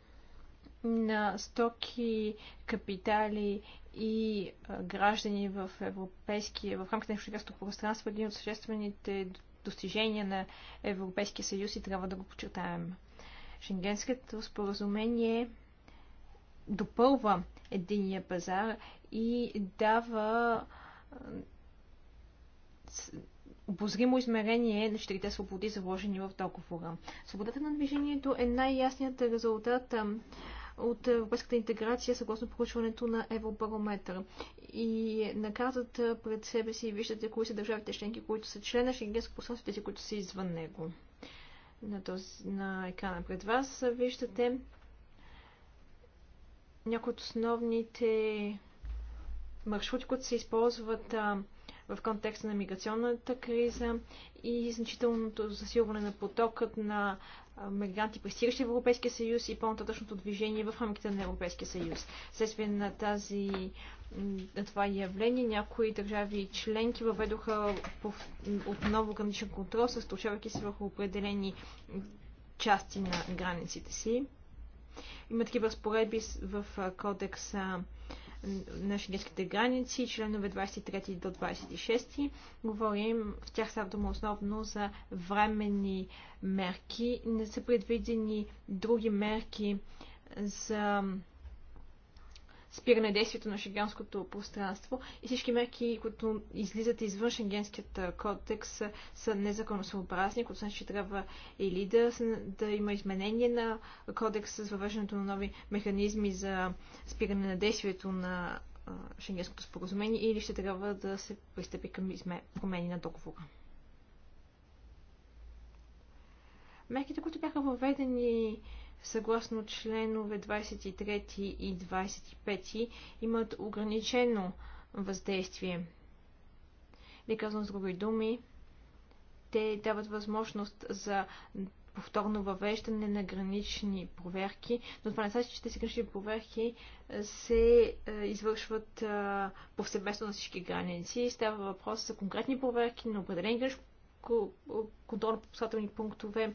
на стоки, капитали и граждани в европейския, в рамките на европейското пространство, е един от съществените достижение на Европейския съюз и трябва да го почертаем. Шенгенското споразумение допълва единния пазар и дава обозримо измерение на четирите свободи, заложени в договора. Свободата на движението е най-ясният резултат от европейската интеграция, съгласно проучването на Европарометър. И на картата пред себе си виждате кои са държавите членки, които са члена Шенгенско пространство, тези, които са извън него. На, този, на екрана пред вас виждате някои от основните маршрути, които се използват а, в контекста на миграционната криза и значителното засилване на потокът на мигранти, пристигащи в Европейския съюз и по-нататъчното движение в рамките на Европейския съюз. Следствие на тази на това явление някои държави членки въведоха отново граничен контрол, състочавайки се върху определени части на границите си. Има такива разпоредби в кодекса на детските граници, членове 23 до 26. Говорим, в тях става дума основно за временни мерки. Не са предвидени други мерки за спиране действието на шенгенското пространство и всички мерки, които излизат извън шенгенският кодекс са незаконосъобразни, които значи, че трябва или да, да има изменение на кодекса с въвеждането на нови механизми за спиране на действието на шенгенското споразумение или ще трябва да се пристъпи към промени на договора. Мерките, които бяха въведени съгласно членове 23 и 25, имат ограничено въздействие. Не казвам с други думи, те дават възможност за повторно въвеждане на гранични проверки, но това не значи, че тези гранични проверки се е, извършват е, повсеместно на всички граници. Става въпрос за конкретни проверки на определени гранични контролно-пропускателни пунктове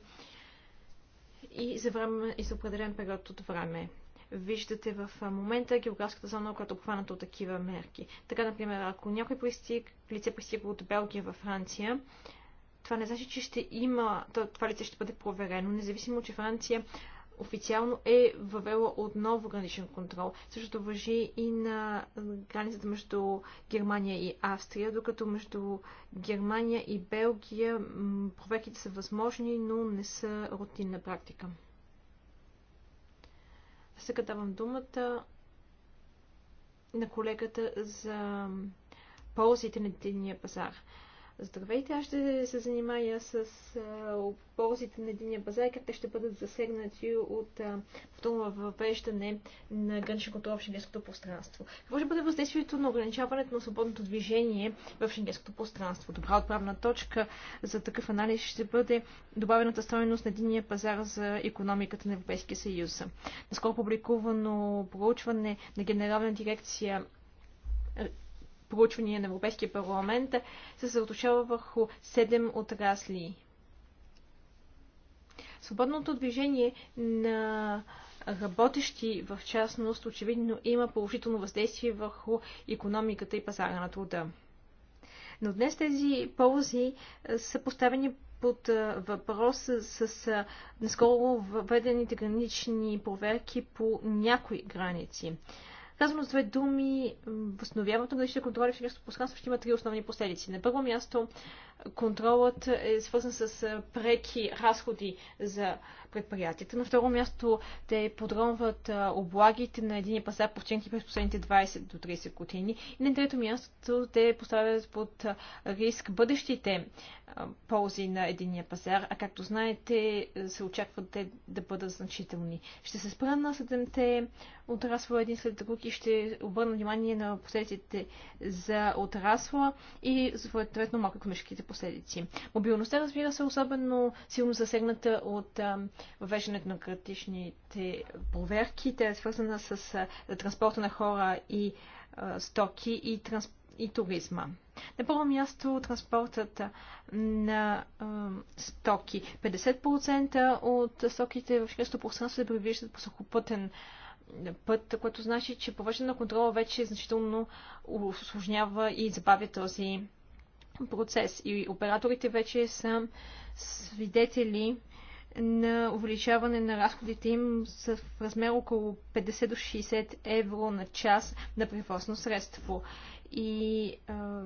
и за, време, и за определен период от време. Виждате в момента географската зона, която е обхваната от такива мерки. Така, например, ако някой пристиг, лице пристига от Белгия във Франция, това не значи, че ще има, това лице ще бъде проверено, независимо, че Франция официално е въвела отново граничен контрол. Същото въжи и на границата между Германия и Австрия, докато между Германия и Белгия проверките са възможни, но не са рутинна практика. Сега давам думата на колегата за ползите на единния пазар. Здравейте, аз ще се занимая с ползите на единия пазар, как те ще бъдат засегнати от повторно въвеждане на граничен в шенгенското пространство. Какво ще бъде въздействието на ограничаването на свободното движение в шенгенското пространство? Добра отправна точка за такъв анализ ще бъде добавената стоеност на единия пазар за економиката на Европейския съюз. Наскоро публикувано проучване на Генерална дирекция проучвания на Европейския парламент се съотношава върху 7 отрасли. Свободното движение на работещи, в частност, очевидно има положително въздействие върху економиката и пазара на труда. Но днес тези ползи са поставени под въпрос с, с наскоро въведените гранични проверки по някои граници. Казано с две думи, възстановяването на личните контроли в шенгенското пространство ще има три основни последици. На първо място, контролът е свързан с преки разходи за предприятията. На второ място те подронват облагите на един пазар по оценки през последните 20 до 30 години. И на трето място те поставят под риск бъдещите ползи на единия пазар, а както знаете се очакват те да бъдат значителни. Ще се спра на седемте отрасла един след друг и ще обърна внимание на последиците за отрасла и съответно макроекономическите негативните последици. Мобилността, разбира се, е особено силно засегната от въвеждането на критичните проверки. Тя е свързана с транспорта на хора и стоки и, трансп... и туризма. На първо място транспортът на е, стоки. 50% от стоките в шкръсто пространство се превиждат по сухопътен път, което значи, че повече на контрола вече значително осложнява и забавя този процес. И операторите вече са свидетели на увеличаване на разходите им с размер около 50 до 60 евро на час на превозно средство. И а,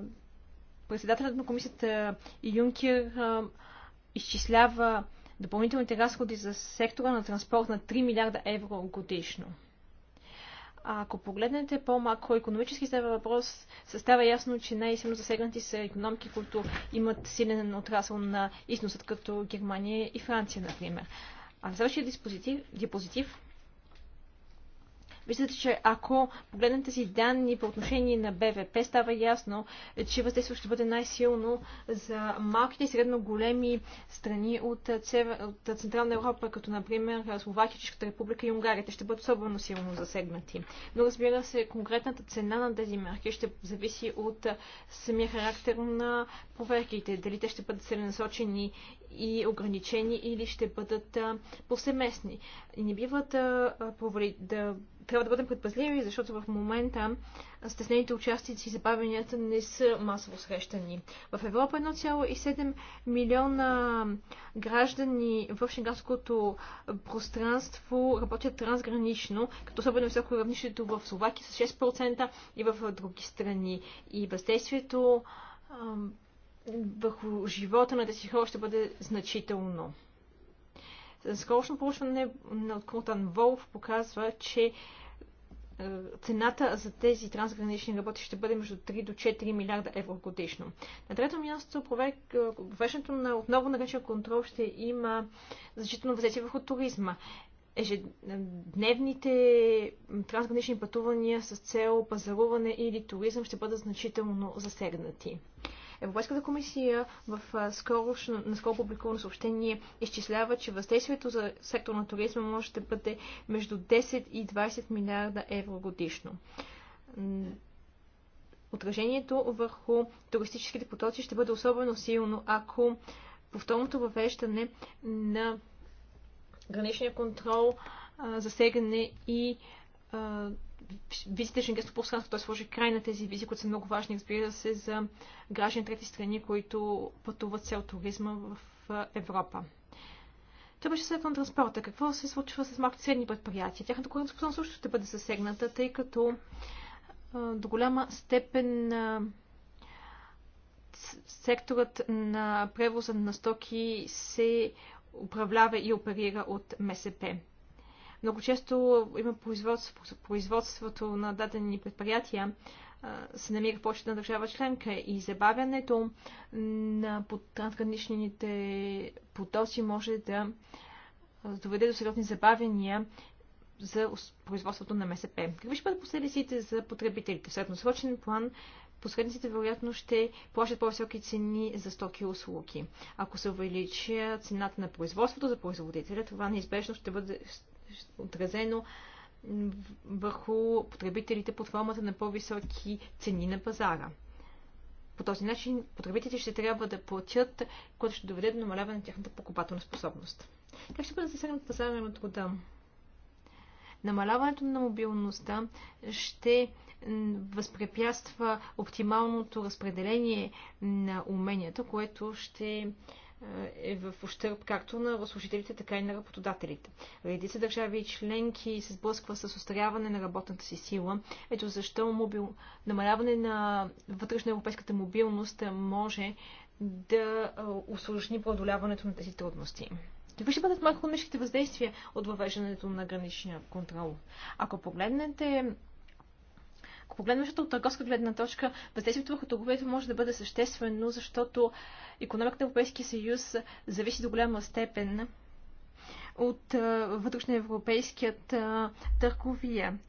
председателят на комисията Юнкер а, изчислява допълнителните разходи за сектора на транспорт на 3 милиарда евро годишно. А ако погледнете по-макроекономически става въпрос, се става ясно, че най-силно засегнати са економики, които имат силен отрасъл на износът, като Германия и Франция, например. А на следващия диспозитив, Виждате, че ако погледнете си данни по отношение на БВП, става ясно, че въздействие ще бъде най-силно за малките и средно големи страни от, Централна Европа, като например Словакия, Чешката република и Унгария. Те ще бъдат особено силно засегнати. Но разбира се, конкретната цена на тези мерки ще зависи от самия характер на проверките. Дали те ще бъдат целенасочени и ограничени или ще бъдат повсеместни. И не бива да трябва да бъдем предпазливи, защото в момента стеснените участници и забавенията не са масово срещани. В Европа 1,7 милиона граждани в шенгарското пространство работят трансгранично, като особено високо равнището в Словакия с 6% и в други страни. И въздействието върху живота на тези хора ще бъде значително. Скорошно проучване от Куртан Волф показва, че е, цената за тези трансгранични работи ще бъде между 3 до 4 милиарда евро годишно. На трето място, провеждането е, на отново наречен контрол ще има значително въздействие върху туризма. Ежедневните е, трансгранични пътувания с цел пазаруване или туризъм ще бъдат значително засегнати. Европейската комисия в скоро, наскоро публикувано съобщение изчислява, че въздействието за сектор на туризма може да бъде между 10 и 20 милиарда евро годишно. Отражението върху туристическите потоци ще бъде особено силно, ако повторното въвеждане на граничния контрол засегане и визите Шенгенско пространство. Той сложи край на тези визи, които са много важни, разбира се, за граждани трети страни, които пътуват цел туризма в Европа. Това беше след на транспорта. Какво се случва с малките средни предприятия? Тяхната конкурентоспособност също ще бъде засегната, тъй като до голяма степен секторът на превоза на стоки се управлява и оперира от МСП. Много често има производство, производството на дадени предприятия се намира в повечето на държава членка и забавянето на трансграничните потоци може да доведе до сериозни забавяния за производството на МСП. Какви ще бъдат последиците за потребителите? В средносрочен план посредниците вероятно ще плащат по-високи цени за стоки и услуги. Ако се увеличи цената на производството за производителя, това неизбежно ще, бъде, отразено върху потребителите под формата на по-високи цени на пазара. По този начин потребителите ще трябва да платят, което ще доведе до намаляване на тяхната покупателна способност. Как ще бъде засегнат пазара на труда? Намаляването на мобилността ще възпрепятства оптималното разпределение на уменията, което ще е в ущърп както на възложителите, така и на работодателите. Редица държави и членки се сблъсква с устаряване на работната си сила. Ето защо мобил... намаляване на вътрешна европейската мобилност може да усложни преодоляването на тези трудности. Какви ще бъдат макроекономическите въздействия от въвеждането на граничния контрол? Ако погледнете ако погледнем защото от търговска гледна точка, въздействието върху търговията може да бъде съществено, защото економиката на Европейския съюз зависи до голяма степен от вътрешноевропейският търговия.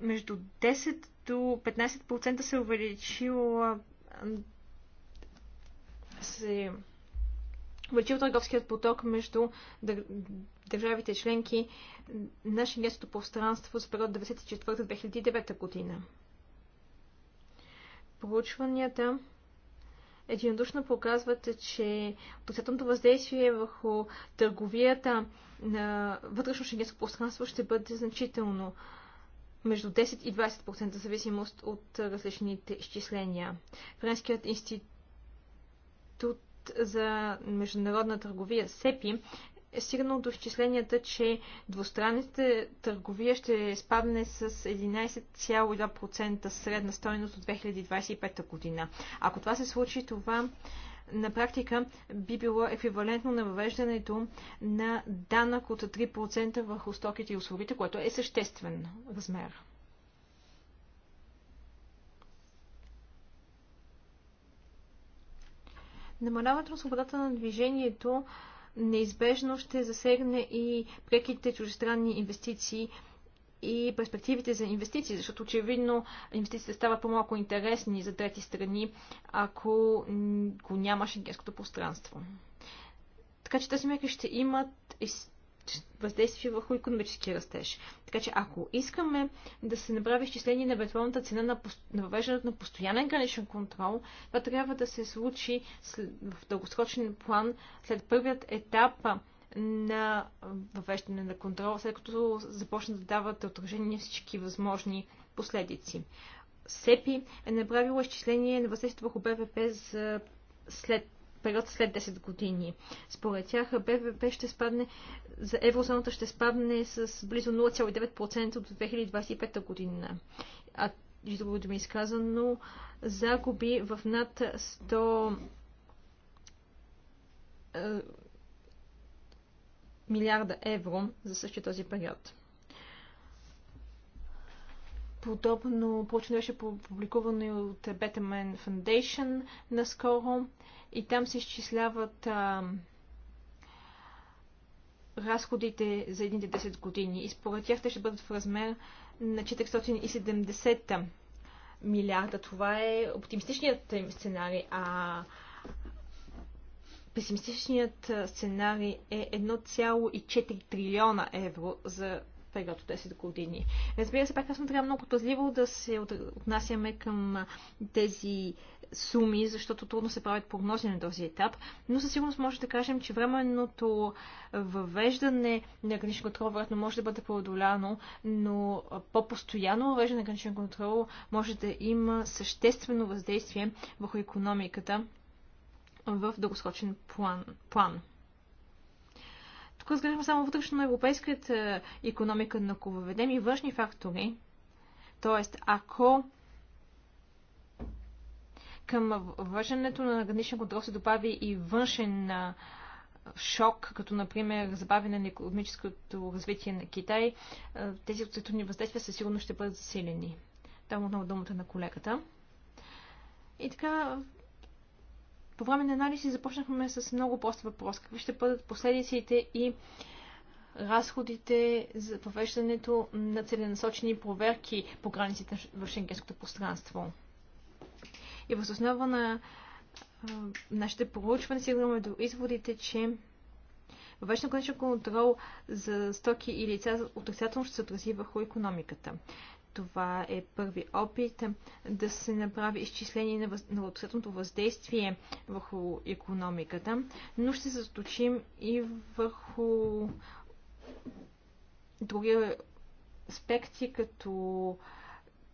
Между 10 до 15% се е увеличила се увеличил търговският поток между държавите членки на шенгенското пространство с период 1994-2009 година. Проучванията единодушно показват, че отрицателното въздействие върху търговията на вътрешно шенгенско пространство ще бъде значително между 10 и 20% в зависимост от различните изчисления. Френският институт за международна търговия СЕПИ е стигнал до изчисленията, че двустранните търговия ще спадне с 11,2% средна стоеност от 2025 година. Ако това се случи, това на практика би било еквивалентно на въвеждането на данък от 3% върху стоките и услугите, което е съществен размер. Намаляването на свободата на движението неизбежно ще засегне и преките чужестранни инвестиции и перспективите за инвестиции, защото очевидно инвестициите стават по-малко интересни за трети страни, ако го няма шенгенското пространство. Така че тези мерки ще имат въздействие върху економически растеж. Така че ако искаме да се направи изчисление на бетонната цена на, на въвеждането на постоянен граничен контрол, това трябва да се случи в дългосрочен план след първият етап на въвеждане на контрол, след като започнат да дават отражение всички възможни последици. СЕПИ е направила изчисление на въздействието върху БВП за след период след 10 години. Според тях БВП ще спадне, за еврозоната ще спадне с близо 0,9% от 2025 година. А с друго ми е изказано, загуби в над 100 е, милиарда евро за същия този период. Подобно проучване беше публикувано и от Betterman Foundation наскоро и там се изчисляват а, разходите за едните 10 години и според тях те ще бъдат в размер на 470 милиарда. Това е оптимистичният им сценарий, а песимистичният сценарий е 1,4 трилиона евро за период от 10 години. Разбира се, пак аз трябва много пазливо да се отнасяме към тези суми, защото трудно се правят прогнози на този етап, но със сигурност може да кажем, че временното въвеждане на граничен контрол вероятно може да бъде преодоляно, но по-постоянно въвеждане на граничен контрол може да има съществено въздействие върху економиката в дългосрочен план. план. Тук разглеждам само вътрешно европейската економика, но ако въведем и външни фактори, т.е. ако към въвеждането на граничен контрол се добави и външен шок, като например забавяне на економическото развитие на Китай, тези отрицателни въздействия със сигурност ще бъдат засилени. Там отново думата на колегата. И така, по време на анализи започнахме с много прост въпрос. Какви ще бъдат последиците и разходите за въвеждането на целенасочени проверки по границите в шенгенското пространство? И въз основа на нашите проучване имаме до изводите, че Въвеждането граничен контрол за стоки и лица отрицателно ще се отрази върху економиката. Това е първи опит да се направи изчисление на, въз... въздействие върху економиката, но ще се заточим и върху други аспекти, като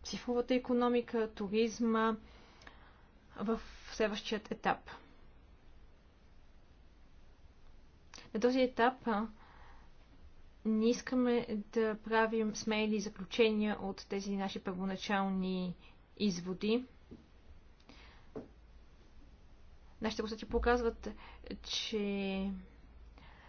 цифровата економика, туризма в следващият етап. На този етап не искаме да правим смели заключения от тези наши първоначални изводи. Нашите констати показват, че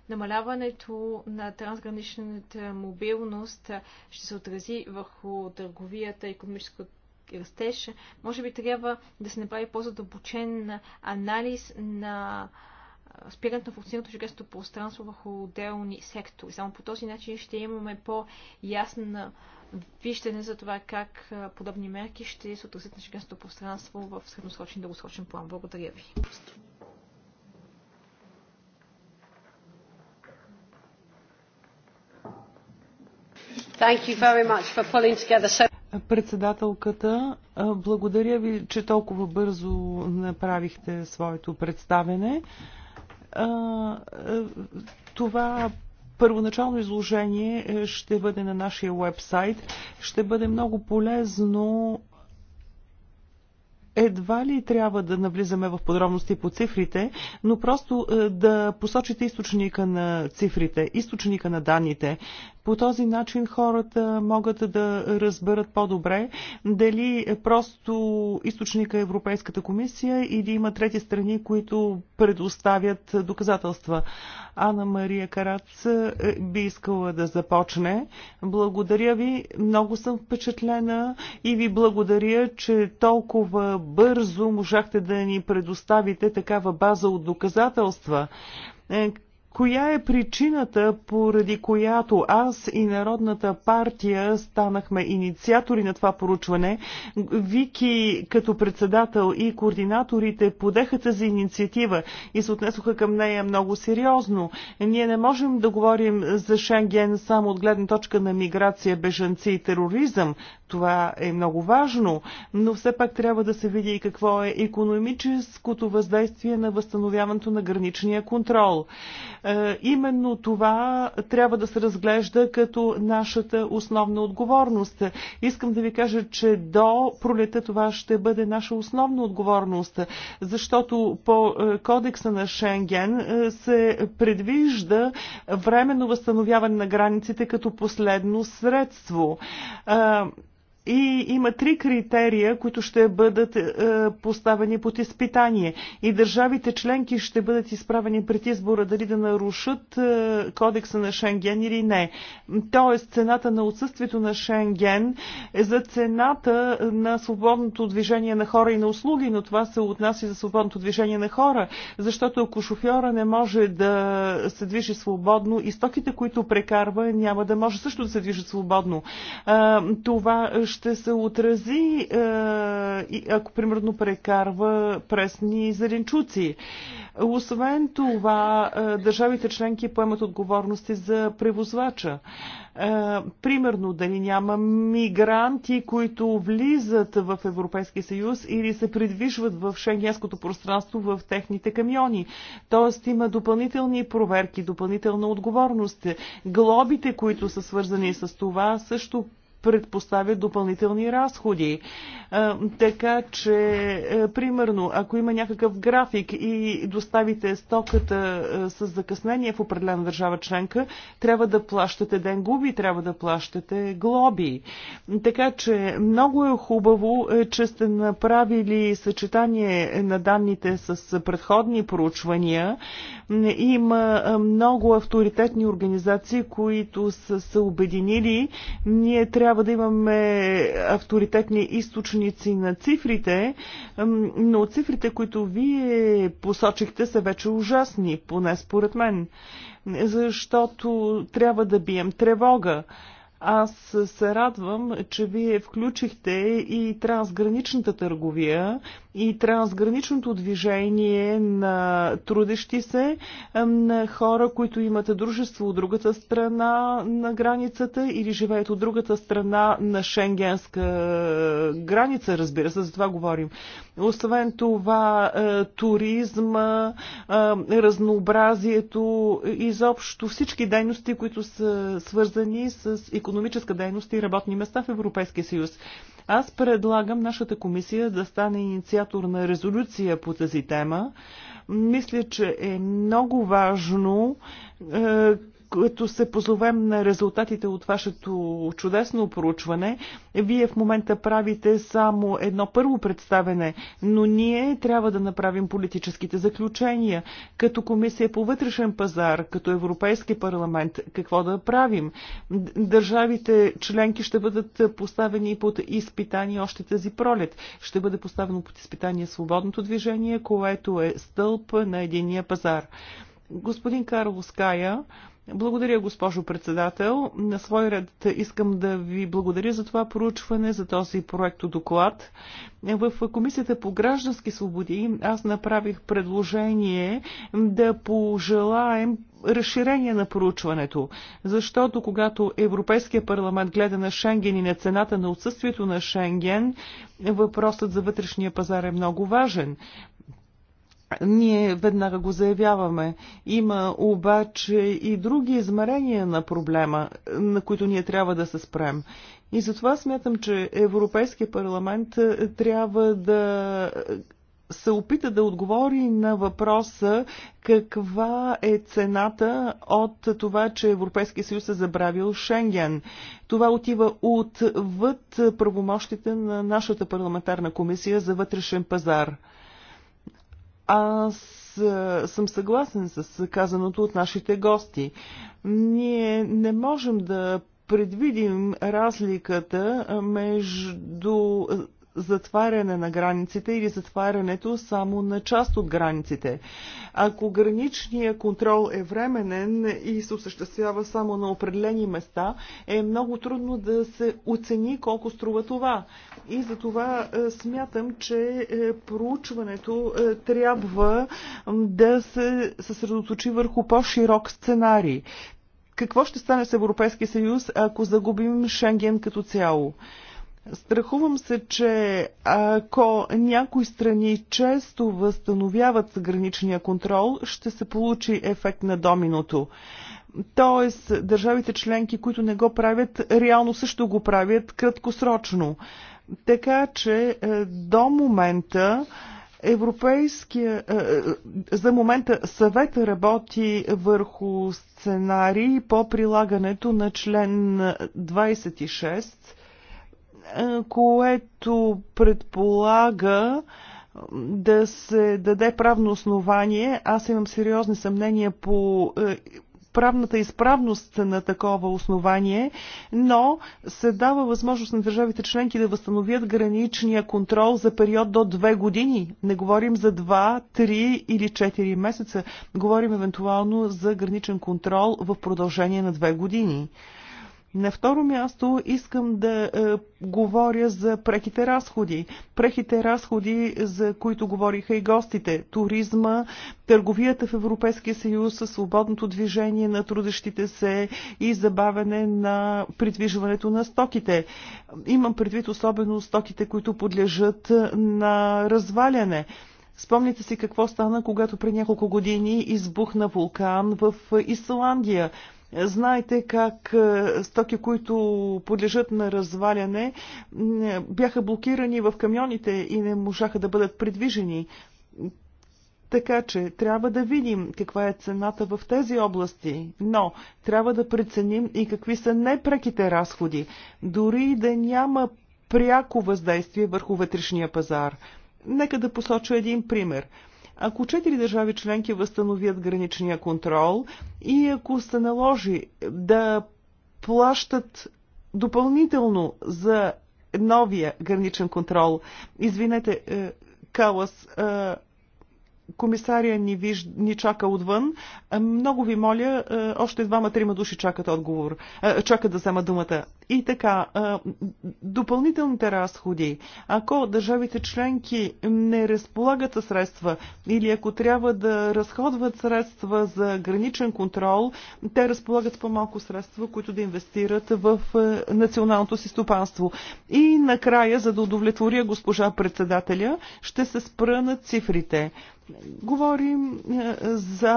намаляването на трансграничната мобилност ще се отрази върху търговията и економическото растеж. Може би трябва да се направи по-задълбочен анализ на спирането на функционалното шенгенското пространство върху отделни сектори. Само по този начин ще имаме по-ясна виждане за това как подобни мерки ще се отразят на шенгенското пространство в средносрочен и дългосрочен план. Благодаря ви. Thank you very much for pulling together so председателката. Благодаря ви, че толкова бързо направихте своето представене това първоначално изложение е, ще бъде на нашия вебсайт. Ще бъде много полезно едва ли трябва да навлизаме в подробности по цифрите, но просто е, да посочите източника на цифрите, източника на данните. По този начин хората могат да разберат по-добре дали просто източника е Европейската комисия или има трети страни, които предоставят доказателства. Ана Мария Карац е, би искала да започне. Благодаря ви, много съм впечатлена и ви благодаря, че толкова бързо можахте да ни предоставите такава база от доказателства е, Коя е причината, поради която аз и Народната партия станахме инициатори на това поручване? Вики като председател и координаторите подеха тази инициатива и се отнесоха към нея много сериозно. Ние не можем да говорим за Шенген само от гледна точка на миграция, бежанци и тероризъм това е много важно, но все пак трябва да се види и какво е економическото въздействие на възстановяването на граничния контрол. Е, именно това трябва да се разглежда като нашата основна отговорност. Искам да ви кажа, че до пролета това ще бъде наша основна отговорност, защото по е, кодекса на Шенген е, се предвижда временно възстановяване на границите като последно средство и има три критерия, които ще бъдат е, поставени под изпитание. И държавите членки ще бъдат изправени пред избора дали да нарушат е, кодекса на Шенген или не. Тоест цената на отсъствието на Шенген е за цената на свободното движение на хора и на услуги, но това се отнася за свободното движение на хора, защото ако шофьора не може да се движи свободно и стоките, които прекарва, няма да може също да се движат свободно. Е, това ще ще се отрази, е, ако примерно прекарва пресни зеленчуци. Освен това, е, държавите членки поемат отговорности за превозвача. Е, примерно, дали няма мигранти, които влизат в Европейския съюз или се придвижват в шенгенското пространство в техните камиони. Тоест има допълнителни проверки, допълнителна отговорност. Глобите, които са свързани с това, също предпоставят допълнителни разходи. Е, така че, е, примерно, ако има някакъв график и доставите стоката е, с закъснение в определена държава членка, трябва да плащате ден губи, трябва да плащате глоби. Така че, много е хубаво, че сте направили съчетание на данните с предходни проучвания. Има много авторитетни организации, които са се обединили. Ние трябва трябва да имаме авторитетни източници на цифрите, но цифрите, които вие посочихте, са вече ужасни, поне според мен, защото трябва да бием тревога. Аз се радвам, че вие включихте и трансграничната търговия, и трансграничното движение на трудещи се, на хора, които имат дружество от другата страна на границата или живеят от другата страна на шенгенска граница, разбира се, за това говорим. Освен това, е, туризма, е, разнообразието, изобщо всички дейности, които са свързани с економиката економическа дейност и работни места в Европейския съюз. Аз предлагам нашата комисия да стане инициатор на резолюция по тази тема. Мисля, че е много важно е, като се позовем на резултатите от вашето чудесно проучване, вие в момента правите само едно първо представене, но ние трябва да направим политическите заключения. Като комисия по вътрешен пазар, като Европейски парламент, какво да правим? Държавите членки ще бъдат поставени под изпитание още тази пролет. Ще бъде поставено под изпитание свободното движение, което е стълб на единия пазар. Господин Карлос Кая, благодаря, госпожо председател. На свой ред искам да ви благодаря за това проучване, за този проект доклад. В Комисията по граждански свободи аз направих предложение да пожелаем разширение на проучването, защото когато Европейския парламент гледа на Шенген и на цената на отсъствието на Шенген, въпросът за вътрешния пазар е много важен. Ние веднага го заявяваме. Има обаче и други измерения на проблема, на които ние трябва да се спрем. И затова смятам, че Европейския парламент е, трябва да е, се опита да отговори на въпроса каква е цената от това, че Европейския съюз е забравил Шенген. Това отива отвъд правомощите на нашата парламентарна комисия за вътрешен пазар. Аз е, съм съгласен с казаното от нашите гости. Ние не можем да предвидим разликата между затваряне на границите или затварянето само на част от границите. Ако граничният контрол е временен и се осъществява само на определени места, е много трудно да се оцени колко струва това. И за това е, смятам, че е, проучването е, трябва да се съсредоточи върху по-широк сценарий. Какво ще стане с Европейския съюз, ако загубим Шенген като цяло? Страхувам се, че ако някои страни често възстановяват граничния контрол, ще се получи ефект на доминото. Тоест, държавите членки, които не го правят, реално също го правят краткосрочно. Така че е, до момента Европейския, е, е, за момента съвет работи върху сценарии по прилагането на член 26 е, което предполага да се даде правно основание. Аз имам сериозни съмнения по е, правната изправност на такова основание, но се дава възможност на държавите членки да възстановят граничния контрол за период до две години. Не говорим за два, три или четири месеца. Говорим евентуално за граничен контрол в продължение на две години. На второ място искам да е, говоря за преките разходи. Преките разходи, за които говориха и гостите. Туризма, търговията в Европейския съюз, свободното движение на трудещите се и забавяне на придвижването на стоките. Имам предвид особено стоките, които подлежат на разваляне. Спомните си какво стана, когато при няколко години избухна вулкан в Исландия. Знаете как е, стоки, които подлежат на разваляне, бяха блокирани в камионите и не можаха да бъдат придвижени. Така че трябва да видим каква е цената в тези области, но трябва да преценим и какви са непреките разходи, дори да няма пряко въздействие върху вътрешния пазар. Нека да посоча един пример – ако четири държави членки възстановят граничния контрол и ако се наложи да плащат допълнително за новия граничен контрол, извинете, е, Калас, е, комисария ни, виж... ни чака отвън. Е, много ви моля, е, още двама-трима души чакат отговор, е, чакат да взема думата. И така, допълнителните разходи. Ако държавите членки не разполагат със средства или ако трябва да разходват средства за граничен контрол, те разполагат с по-малко средства, които да инвестират в националното си стопанство. И накрая, за да удовлетворя госпожа председателя, ще се спра на цифрите. Говорим е, за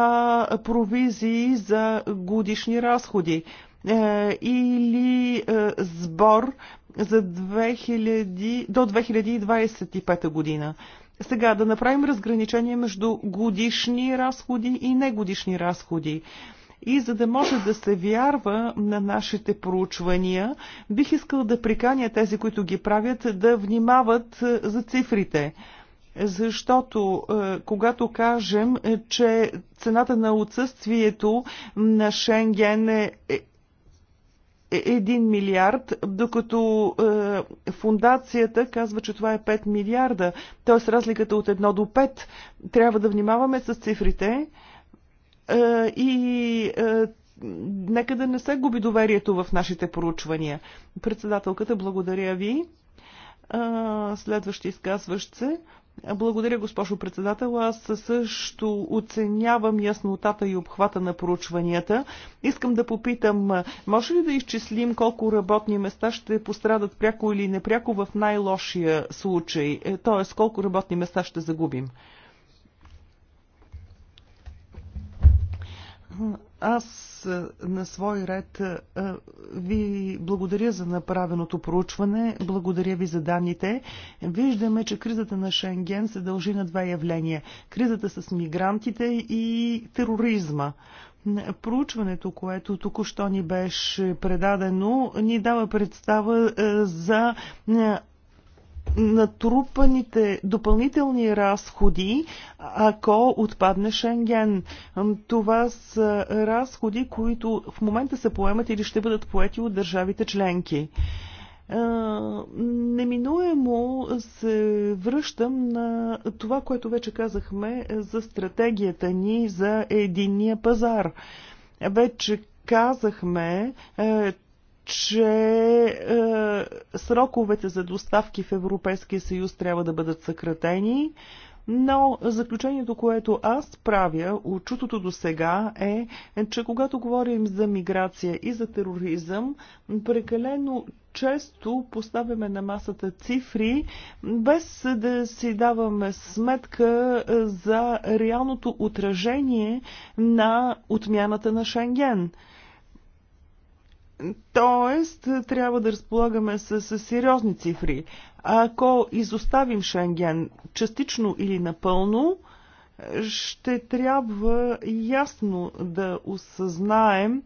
провизии за годишни разходи е, или е, сбор за 2000, до 2025 година. Сега да направим разграничение между годишни разходи и негодишни разходи. И за да може да се вярва на нашите проучвания, бих искал да приканя тези, които ги правят, да внимават за цифрите защото е, когато кажем, е, че цената на отсъствието на Шенген е 1 е, милиард, докато е, фундацията казва, че това е 5 милиарда, т.е. разликата от 1 до 5. Трябва да внимаваме с цифрите е, и е, нека да не се губи доверието в нашите поручвания. Председателката, благодаря ви. Следващи изказващ се. Благодаря, госпожо председател. Аз също оценявам яснотата и обхвата на проучванията. Искам да попитам, може ли да изчислим колко работни места ще пострадат пряко или непряко в най-лошия случай? Е, тоест, колко работни места ще загубим? Аз е, на свой ред е, ви благодаря за направеното проучване, благодаря ви за данните. Виждаме, че кризата на Шенген се дължи на два явления. Кризата с мигрантите и тероризма. Проучването, което току-що ни беше предадено, ни дава представа е, за натрупаните допълнителни разходи, ако отпадне Шенген. Това са разходи, които в момента се поемат или ще бъдат поети от държавите членки неминуемо се връщам на това, което вече казахме за стратегията ни за единия пазар. Вече казахме, е, че е, сроковете за доставки в Европейския съюз трябва да бъдат съкратени, но заключението, което аз правя от чутото до сега е, е че когато говорим за миграция и за тероризъм, прекалено често поставяме на масата цифри, без да си даваме сметка е, за реалното отражение на отмяната на Шенген. Тоест, трябва да разполагаме с, с сериозни цифри. Ако изоставим Шенген частично или напълно, ще трябва ясно да осъзнаем,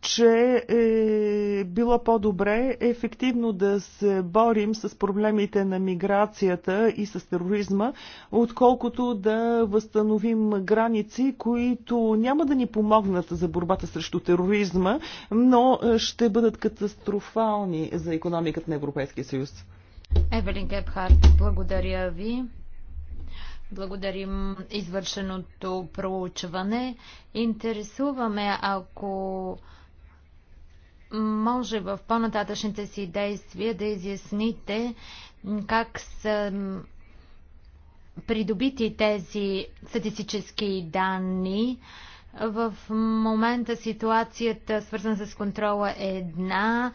че е било по-добре ефективно да се борим с проблемите на миграцията и с тероризма, отколкото да възстановим граници, които няма да ни помогнат за борбата срещу тероризма, но е, ще бъдат катастрофални за економиката на Европейския съюз. Евелин Гепхарт, благодаря ви. Благодарим извършеното проучване. Интересуваме, ако може в по-нататъчните си действия да изясните как са придобити тези статистически данни. В момента ситуацията, свързана с контрола, е една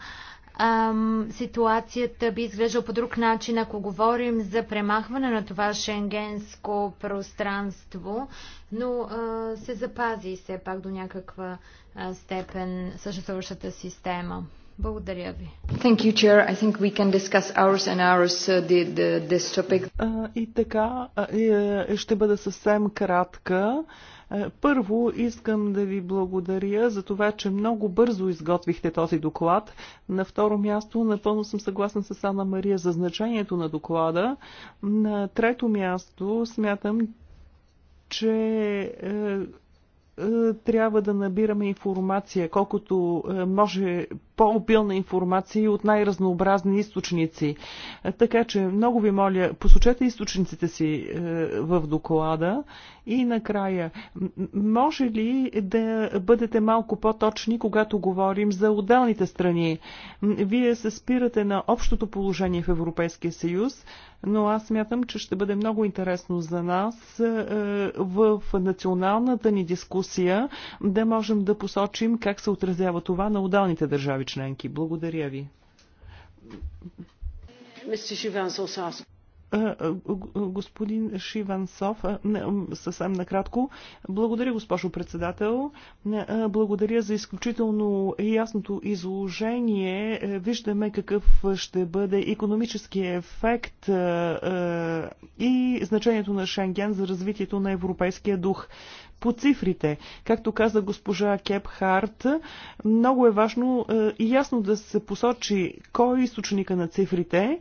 ам, ситуацията би изглеждала по друг начин, ако говорим за премахване на това шенгенско пространство, но а, се запази все пак до някаква а, степен съществуващата система. Благодаря ви. Thank you, Chair. I think we can discuss hours and hours uh, the, the, this topic. Uh, и така, uh, ще бъда съвсем кратка. Uh, е, първо искам да ви благодаря за това, че много бързо изготвихте този доклад. На второ място напълно съм съгласна с Анна Мария за значението на доклада. На трето място смятам, че е, е, трябва да набираме информация, колкото е, може по-обилна информация от най-разнообразни източници. Е, така че много ви моля, посочете източниците си в доклада и накрая, може ли да бъдете малко по-точни, когато говорим за отделните страни? Вие се спирате на общото положение в Европейския съюз, но аз мятам, че ще бъде много интересно за нас в националната ни дискусия дискусия да можем да посочим как се отразява това на отдалните държави членки. Благодаря ви. Господин Шивансов, съвсем накратко. Благодаря, госпожо председател. Благодаря за изключително ясното изложение. Е, виждаме какъв ще бъде економическия ефект и значението на Шенген за развитието на европейския дух по цифрите. Както каза госпожа Кепхарт, много е важно е, и ясно да се посочи кой е източника на цифрите.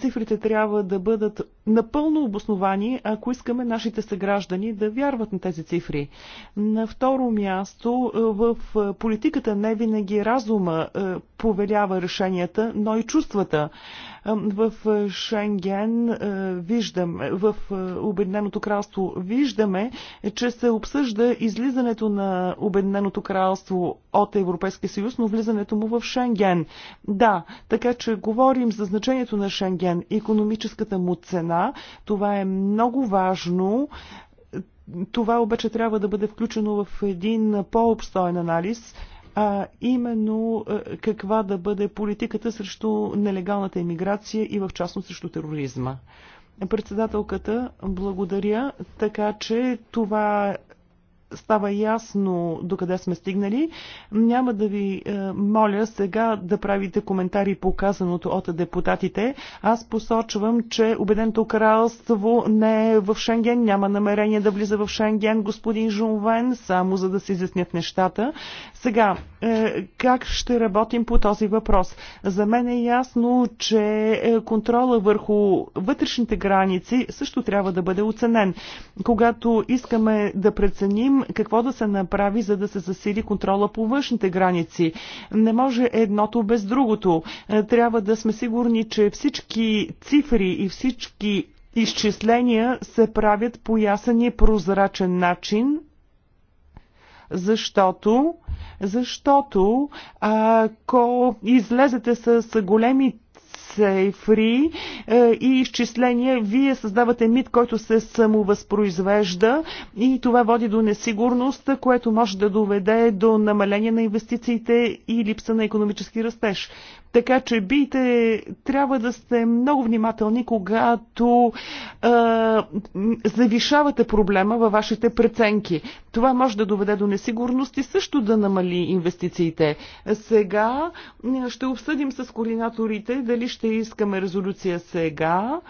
Цифрите трябва да бъдат напълно обосновани, ако искаме нашите съграждани да вярват на тези цифри. На второ място, е, в политиката не винаги разума е, повелява решенията, но и чувствата. В Шенген виждаме, в Обединеното кралство виждаме, че се обсъжда обсъжда излизането на Обединеното кралство от Европейския съюз, но влизането му в Шенген. Да, така че говорим за значението на Шенген, економическата му цена. Това е много важно. Това обаче трябва да бъде включено в един по-обстоен анализ, а именно е, каква да бъде политиката срещу нелегалната иммиграция и в частност срещу тероризма. Председателката, благодаря. Така че това става ясно до къде сме стигнали. Няма да ви е, моля сега да правите коментари по казаното от депутатите. Аз посочвам, че Обеденто кралство не е в Шенген, няма намерение да влиза в Шенген, господин Жунвен, само за да се изяснят нещата. Сега, е, как ще работим по този въпрос? За мен е ясно, че е, контрола върху вътрешните граници също трябва да бъде оценен. Когато искаме да преценим какво да се направи, за да се засили контрола по външните граници. Не може едното без другото. Е, трябва да сме сигурни, че всички цифри и всички изчисления се правят по ясен и прозрачен начин, защото, защото ако излезете с големи free е, и изчисления, вие създавате мит, който се самовъзпроизвежда и това води до несигурност, което може да доведе до намаление на инвестициите и липса на економически растеж. Така че бийте, трябва да сте много внимателни, когато а, завишавате проблема във вашите преценки. Това може да доведе до несигурност и също да намали инвестициите. Сега ще обсъдим с координаторите дали ще искаме резолюция сега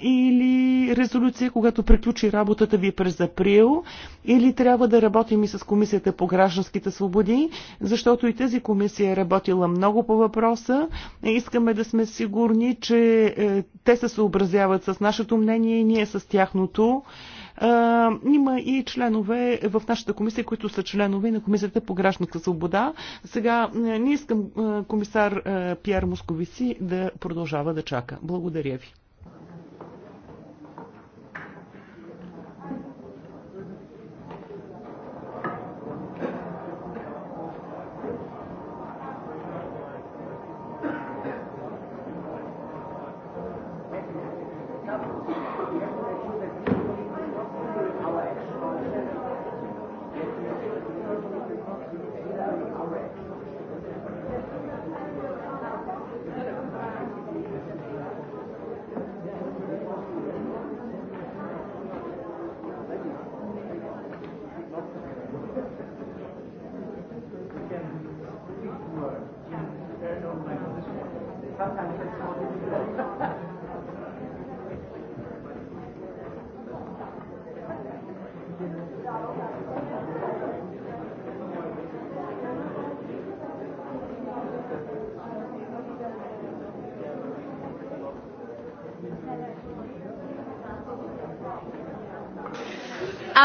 или резолюция, когато приключи работата ви през април, или трябва да работим и с Комисията по гражданските свободи, защото и тази комисия е работила много по въпроса въпроса. Искаме да сме сигурни, че е, те се съобразяват с нашето мнение и ние с тяхното. Е, има и членове в нашата комисия, които са членове на Комисията по гражданска свобода. Сега е, не искам комисар Пьер Московиси да продължава да чака. Благодаря ви.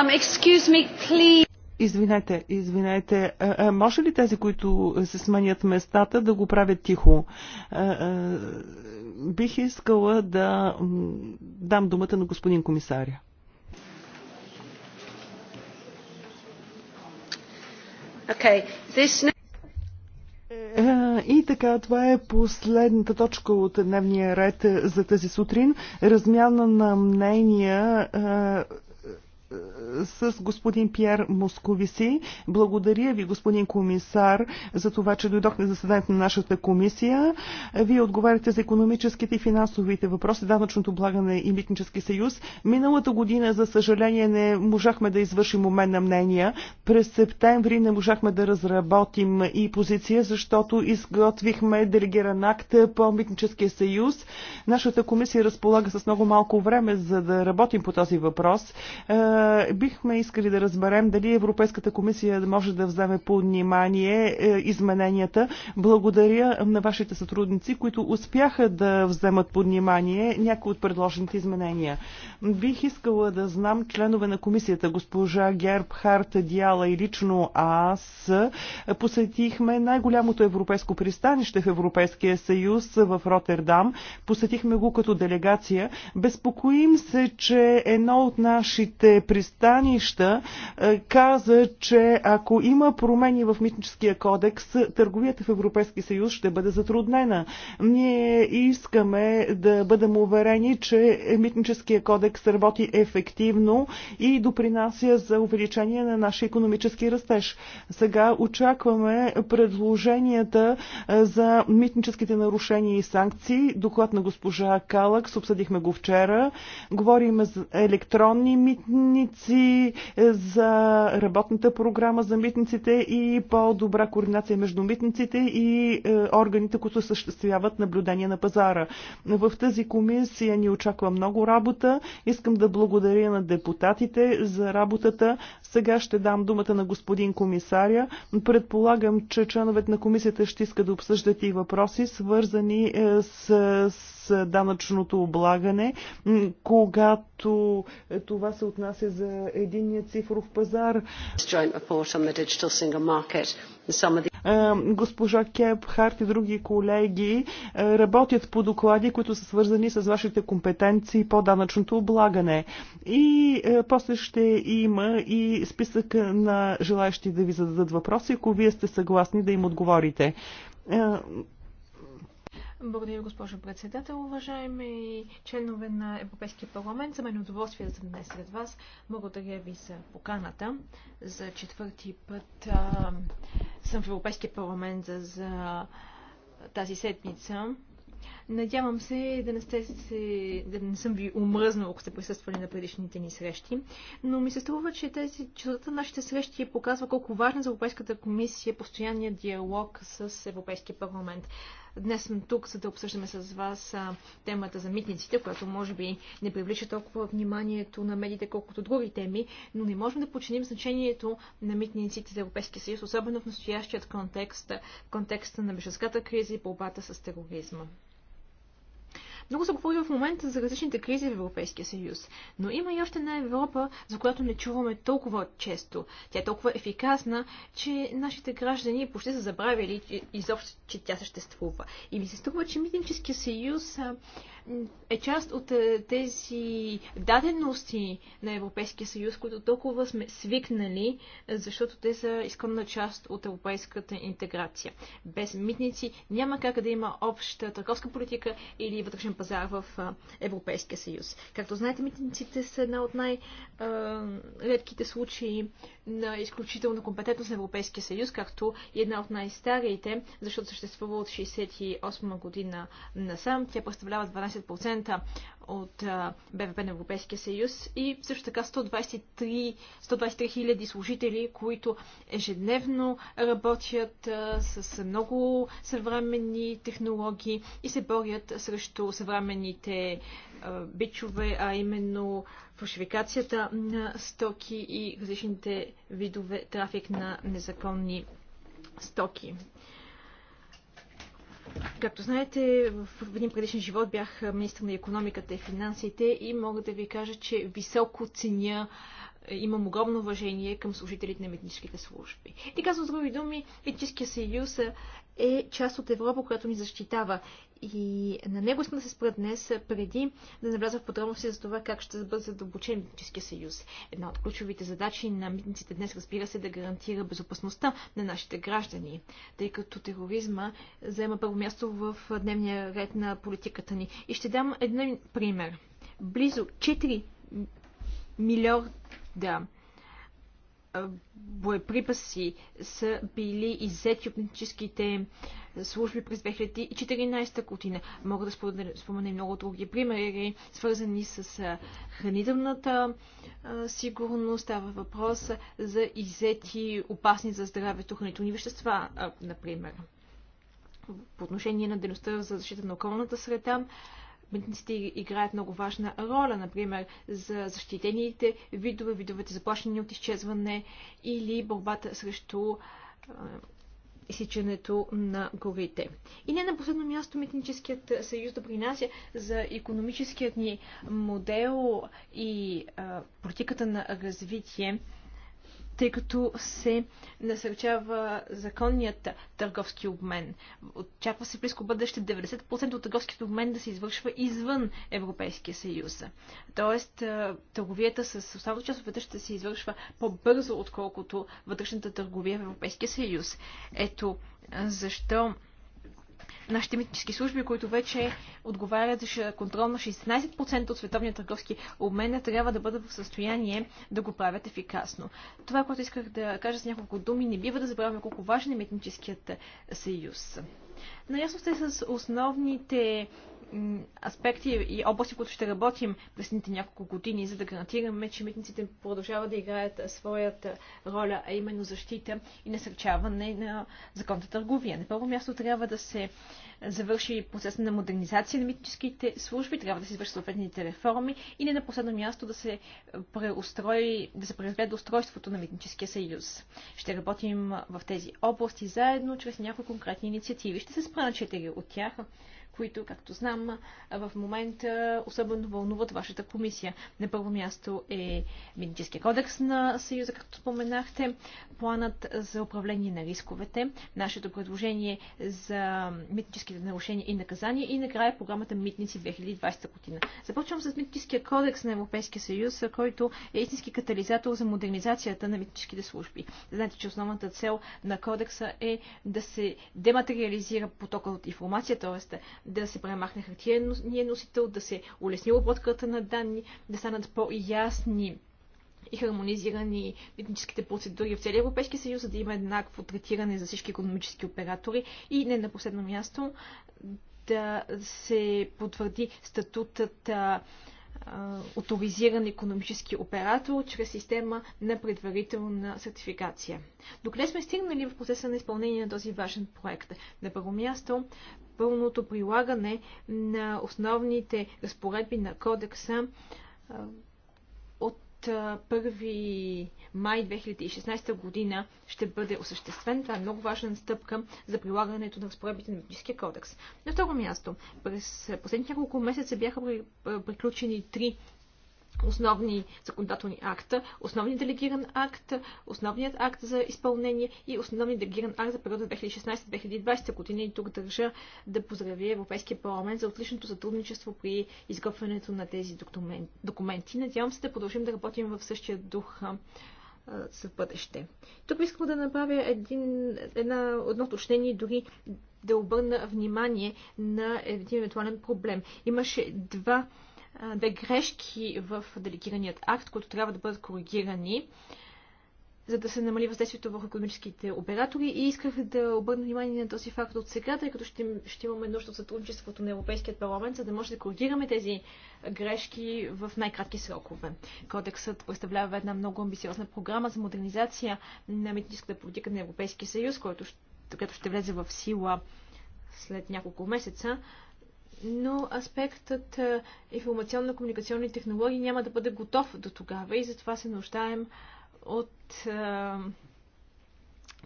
Um, excuse me, please. Извинете, извинете. Е, е, може ли тези, които се сменят местата, да го правят тихо? Е, бих искала да дам думата на господин комисаря. Okay. This... И така, това е последната точка от дневния ред за тази сутрин. Размяна на мнения с господин Пьер Московиси. Благодаря ви, господин комисар, за това, че дойдохте на заседанието на нашата комисия. Вие отговаряте за економическите и финансовите въпроси, данъчното облагане и митнически съюз. Миналата година, за съжаление, не можахме да извършим момент на мнения. През септември не можахме да разработим и позиция, защото изготвихме делегиран акт по митническия съюз. Нашата комисия разполага с много малко време, за да работим по този въпрос. Е, е, бихме искали да разберем дали Европейската комисия може да вземе по внимание е, измененията. Благодаря на вашите сътрудници, които успяха да вземат по внимание някои от предложените изменения. Бих искала да знам членове на комисията, госпожа Герб Харт Диала и лично аз посетихме най-голямото европейско пристанище в Европейския съюз в Роттердам. Посетихме го като делегация. Безпокоим се, че едно от нашите пристанища е, каза, че ако има промени в митническия кодекс, търговията в Европейски съюз ще бъде затруднена. Ние искаме да бъдем уверени, че митническия кодекс работи ефективно и допринася за увеличение на нашия економически растеж. Сега очакваме предложенията е, за митническите нарушения и санкции. Доклад на госпожа Калакс, обсъдихме го вчера. Говорим за електронни митни митници, е, за работната програма за митниците и по-добра координация между митниците и е, органите, които съществяват наблюдение на пазара. В тази комисия ни очаква много работа. Искам да благодаря на депутатите за работата. Сега ще дам думата на господин комисаря. Предполагам, че членовете на комисията ще искат да обсъждат и въпроси, свързани е, с данъчното облагане, когато е, това се отнася за единния цифров пазар. Е, госпожа Кеп, Харт и други колеги е, работят по доклади, които са свързани с вашите компетенции по данъчното облагане. И после ще има и списък на желаящи да ви зададат въпроси, ако вие сте съгласни да им отговорите. Благодаря, госпожо председател, уважаеми членове на Европейския парламент. За мен е удоволствие да съм днес сред вас. Благодаря ви за поканата. За четвърти път а, съм в Европейския парламент за, за тази седмица. Надявам се да не, сте се, да не съм ви умръзнал, ако сте присъствали на предишните ни срещи, но ми се струва, че тези чертата на нашите срещи показва колко важен за Европейската комисия постоянният диалог с Европейския парламент. Днес съм тук, за да обсъждаме с вас темата за митниците, която може би не привлича толкова вниманието на медиите, колкото други теми, но не можем да починим значението на митниците за Европейския съюз, особено в настоящият контекст, в контекста на бежанската криза и борбата с тероризма. Много се говори в момента за различните кризи в Европейския съюз, но има и още една Европа, за която не чуваме толкова често. Тя е толкова ефикасна, че нашите граждани почти са забравили изобщо, че тя съществува. И ми се струва, че Митническия съюз е част от е, тези дадености на Европейския съюз, които толкова сме свикнали, защото те са изконна част от европейската интеграция. Без митници няма как да има обща търговска политика или вътрешен пазар в е, Европейския съюз. Както знаете, митниците са една от най-редките случаи на изключителна компетентност на Европейския съюз, както и една от най-старите, защото съществува от 1968 година насам. Тя представлява 12 20% от БВП на Европейския съюз и също така 123 000 служители, които ежедневно работят с много съвременни технологии и се борят срещу съвременните бичове, а именно фалшификацията на стоки и различните видове трафик на незаконни стоки. Както знаете, в един предишен живот бях министър на економиката и финансите и мога да ви кажа, че високо ценя е, имам огромно уважение към служителите на медицинските служби. И казвам с други думи, Етническия съюз е е част от Европа, която ни защитава. И на него искам да се спра днес, преди да навляза в подробности за това как ще бъде задълбочен Митническия съюз. Една от ключовите задачи на митниците днес, разбира се, е да гарантира безопасността на нашите граждани, тъй като тероризма заема първо място в дневния ред на политиката ни. И ще дам един пример. Близо 4 милиарда боеприпаси са били иззети от етническите служби през 2014 година. Мога да спомена и много други примери, свързани с хранителната сигурност. Става въпрос за иззети опасни за здравето хранителни вещества, например. По отношение на дейността за защита на околната среда, Митниците играят много важна роля, например, за защитените видове, видовете заплашени от изчезване или борбата срещу изсичането на горите. И не на последно място Митническият съюз допринася принася за економическият ни модел и а, политиката на развитие, тъй като се насърчава законният търговски обмен. Очаква се близко бъдеще 90% от търговския обмен да се извършва извън Европейския съюз. Тоест, търговията с останалата част от света ще се извършва по-бързо, отколкото вътрешната търговия в Европейския съюз. Ето защо нашите митнически служби, които вече отговарят за контрол на 16% от световния търговски обмен, трябва да бъдат в състояние да го правят ефикасно. Това, което исках да кажа с няколко думи, не бива да забравяме колко важен е митническият съюз. Наясно сте с основните аспекти и области, които ще работим през следните няколко години, за да гарантираме, че митниците продължават да играят своята роля, а именно защита и насърчаване на законната търговия. На първо място трябва да се завърши процес на модернизация на митническите служби, трябва да се извършат съответните реформи и не на последно място да се преустрои, да се преразгледа устройството на митническия съюз. Ще работим в тези области заедно, чрез някои конкретни инициативи. Ще се спра на четири от тях които, както знам, в момента особено вълнуват вашата комисия. На първо място е Медицинския кодекс на Съюза, както споменахте, планът за управление на рисковете, нашето предложение за митническите нарушения и наказания и накрая програмата Митници 2020 година. Започвам с Митническия кодекс на Европейския съюз, който е истински катализатор за модернизацията на митническите служби. Знаете, че основната цел на кодекса е да се дематериализира потока от информация, т.е да се премахне хартиения носител, да се улесни обработката на данни, да станат по-ясни и хармонизирани етническите процедури в целия Европейски съюз, за да има еднакво третиране за всички економически оператори и не на последно място да се потвърди статутът авторизиран економически оператор чрез система на предварителна сертификация. Докъде сме стигнали в процеса на изпълнение на този важен проект? На първо място, пълното прилагане на основните разпоредби на кодекса от 1 май 2016 година ще бъде осъществен. Това е много важна стъпка за прилагането на разпоредбите на Митническия кодекс. На второ място, през последните няколко месеца бяха приключени три основни законодателни акта, основни делегиран акт, основният акт за изпълнение и основни делегиран акт за периода 2016-2020 година. И тук държа да поздравя Европейския парламент за отличното сътрудничество при изготвянето на тези документи. Надявам се да продължим да работим в същия дух за бъдеще. Тук искам да направя един, една, едно уточнение, дори да обърна внимание на един евентуален проблем. Имаше два две грешки в делегираният акт, които трябва да бъдат коригирани, за да се намали въздействието върху економическите оператори. И исках да обърна внимание на този факт от сега, тъй като ще, ще имаме нужда от сътрудничеството на Европейският парламент, за да може да коригираме тези грешки в най-кратки срокове. Кодексът представлява една много амбициозна програма за модернизация на митническата политика на Европейския съюз, който, ще, ще влезе в сила след няколко месеца, но аспектът информационно-комуникационни технологии няма да бъде готов до тогава и затова се нуждаем от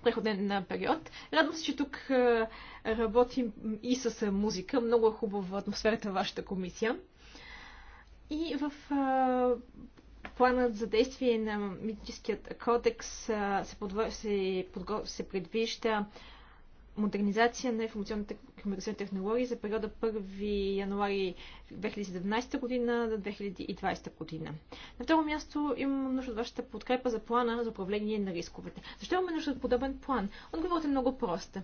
преходен период. Радвам се, че тук работим и с музика. Много е хубава атмосферата в вашата комисия. И в планът за действие на митническият кодекс се, подво... се, подго... се предвижда модернизация на информационните комуникационни технологии за периода 1 януари 2017 година до 2020 година. На второ място имам нужда от вашата подкрепа за плана за управление на рисковете. Защо имаме нужда от подобен план? Отговорът е много прост.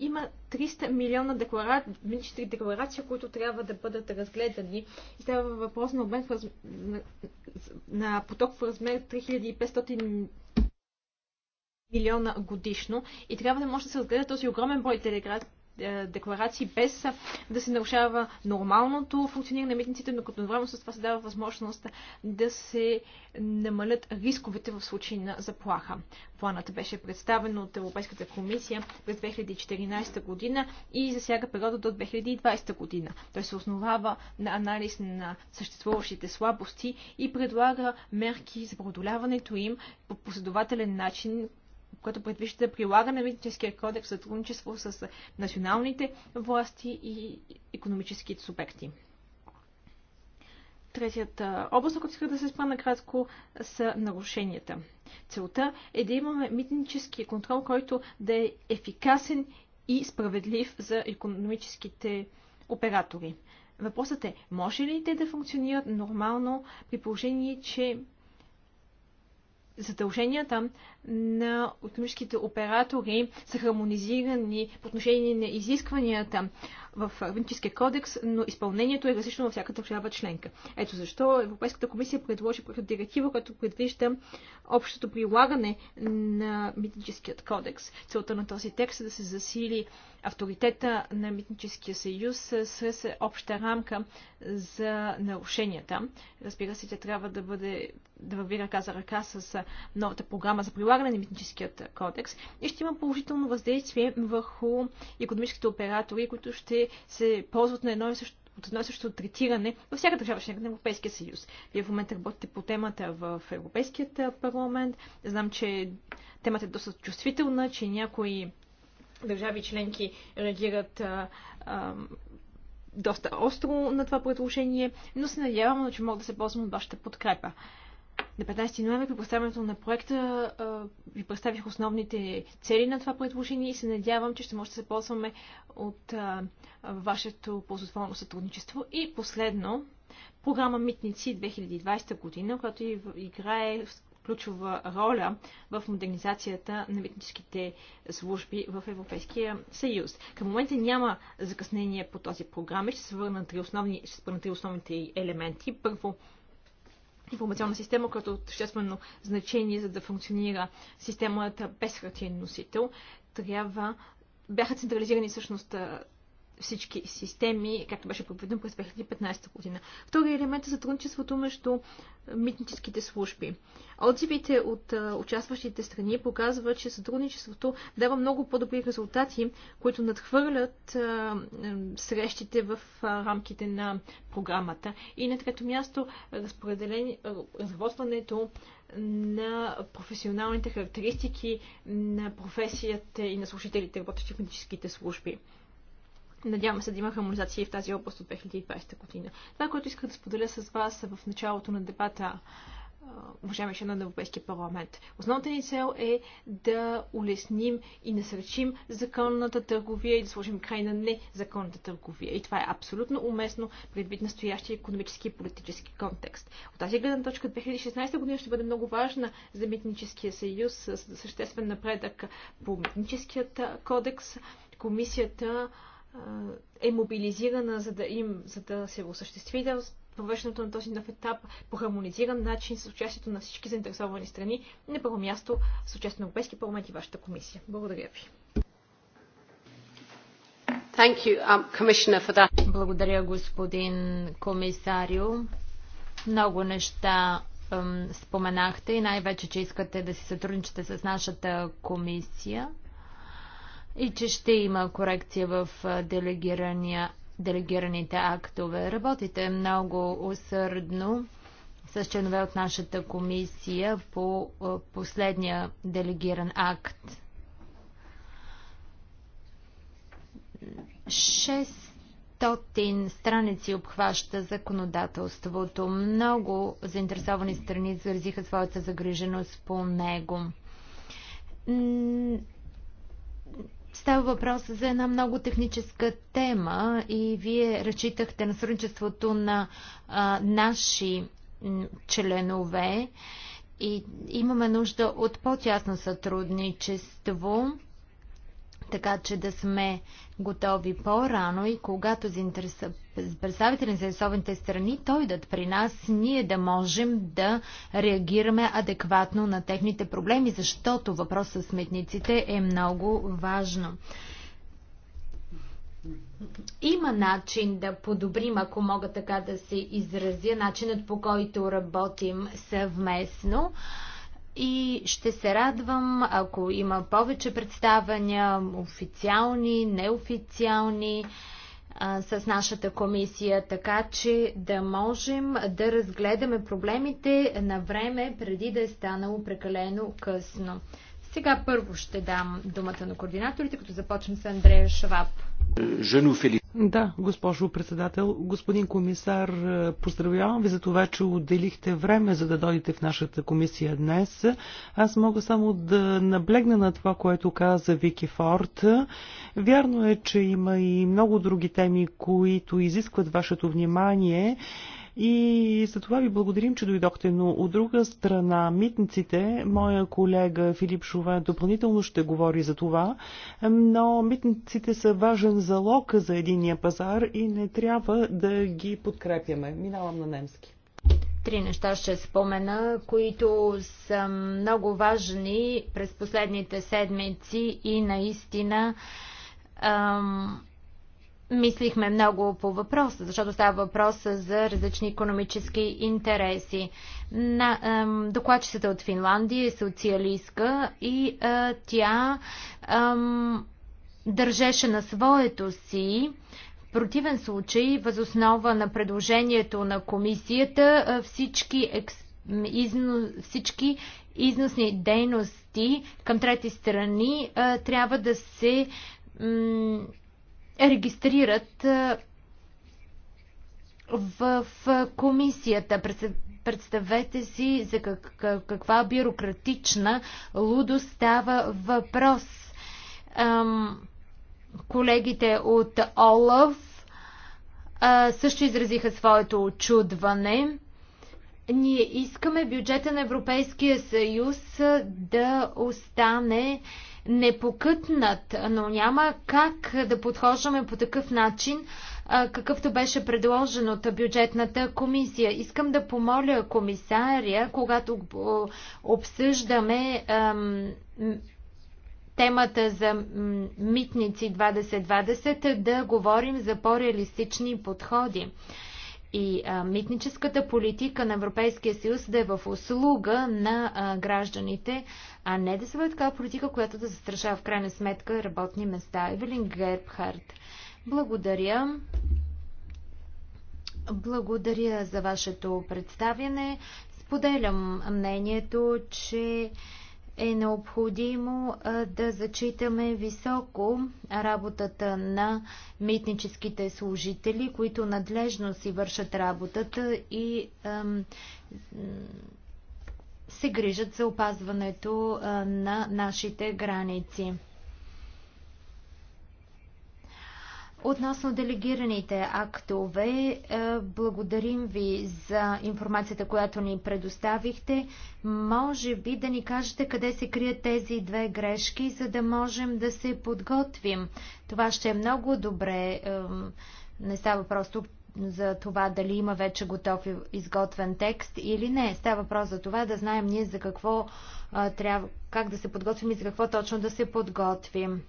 Има 300 милиона декларации, декларации, които трябва да бъдат разгледани и става въпрос на, обмен в размер, на... на поток в размер 3500 милиона годишно и трябва да може да се разгледа този огромен брой телеграф е, декларации без да се нарушава нормалното функциониране на митниците, но като време с това се дава възможност да се намалят рисковете в случай на заплаха. Планът беше представен от Европейската комисия през 2014 година и засяга периода до 2020 година. Той се основава на анализ на съществуващите слабости и предлага мерки за преодоляването им по последователен начин, което предвижда да на митническия кодекс в сътрудничество с националните власти и економическите субекти. Третият област, на който исках да се спра накратко, са нарушенията. Целта е да имаме митнически контрол, който да е ефикасен и справедлив за економическите оператори. Въпросът е, може ли те да функционират нормално при положение, че задълженията на економическите оператори са хармонизирани по отношение на изискванията в Венческия кодекс, но изпълнението е различно във всяка държава членка. Ето защо Европейската комисия предложи директива, която предвижда общото прилагане на Митническият кодекс. Целта на този текст е да се засили авторитета на Митническия съюз с обща рамка за нарушенията. Разбира се, тя трябва да бъде да върви ръка за ръка с новата програма за прилагане на митническият кодекс и ще има положително въздействие върху економическите оператори, които ще се ползват на едно и също от едно също третиране във всяка държава членка на Европейския съюз. Вие в момента работите по темата в Европейският парламент. Знам, че темата е доста чувствителна, че някои държави членки реагират а, а, доста остро на това предложение, но се надявам, че мога да се ползвам от вашата подкрепа. На 15 ноември при представянето на проекта ви представих основните цели на това предложение и се надявам, че ще може да се ползваме от а, вашето ползотворно сътрудничество. И последно, програма Митници 2020 година, която играе ключова роля в модернизацията на митническите служби в Европейския съюз. Към момента няма закъснение по този програм и ще се върна три, основни, ще се три основните елементи. Първо, информационна система, която е от съществено значение, за да функционира системата без хартиен носител. Трябва бяха централизирани всъщност всички системи, както беше проведено през 2015 година. Втори елемент е сътрудничеството между митническите служби. Отзивите от участващите страни показват, че сътрудничеството дава много по-добри резултати, които надхвърлят срещите в рамките на програмата. И на трето място, разработването на професионалните характеристики на професията и на служителите, работещи в митническите служби. Надявам се да има хармонизация и в тази област от 2020 година. Това, което исках да споделя с вас е в началото на дебата, уважаеми членове на Европейския парламент. Основната ни цел е да улесним и насърчим законната търговия и да сложим край на незаконната търговия. И това е абсолютно уместно предвид настоящия економически и политически контекст. От тази гледна точка 2016 година ще бъде много важна за Митническия съюз с съществен напредък по Митническият кодекс. Комисията е мобилизирана, за да, им, за да се осъществи да провеждането на този нов етап по хармонизиран начин с участието на всички заинтересовани страни, на първо място с участието на Европейски парламент и вашата комисия. Благодаря ви. Thank you, um, for that. Благодаря, господин комисарио. Много неща споменахте и най-вече, че искате да си сътрудничате с нашата комисия и че ще има корекция в делегирания, делегираните актове. Работите много усърдно с членове от нашата комисия по последния делегиран акт. Шест страници обхваща законодателството. Много заинтересовани страни заразиха своята загриженост по него. Става въпрос за една много техническа тема и вие разчитахте на сътрудничеството на а, наши членове и имаме нужда от по-тясно сътрудничество така че да сме готови по-рано и когато представители на заинтересованите страни дойдат при нас, ние да можем да реагираме адекватно на техните проблеми, защото въпросът с сметниците е много важно. Има начин да подобрим, ако мога така да се изразя, начинът по който работим съвместно и ще се радвам, ако има повече представания, официални, неофициални, а, с нашата комисия, така че да можем да разгледаме проблемите на време, преди да е станало прекалено късно. Сега първо ще дам думата на координаторите, като започнем с Андрея Шваб. Да, госпожо председател, господин комисар, поздравявам ви за това, че отделихте време, за да дойдете в нашата комисия днес. Аз мога само да наблегна на това, което каза Вики Форд. Вярно е, че има и много други теми, които изискват вашето внимание. И за това ви благодарим, че дойдохте. Но от друга страна, митниците, моя колега Филип Шовен допълнително ще говори за това, но митниците са важен залог за единия пазар и не трябва да ги подкрепяме. Минавам на немски. Три неща ще спомена, които са много важни през последните седмици и наистина ам, Мислихме много по въпроса, защото става въпрос за различни економически интереси. На, ем, докладчицата от Финландия е социалистка и е, тя ем, държеше на своето си. В противен случай, възоснова на предложението на комисията, всички, екс, изно, всички износни дейности към трети страни е, трябва да се регистрират в комисията. Представете си за каква бюрократична лудо става въпрос. Колегите от ОЛАВ също изразиха своето очудване. Ние искаме бюджета на Европейския съюз да остане непокътнат, но няма как да подхождаме по такъв начин, какъвто беше предложен от бюджетната комисия. Искам да помоля комисаря, когато обсъждаме темата за митници 2020, да говорим за по-реалистични подходи и а, митническата политика на Европейския съюз да е в услуга на а, гражданите, а не да се бъде такава политика, която да застрашава в крайна сметка работни места. Евелин Гербхард, благодаря. Благодаря за вашето представяне. Споделям мнението, че е необходимо да зачитаме високо работата на митническите служители, които надлежно си вършат работата и ем, се грижат за опазването на нашите граници. Относно делегираните актове, е, благодарим ви за информацията, която ни предоставихте. Може би да ни кажете къде се крият тези две грешки, за да можем да се подготвим. Това ще е много добре. Е, не става просто за това дали има вече готов изготвен текст или не. Става въпрос за това да знаем ние за какво е, трябва, как да се подготвим и за какво точно да се подготвим.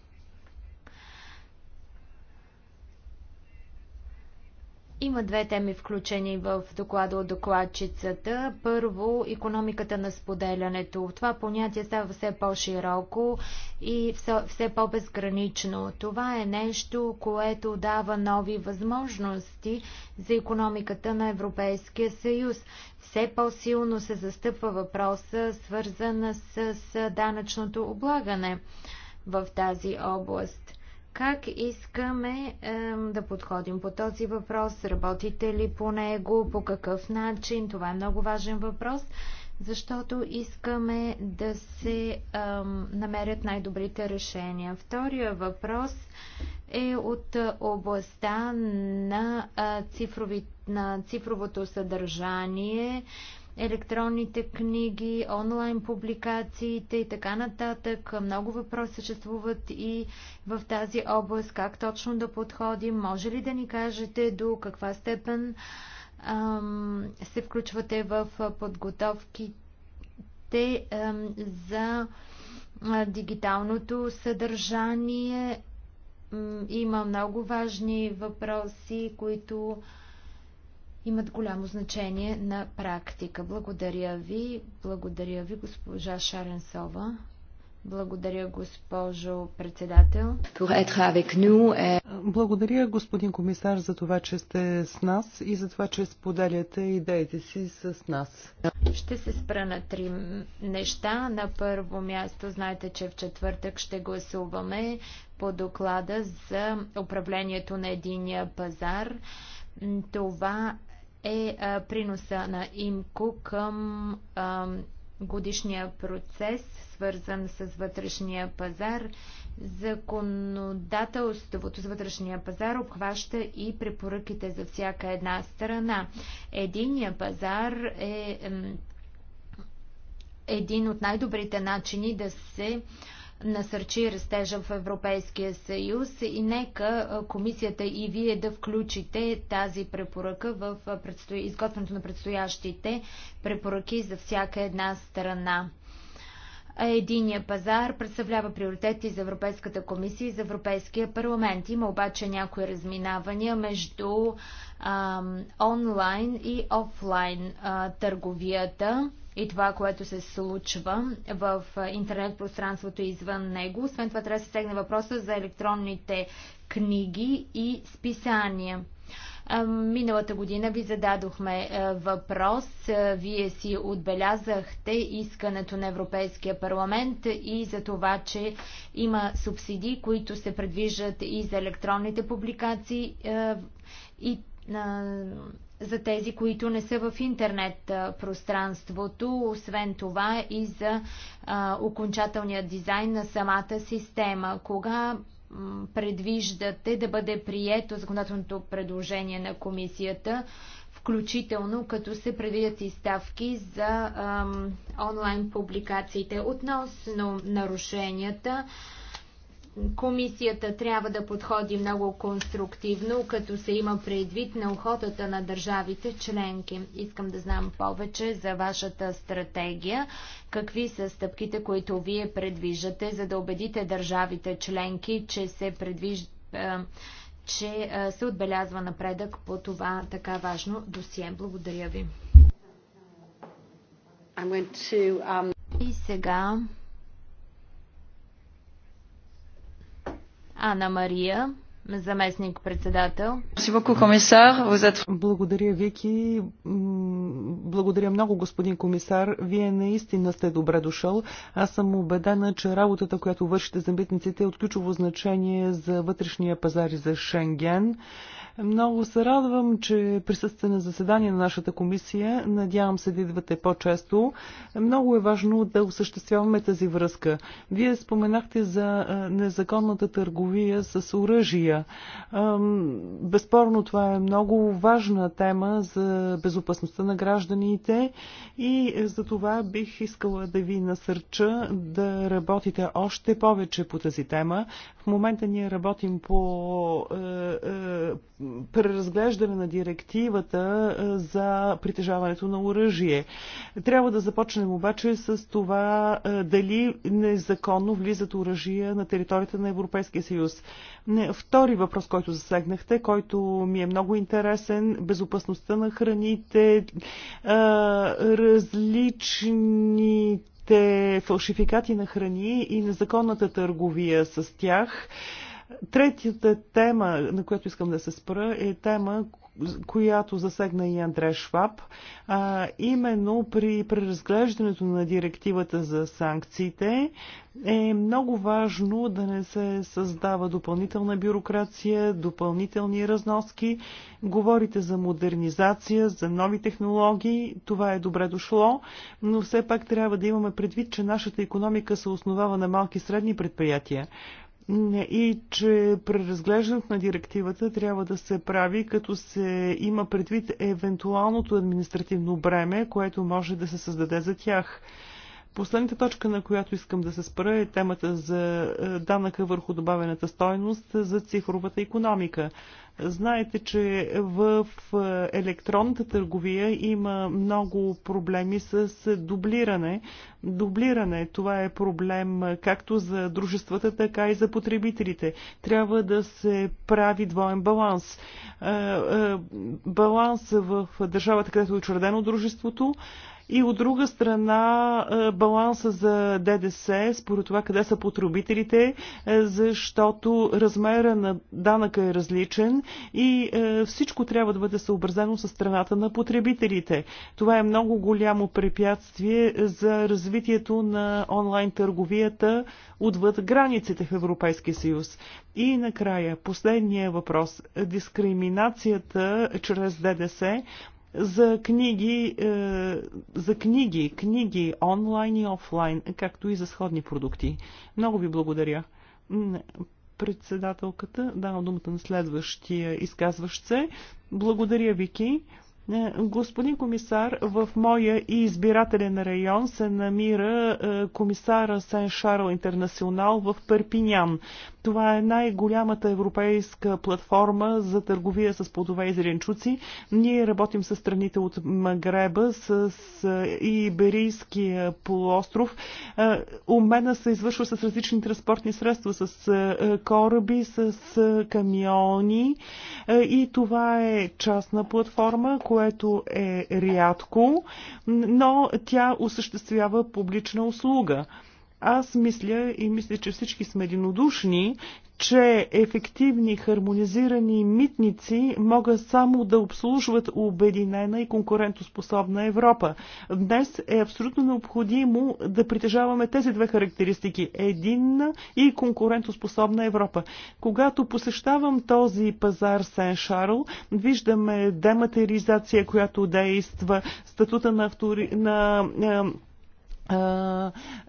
Има две теми включени в доклада от докладчицата. Първо, економиката на споделянето. Това понятие става все по-широко и все по-безгранично. Това е нещо, което дава нови възможности за економиката на Европейския съюз. Все по-силно се застъпва въпроса, свързан с данъчното облагане в тази област. Как искаме е, да подходим по този въпрос? Работите ли по него? По какъв начин? Това е много важен въпрос, защото искаме да се е, намерят най-добрите решения. Втория въпрос е от областта на, цифрови, на цифровото съдържание. Е, електронните книги, онлайн публикациите и така нататък. Много въпроси съществуват и в тази област. Как точно да подходим? Може ли да ни кажете до каква степен ам, се включвате в подготовките ам, за дигиталното съдържание? Има много важни въпроси, които имат голямо значение на практика. Благодаря ви, благодаря ви, госпожа Шаренсова. Благодаря, госпожо председател. Е, благодаря, господин комисар, за това, че сте с нас и за това, че споделяте идеите си с нас. Ще се спра на три неща. На първо място, знаете, че в четвъртък ще гласуваме по доклада за управлението на единия пазар. Това е приноса на ИМКО към годишния процес, свързан с вътрешния пазар. Законодателството с вътрешния пазар обхваща и препоръките за всяка една страна. Единия пазар е един от най-добрите начини да се а, насърчи растежа в Европейския съюз и нека комисията и вие да включите тази препоръка в предсто... изготвянето на предстоящите препоръки за всяка една страна. Единия пазар представлява приоритети за Европейската комисия и за Европейския парламент. Има обаче някои разминавания между ам, онлайн и офлайн а, търговията и това, което се случва в интернет пространството и извън него. Освен това трябва да се стегне въпроса за електронните книги и списания. Миналата година ви зададохме въпрос. Вие си отбелязахте искането на Европейския парламент и за това, че има субсидии, които се предвиждат и за електронните публикации и за тези, които не са в интернет пространството, освен това и за окончателния дизайн на самата система. Кога предвиждате да бъде прието законодателното предложение на комисията, включително като се предвидят и ставки за ам, онлайн публикациите. Относно нарушенията, Комисията трябва да подходи много конструктивно, като се има предвид на охотата на държавите членки. Искам да знам повече за вашата стратегия. Какви са стъпките, които вие предвиждате, за да убедите държавите членки, че се предвиж... Е, че е, се отбелязва напредък по това така важно досие. Благодаря ви. Um, И сега Ана Мария, заместник-председател. Благодаря, Вики. Благодаря много, господин комисар. Вие наистина сте добре дошъл. Аз съм убедена, че работата, която вършите за митниците е от ключово значение за вътрешния пазар и за Шенген. Много се радвам, че присъствате на заседание на нашата комисия. Надявам се да идвате по-често. Много е важно да осъществяваме тази връзка. Вие споменахте за незаконната търговия с оръжия. Безспорно това е много важна тема за безопасността на гражданите и за това бих искала да ви насърча да работите още повече по тази тема. В момента ние работим по преразглеждане на директивата за притежаването на оръжие. Трябва да започнем обаче с това дали незаконно влизат оръжия на територията на Европейския съюз. Втори въпрос, който засегнахте, който ми е много интересен, безопасността на храните, различните фалшификати на храни и незаконната търговия с тях. Третата тема, на която искам да се спра, е тема, която засегна и Андре Шваб, а, именно при преразглеждането на директивата за санкциите е много важно да не се създава допълнителна бюрокрация, допълнителни разноски. Говорите за модернизация, за нови технологии, това е добре дошло, но все пак трябва да имаме предвид, че нашата економика се основава на малки и средни предприятия и че преразглеждането на директивата трябва да се прави, като се има предвид евентуалното административно бреме, което може да се създаде за тях. Последната точка, на която искам да се спра е темата за е, данъка върху добавената стойност за цифровата економика. Знаете, че в е, електронната търговия има много проблеми с е, дублиране. Дублиране това е проблем както за дружествата, така и за потребителите. Трябва да се прави двоен баланс. Баланс в държавата, където е учредено дружеството и от друга страна е, баланса за ДДС, според това къде са потребителите, е, защото размера на данъка е различен и е, всичко трябва да бъде съобразено с страната на потребителите. Това е много голямо препятствие за развитието на онлайн търговията отвъд границите в Европейския съюз. И накрая, последния въпрос. Дискриминацията чрез ДДС за книги, е, за книги, книги онлайн и офлайн, както и за сходни продукти. Много ви благодаря. Председателката давам думата на следващия изказващ се. Благодаря, Вики. Е, господин комисар, в моя избирателен район се намира е, комисара Сен Шарл Интернационал в Перпинян. Това е най-голямата европейска платформа за търговия с плодове и зеленчуци. Ние работим с страните от Магреба, с е, Иберийския полуостров. мене се извършва с различни транспортни средства, с кораби, с камиони. И това е частна платформа, която което е рядко, но тя осъществява публична услуга. Аз мисля и мисля, че всички сме единодушни, че ефективни хармонизирани митници могат само да обслужват обединена и конкурентоспособна Европа. Днес е абсолютно необходимо да притежаваме тези две характеристики – единна и конкурентоспособна Европа. Когато посещавам този пазар Сен-Шарл, виждаме дематеризация, която действа, статута на, автори... на е,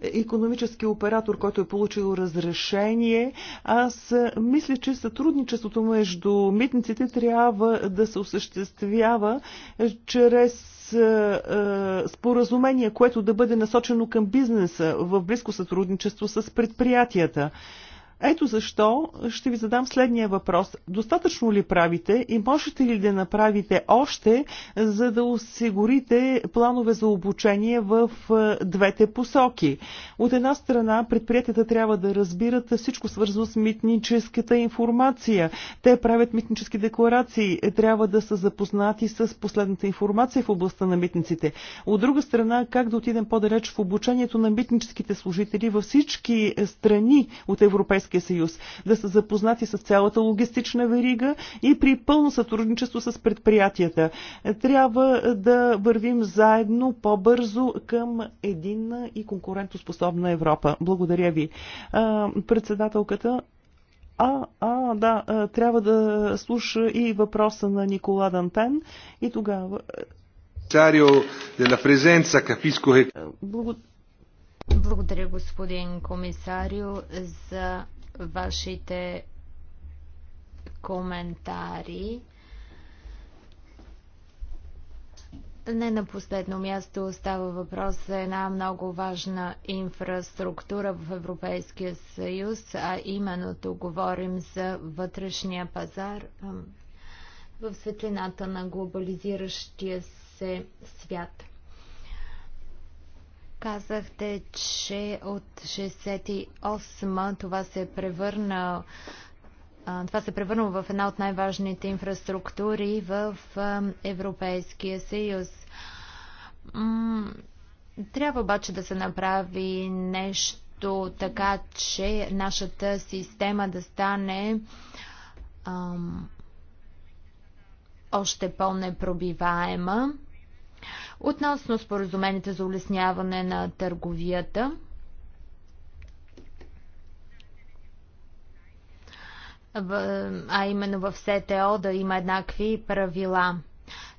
економически оператор, който е получил разрешение. Аз мисля, че сътрудничеството между митниците трябва да се осъществява чрез споразумение, което да бъде насочено към бизнеса в близко сътрудничество с предприятията. Ето защо ще ви задам следния въпрос. Достатъчно ли правите и можете ли да направите още, за да осигурите планове за обучение в е, двете посоки? От една страна, предприятията трябва да разбират всичко свързано с митническата информация. Те правят митнически декларации, трябва да са запознати с последната информация в областта на митниците. От друга страна, как да отидем по-далеч в обучението на митническите служители във всички страни от Европейския Европейския съюз, да са запознати с цялата логистична верига и при пълно сътрудничество с предприятията. Трябва да вървим заедно по-бързо към единна и конкурентоспособна Европа. Благодаря ви. Председателката а, а, да, трябва да слуша и въпроса на Никола Дантен и тогава... Благодаря, господин комисарио, за вашите коментари. Не на последно място става въпрос за една много важна инфраструктура в Европейския съюз, а именно тук говорим за вътрешния пазар в светлината на глобализиращия се свят. Казахте, че от 68 това се превърна това се превърна в една от най-важните инфраструктури в Европейския съюз. Трябва обаче да се направи нещо така, че нашата система да стане още по-непробиваема. Относно споразумените за улесняване на търговията, а именно в СТО да има еднакви правила.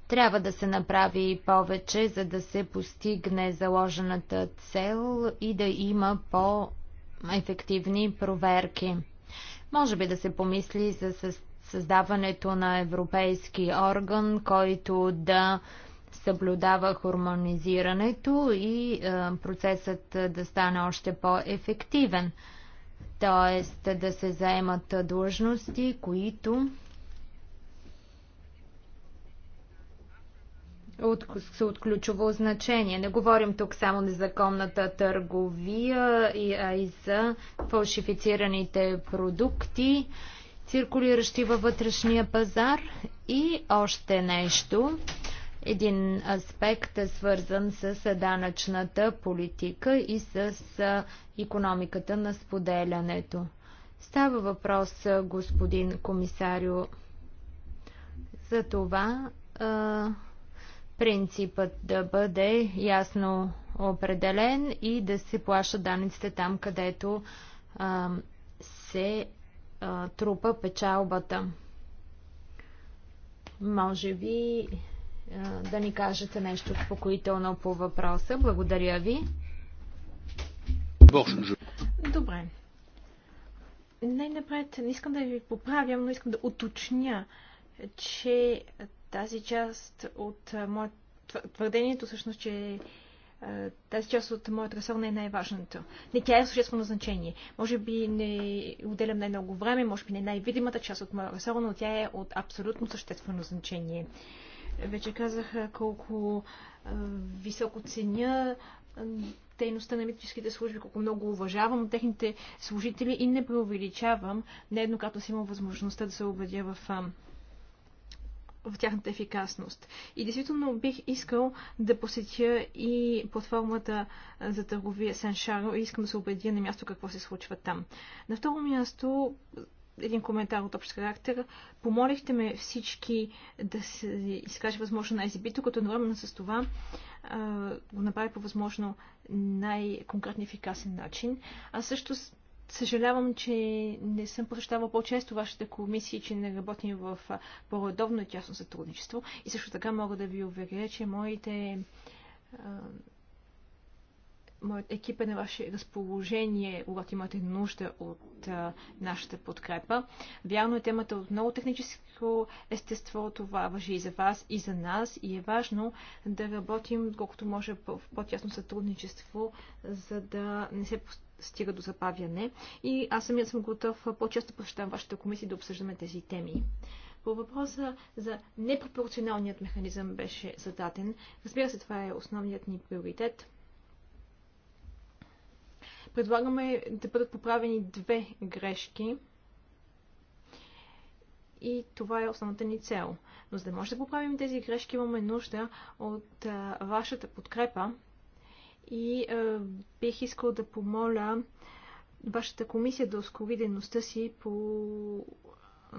Трябва да се направи повече, за да се постигне заложената цел и да има по-ефективни проверки. Може би да се помисли за създаването на европейски орган, който да съблюдава хормонизирането и е, процесът да стане още по-ефективен. Тоест да се заемат длъжности, които от, са от ключово значение. Не говорим тук само за законната търговия, а и за фалшифицираните продукти, циркулиращи във вътрешния пазар. И още нещо. Един аспект е свързан с данъчната политика и с економиката на споделянето. Става въпрос, господин комисарио, за това а, принципът да бъде ясно определен и да се плаша данниците там, където а, се а, трупа печалбата. Може би да ни кажете нещо спокоително по въпроса. Благодаря ви. Добре. Най-напред не искам да ви поправям, но искам да уточня, че тази част от моят твърдението всъщност, че тази част от моят ресор не е най-важната. Не, тя е съществено значение. Може би не отделям най-много време, може би не е най-видимата част от моя ресор, но тя е от абсолютно съществено значение. Вече казах колко високо ценя дейността на митническите служби, колко много уважавам техните служители и не преувеличавам, нееднократно си имам възможността да се убедя в в тяхната ефикасност. И действително бих искал да посетя и платформата за търговия Сен Шаро и искам да се убедя на място какво се случва там. На второ място един коментар от общ характер. Помолихте ме всички да се изкаже възможно най-забито, като едновременно с това а, го направи по възможно най и ефикасен начин. Аз също съжалявам, че не съм посещавал по-често вашите комисии, че не работим в по-редовно и тясно сътрудничество. И също така мога да ви уверя, че моите а, Моят екип е на ваше разположение, когато имате нужда от а, нашата подкрепа. Вярно е темата е от много техническо естество, това въжи и за вас, и за нас, и е важно да работим колкото може в по-тясно сътрудничество, за да не се стига до забавяне. И аз самият съм готов по-често посещавам вашата комисия да обсъждаме тези теми. По въпроса за непропорционалният механизъм беше зададен. Разбира се, това е основният ни приоритет предлагаме да бъдат поправени две грешки. И това е основната ни цел. Но за да може да поправим тези грешки, имаме нужда от а, вашата подкрепа. И а, бих искал да помоля вашата комисия да ускори дейността си по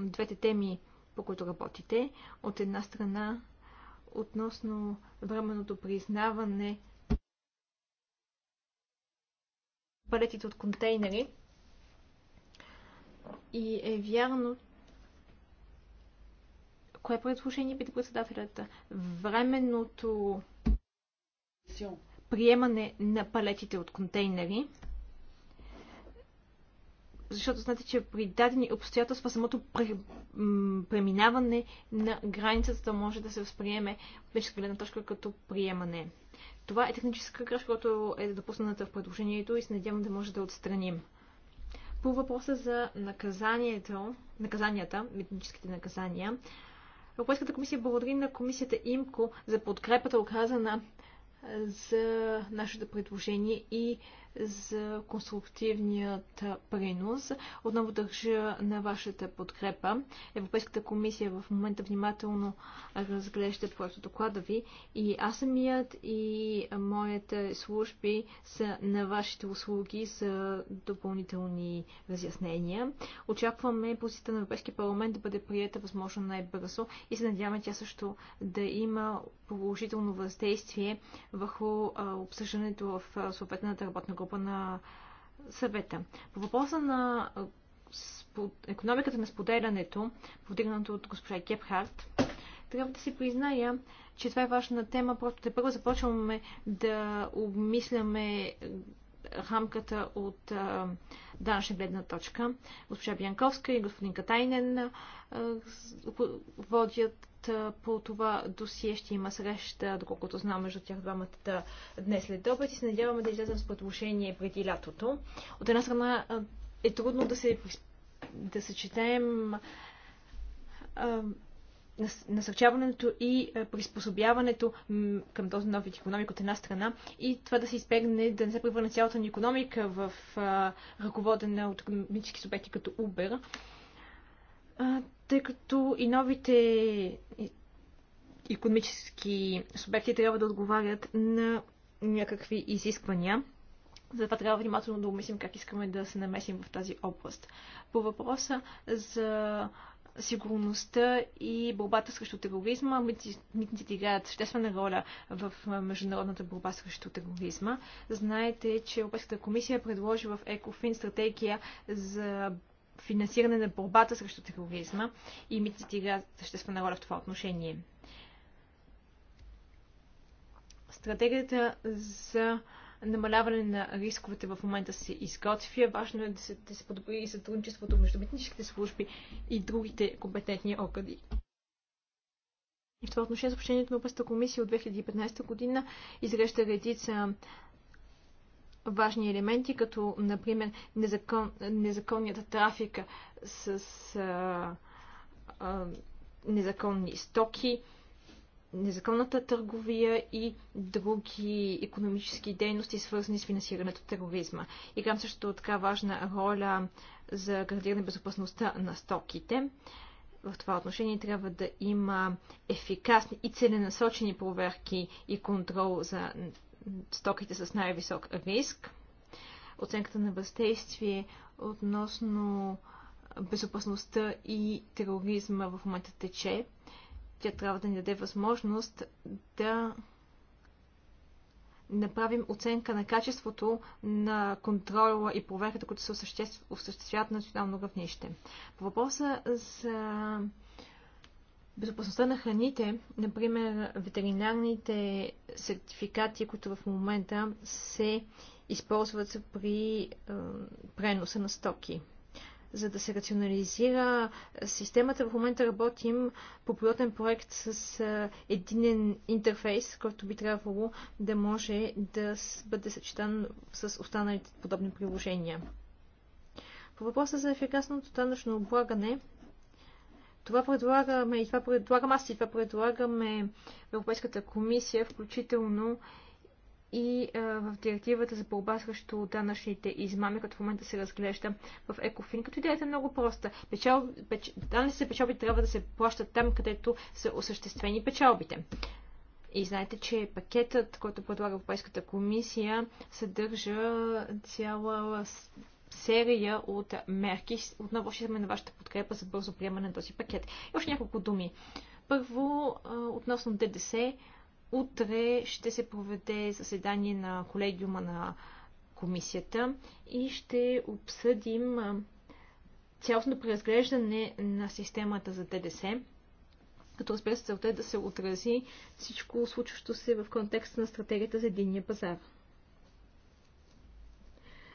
двете теми, по които работите. От една страна, относно временното признаване палетите от контейнери. И е вярно, кое предложение пита председателят? Временното приемане на палетите от контейнери. Защото знаете, че при дадени обстоятелства самото преминаване на границата може да се възприеме от гледна точка като приемане това е техническа грешка, която е допусната в предложението и се надявам да може да отстраним. По въпроса за наказанието, наказанията, митническите наказания, Европейската комисия благодари на комисията ИМКО за подкрепата оказана за нашето предложение и за конструктивният принос. Отново държа на вашата подкрепа. Европейската комисия в момента внимателно разглежда проекта доклада ви и аз самият и моите служби са на вашите услуги за допълнителни разяснения. Очакваме позицията на Европейския парламент да бъде прията възможно най-бързо и се надяваме тя също да има положително въздействие върху обсъждането в съответната работна група група на съвета. По въпроса на економиката на споделянето, повдигнато от госпожа Гепхарт, трябва да си призная, че това е важна тема. Просто те първо започваме да обмисляме рамката от данъчна гледна точка. Госпожа Бянковска и господин Катайнен водят по това досие ще има среща, доколкото знам между тях двамата днес след обед и се надяваме да излезем с предложение преди лятото. От една страна е трудно да се да съчетаем насърчаването и приспособяването към този нов вид економик от една страна и това да се избегне, да не се превърне цялата ни економика в ръководена от економически субекти като Uber тъй като и новите економически субекти трябва да отговарят на някакви изисквания. Затова трябва внимателно да умислим как искаме да се намесим в тази област. По въпроса за сигурността и борбата срещу тероризма. Митниците играят съществена роля в международната борба срещу тероризма. Знаете, че Европейската комисия предложи в ЕКОФИН стратегия за финансиране на борбата срещу тероризма и митниците игра съществена роля в това отношение. Стратегията за намаляване на рисковете в момента се изготвя. Важно е да се, да се подобри и сътрудничеството между митническите служби и другите компетентни органи. И в това отношение съобщението на Европейската комисия от 2015 година изреща редица важни елементи, като, например, незакон, незаконният трафик с а, а, незаконни стоки, незаконната търговия и други економически дейности, свързани с финансирането на тероризма. Играм също така важна роля за градиране безопасността на стоките. В това отношение трябва да има ефикасни и целенасочени проверки и контрол за стоките с най-висок риск, оценката на въздействие относно безопасността и тероризма в момента тече. Тя трябва да ни даде възможност да направим оценка на качеството на контрола и проверката, които се осъществяват на национално равнище. По въпроса за безопасността на храните, например ветеринарните сертификати, които в момента се използват при е, преноса на стоки. За да се рационализира системата, в момента работим по пилотен проект с е, единен интерфейс, който би трябвало да може да бъде съчетан с останалите подобни приложения. По въпроса за ефикасното данъчно облагане, това предлагаме и това предлагам аз и това предлагаме Европейската комисия, включително и а, в директивата за борба срещу данъчните измами, като в момента се разглежда в Екофин. Като идеята е много проста. Печал, печ, данъчните печалби трябва да се плащат там, където са осъществени печалбите. И знаете, че пакетът, който предлага Европейската комисия, съдържа цяла серия от мерки. Отново ще сме на вашата подкрепа за бързо приемане на този пакет. И още няколко думи. Първо, относно ДДС, утре ще се проведе заседание на колегиума на комисията и ще обсъдим цялостно преразглеждане на системата за ДДС, като разбира се целта е да се отрази всичко случващо се в контекста на стратегията за единния пазар.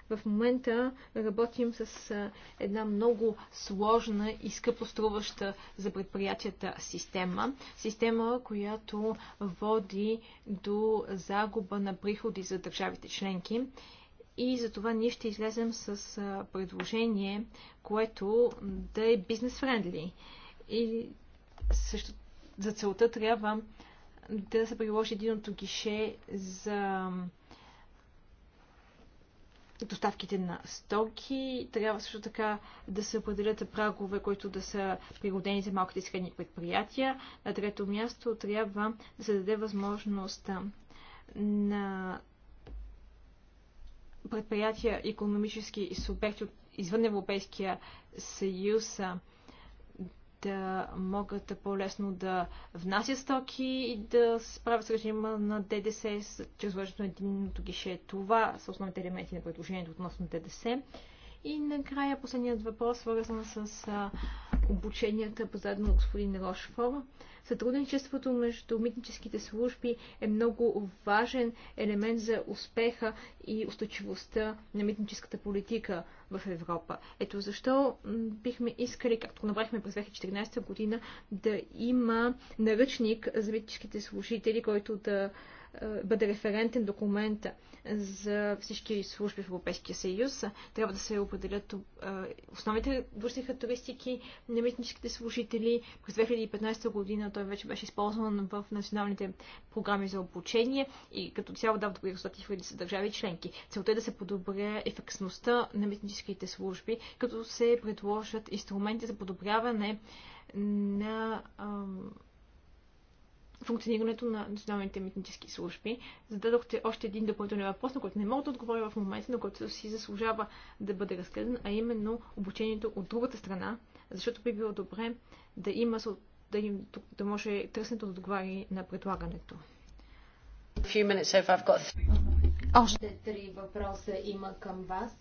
В момента работим с една много сложна и скъпоструваща за предприятията система. Система, която води до загуба на приходи за държавите членки. И за това ние ще излезем с предложение, което да е бизнес-френдли. И също за целта трябва да се приложи един от гише за доставките на стоки. Трябва също така да се определят прагове, които да са пригодени за малките и средни предприятия. На трето място трябва да се даде възможност на предприятия, економически субекти от извън Европейския съюз да могат по-лесно да внасят стоки и да се справят с режима на ДДС чрез въждането на единното гише. Това са основните елементи на предложението относно ДДС. И накрая последният въпрос, свързан с обученията, позадно господин Рошфор. Сътрудничеството между митническите служби е много важен елемент за успеха и устойчивостта на митническата политика в Европа. Ето защо бихме искали, както направихме през 2014 година, да има наръчник за митническите служители, който да е, бъде референтен документ за всички служби в Европейския съюз. Трябва да се определят е, основните външни характеристики на митническите служители. През 2015 година той вече беше използван в националните програми за обучение и като цяло дава добри резултати в редица държави членки. Целта е да се подобря ефективността на митническите служби, като се предложат инструменти за подобряване на функционирането на националните митнически служби. Зададохте още един допълнителен въпрос, на който не мога да отговоря в момента, на който си заслужава да бъде разгледан, а именно обучението от другата страна, защото би било добре да има да, им, да може търсенето да отговаря на предлагането. Още три въпроса има към вас.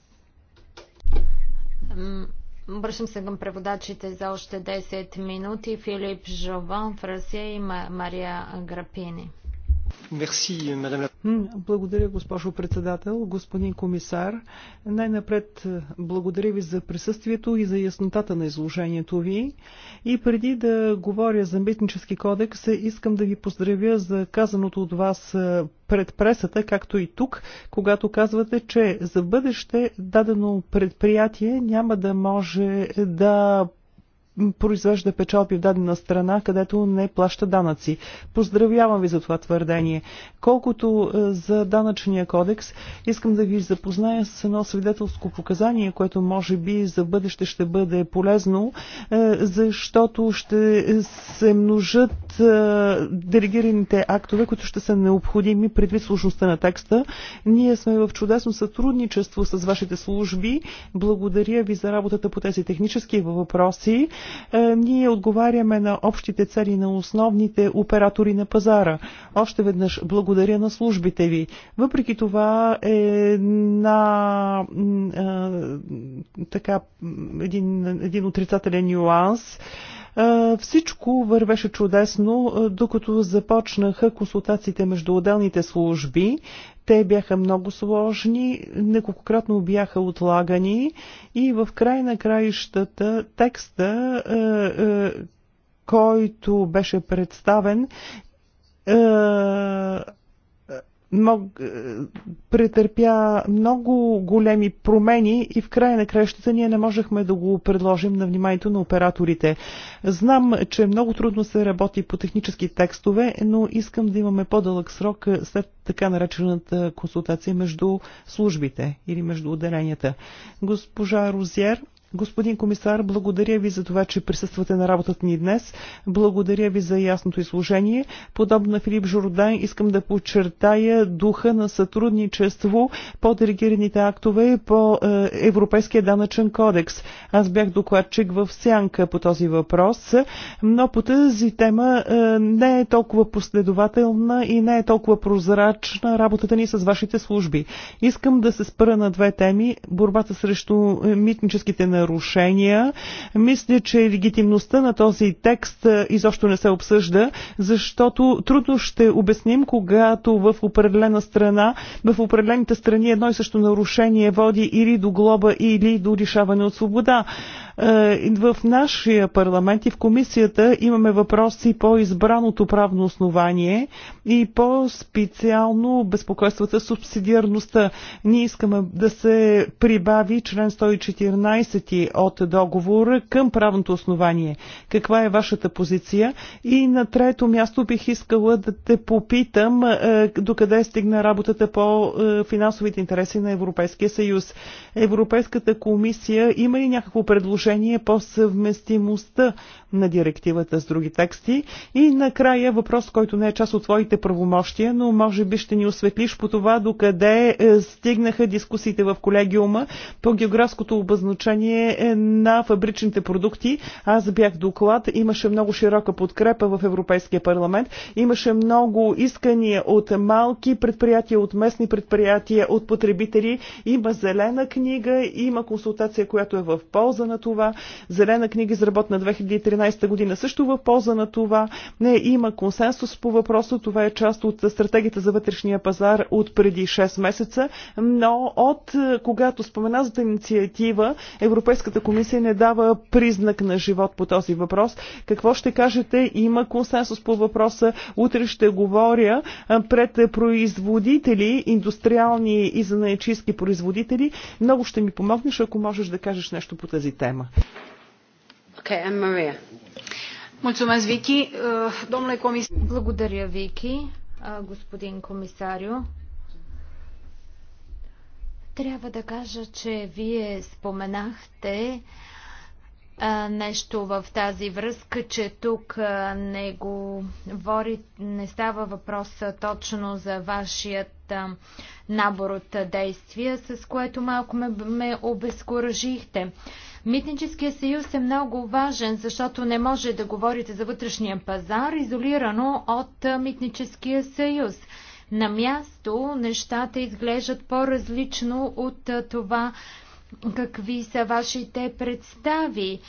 Обръщам се към преводачите за още 10 минути. Филип Жован в Русия и Мария Грапини. Благодаря, госпожо председател, господин комисар. Най-напред е, благодаря ви за присъствието и за яснотата на изложението ви. И преди да говоря за митнически кодекс, искам да ви поздравя за казаното от вас е, пред пресата, както и тук, когато казвате, че за бъдеще дадено предприятие няма да може да произвежда печалби в дадена страна, където не плаща данъци. Поздравявам ви за това твърдение. Колкото е, за данъчния кодекс, искам да ви запозная с едно свидетелско показание, което може би за бъдеще ще бъде полезно, е, защото ще се множат е, делегираните актове, които ще са необходими предвид сложността на текста. Ние сме в чудесно сътрудничество с вашите служби. Благодаря ви за работата по тези технически въпроси. Е, ние отговаряме на общите цели на основните оператори на пазара. Още веднъж благодаря на службите ви. Въпреки това е на е, така един, един отрицателен нюанс. Всичко вървеше чудесно, докато започнаха консултациите между отделните служби. Те бяха много сложни, неколкократно бяха отлагани и в край на краищата текста, който беше представен, мог, е, претърпя много големи промени и в края на кращата ние не можехме да го предложим на вниманието на операторите. Знам, че много трудно се работи по технически текстове, но искам да имаме по-дълъг срок е, след така наречената консултация между службите или между отделенията. Госпожа Розиер, Господин комисар, благодаря ви за това, че присъствате на работата ни днес. Благодаря ви за ясното изложение. Подобно на Филип Жордан, искам да подчертая духа на сътрудничество по делегираните актове по е, Европейския данъчен кодекс. Аз бях докладчик в сянка по този въпрос, но по тази тема е, не е толкова последователна и не е толкова прозрачна работата ни с вашите служби. Искам да се спра на две теми. Борбата срещу митническите на нарушения. Мисля, че легитимността на този текст изобщо не се обсъжда, защото трудно ще обясним, когато в определена страна, в определените страни едно и също нарушение води или до глоба, или до лишаване от свобода. Е, в нашия парламент и в комисията имаме въпроси по избраното правно основание и по-специално безпокойствата субсидиарността. Ние искаме да се прибави член 114 от договор към правното основание. Каква е вашата позиция? И на трето място бих искала да те попитам е, докъде стигна работата по е, финансовите интереси на Европейския съюз. Европейската комисия има ли някакво предложение отношение по съвместимостта на директивата с други тексти. И накрая въпрос, който не е част от твоите правомощия, но може би ще ни осветлиш по това докъде е, стигнаха дискусиите в колегиума по географското обозначение е, на фабричните продукти. Аз бях доклад, имаше много широка подкрепа в Европейския парламент, имаше много искания от малки предприятия, от местни предприятия, от потребители. Има зелена книга, има консултация, която е в полза на това това. Зелена книга на 2013 година също в полза на това. Не, има консенсус по въпроса. Това е част от стратегията за вътрешния пазар от преди 6 месеца. Но от е, когато спомена за инициатива, Европейската комисия не дава признак на живот по този въпрос. Какво ще кажете? Има консенсус по въпроса. Утре ще говоря е, пред производители, индустриални и занаечистки производители. Много ще ми помогнеш, ако можеш да кажеш нещо по тази тема. Okay, and Maria. Mulțumesc, Вики. Uh, domnule комисар... Благодаря, Вики, господин комисарио. Трябва да кажа, че вие споменахте нещо в тази връзка, че тук не говори, не става въпрос точно за вашият набор от действия, с което малко ме, ме обезкуражихте. Митническия съюз е много важен, защото не може да говорите за вътрешния пазар изолирано от Митническия съюз. На място нещата изглеждат по-различно от това, какви са вашите представи.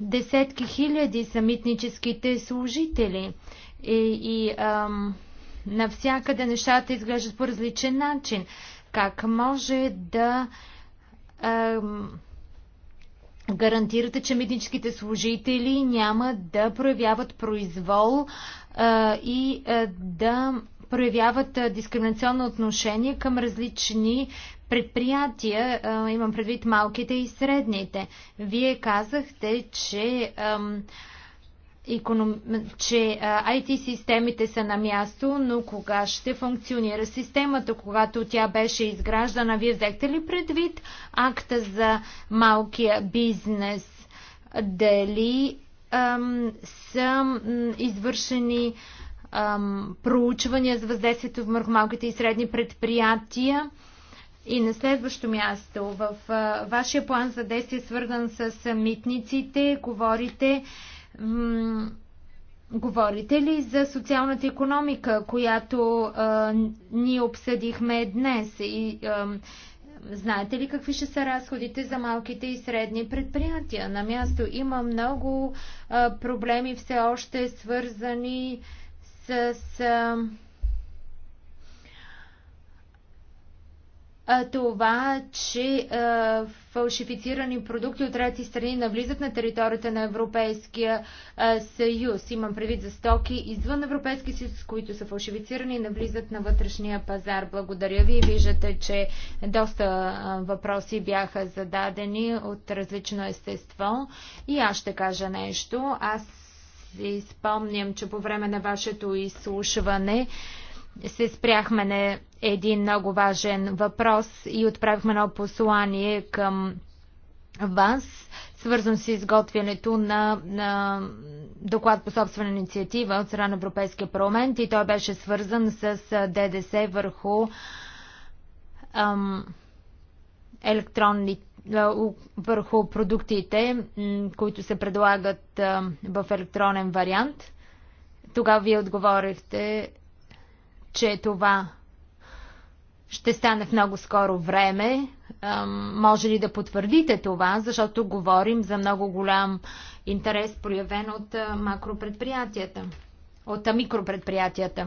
Десетки хиляди са митническите служители и, и ам, навсякъде нещата изглеждат по различен начин. Как може да ам, гарантирате, че митническите служители няма да проявяват произвол а, и а, да проявяват а, дискриминационно отношение към различни предприятия, а, имам предвид малките и средните. Вие казахте, че А, економ... че IT-системите са на място, но кога ще функционира системата, когато тя беше изграждана, вие взехте ли предвид акта за малкия бизнес? Дали ам, са извършени ам, проучвания за въздействието върху малките и средни предприятия? И на следващо място, в а, вашия план за действие, свързан с митниците, говорите, Говорите ли за социалната економика, която а, ние обсъдихме днес? И а, знаете ли какви ще са разходите за малките и средни предприятия? На място има много а, проблеми все още свързани с. А, това, че фалшифицирани продукти от трети страни навлизат на територията на Европейския съюз. Имам предвид за стоки извън Европейския съюз, които са фалшифицирани и навлизат на вътрешния пазар. Благодаря ви. Виждате, че доста въпроси бяха зададени от различно естество. И аз ще кажа нещо. Аз си спомням, че по време на вашето изслушване се спряхме на един много важен въпрос и отправихме едно послание към вас, свързан с изготвянето на, на доклад по собствена инициатива от страна на Европейския парламент и той беше свързан с ДДС върху ам, електронни върху продуктите, които се предлагат в електронен вариант. Тогава вие отговорихте, че това ще стане в много скоро време. Може ли да потвърдите това, защото говорим за много голям интерес, проявен от макропредприятията, от микропредприятията.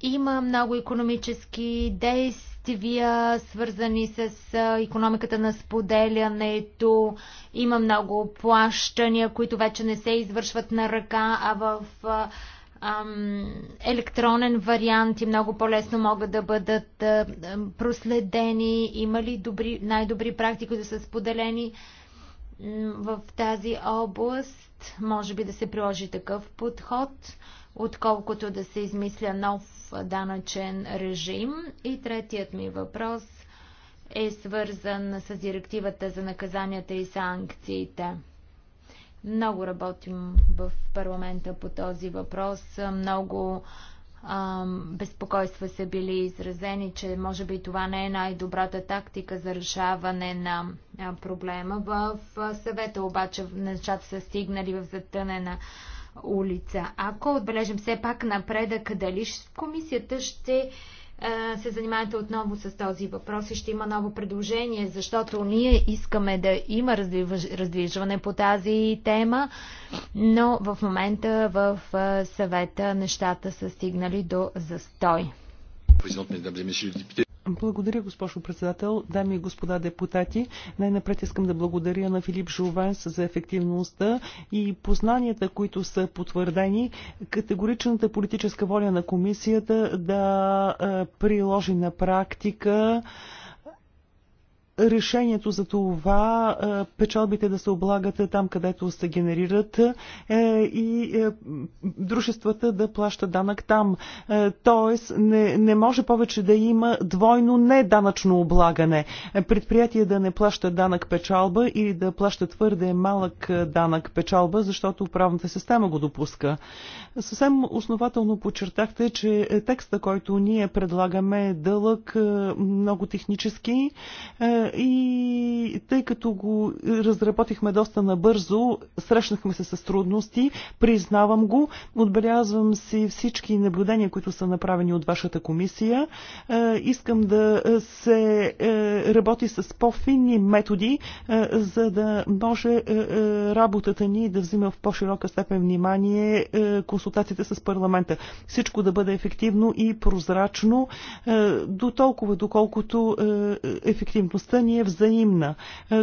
Има много економически действия, свързани с економиката на споделянето. Има много плащания, които вече не се извършват на ръка, а в електронен вариант и много по-лесно могат да бъдат проследени, има ли добри, най-добри практики, които да са споделени в тази област, може би да се приложи такъв подход, отколкото да се измисля нов данъчен режим. И третият ми въпрос е свързан с директивата за наказанията и санкциите. Много работим в парламента по този въпрос. Много безпокойства са били изразени, че може би това не е най-добрата тактика за решаване на проблема. В съвета обаче нещата са стигнали в затънена улица. Ако отбележим все пак напредък, дали комисията ще е, се занимавате отново с този въпрос и ще има ново предложение, защото ние искаме да има раздвижване по тази тема, но в момента в е, съвета нещата са стигнали до застой. Благодаря, госпожо председател, дами и господа депутати. Най-напред искам да благодаря на Филип Жовенс за ефективността и познанията, които са потвърдени, категоричната политическа воля на комисията да приложи на практика решението за това е, печалбите да се облагат там, където се генерират е, и е, дружествата да плащат данък там. Тоест не, не може повече да има двойно неданъчно облагане. Предприятие да не плаща данък печалба или да плаща твърде малък данък печалба, защото правната система го допуска. Съвсем основателно подчертахте, че текста, който ние предлагаме е дълъг, много технически и тъй като го разработихме доста набързо, срещнахме се с трудности, признавам го, отбелязвам си всички наблюдения, които са направени от вашата комисия. Е, искам да се е, работи с по-финни методи, е, за да може работата ни да взима в по-широка степен внимание консултациите с парламента. Всичко да бъде ефективно и прозрачно, до толкова доколкото ефективността Отговорността ни е взаимна.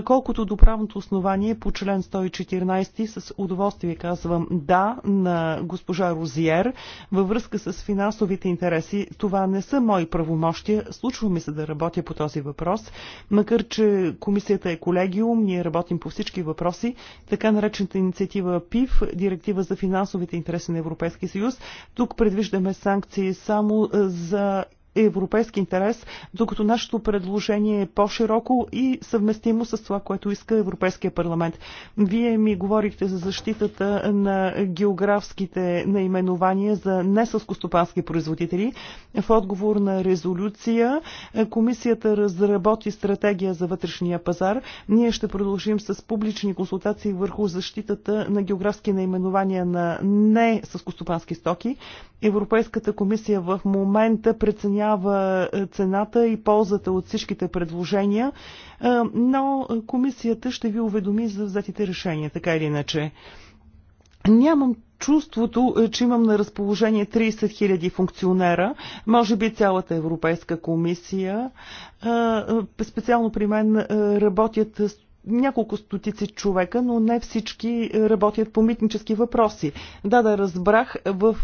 Колкото до правното основание по член 114 с удоволствие казвам да на госпожа Розиер във връзка с финансовите интереси. Това не са мои правомощия. Случва ми се да работя по този въпрос, макар че комисията е колегиум, ние работим по всички въпроси. Така наречената инициатива ПИВ, директива за финансовите интереси на Европейския съюз, тук предвиждаме санкции само за европейски интерес, докато нашето предложение е по-широко и съвместимо с това, което иска Европейския парламент. Вие ми говорихте за защитата на географските наименования за несъскостопански производители. В отговор на резолюция комисията разработи стратегия за вътрешния пазар. Ние ще продължим с публични консултации върху защитата на географски наименования на несъскостопански стоки. Европейската комисия в момента преценява оценява е, цената и ползата от всичките предложения, е, но комисията ще ви уведоми за взетите решения, така или иначе. Нямам чувството, е, че имам на разположение 30 000 функционера, може би цялата Европейска комисия. Специално при мен работят няколко стотици човека, но не всички работят по митнически въпроси. Да, да разбрах, в,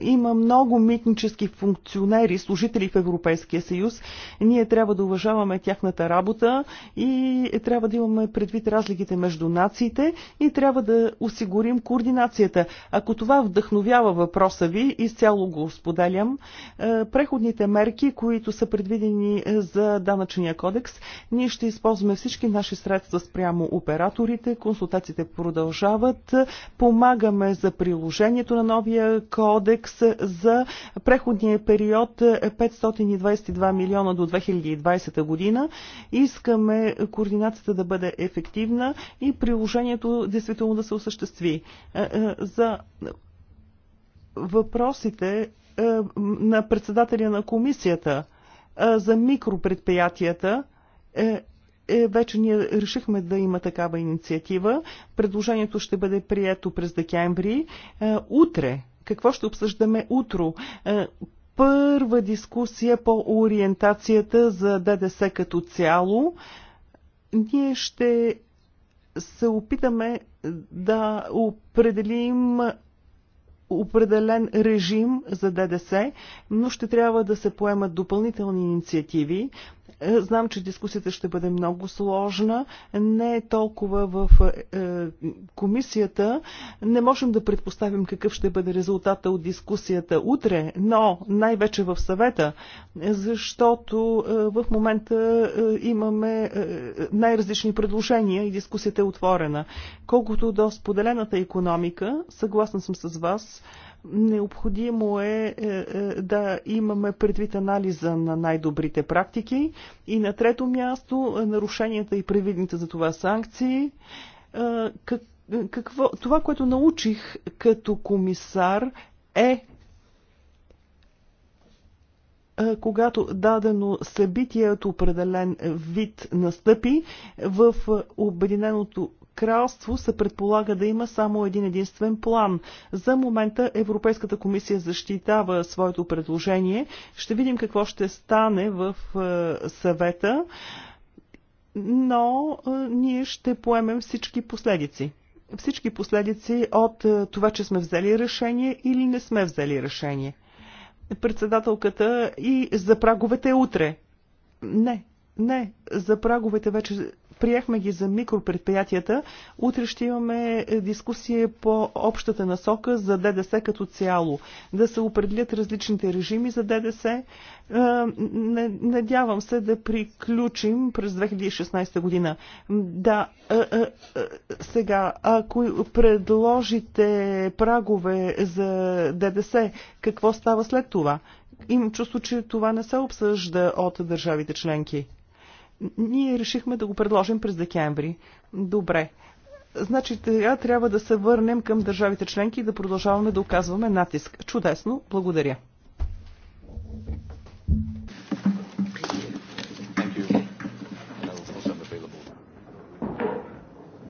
е, има много митнически функционери, служители в Европейския съюз. Ние трябва да уважаваме тяхната работа и трябва да имаме предвид разликите между нациите и трябва да осигурим координацията. Ако това вдъхновява въпроса ви, изцяло го споделям, е, преходните мерки, които са предвидени за данъчния кодекс, ние ще използваме всички наши средства производства спрямо операторите. Консултациите продължават. Помагаме за приложението на новия кодекс за преходния период 522 милиона до 2020 година. Искаме координацията да бъде ефективна и приложението действително да се осъществи. Е, е, за въпросите е, на председателя на комисията за микропредприятията е, вече ние решихме да има такава инициатива. Предложението ще бъде прието през декември. Е, утре, какво ще обсъждаме утро? Е, първа дискусия по ориентацията за ДДС като цяло. Ние ще се опитаме да определим определен режим за ДДС, но ще трябва да се поемат допълнителни инициативи. Знам, че дискусията ще бъде много сложна. Не е толкова в е, комисията. Не можем да предпоставим какъв ще бъде резултата от дискусията утре, но най-вече в съвета, защото е, в момента е, имаме най-различни предложения и дискусията е отворена. Колкото до споделената економика, съгласна съм с вас, Необходимо е, е, е да имаме предвид анализа на най-добрите практики и на трето място е, нарушенията и привидните за това санкции. какво, това, което научих като комисар е когато дадено събитие от определен вид настъпи в Обединеното кралство се предполага да има само един единствен план. За момента Европейската комисия защитава своето предложение. Ще видим какво ще стане в е, съвета, но е, ние ще поемем всички последици. Всички последици от е, това, че сме взели решение или не сме взели решение. Председателката и за праговете утре. Не, не, за праговете вече приехме ги за микропредприятията. Утре ще имаме е, дискусия по общата насока за ДДС като цяло. Да се определят различните режими за ДДС. Е, надявам се да приключим през 2016 година. Да, е, сега, ако предложите прагове за ДДС, какво става след това? Имам чувство, че това не се обсъжда от държавите членки. Ние решихме да го предложим през декември. Добре. Значи сега трябва да се върнем към държавите членки и да продължаваме да оказваме натиск. Чудесно. Благодаря.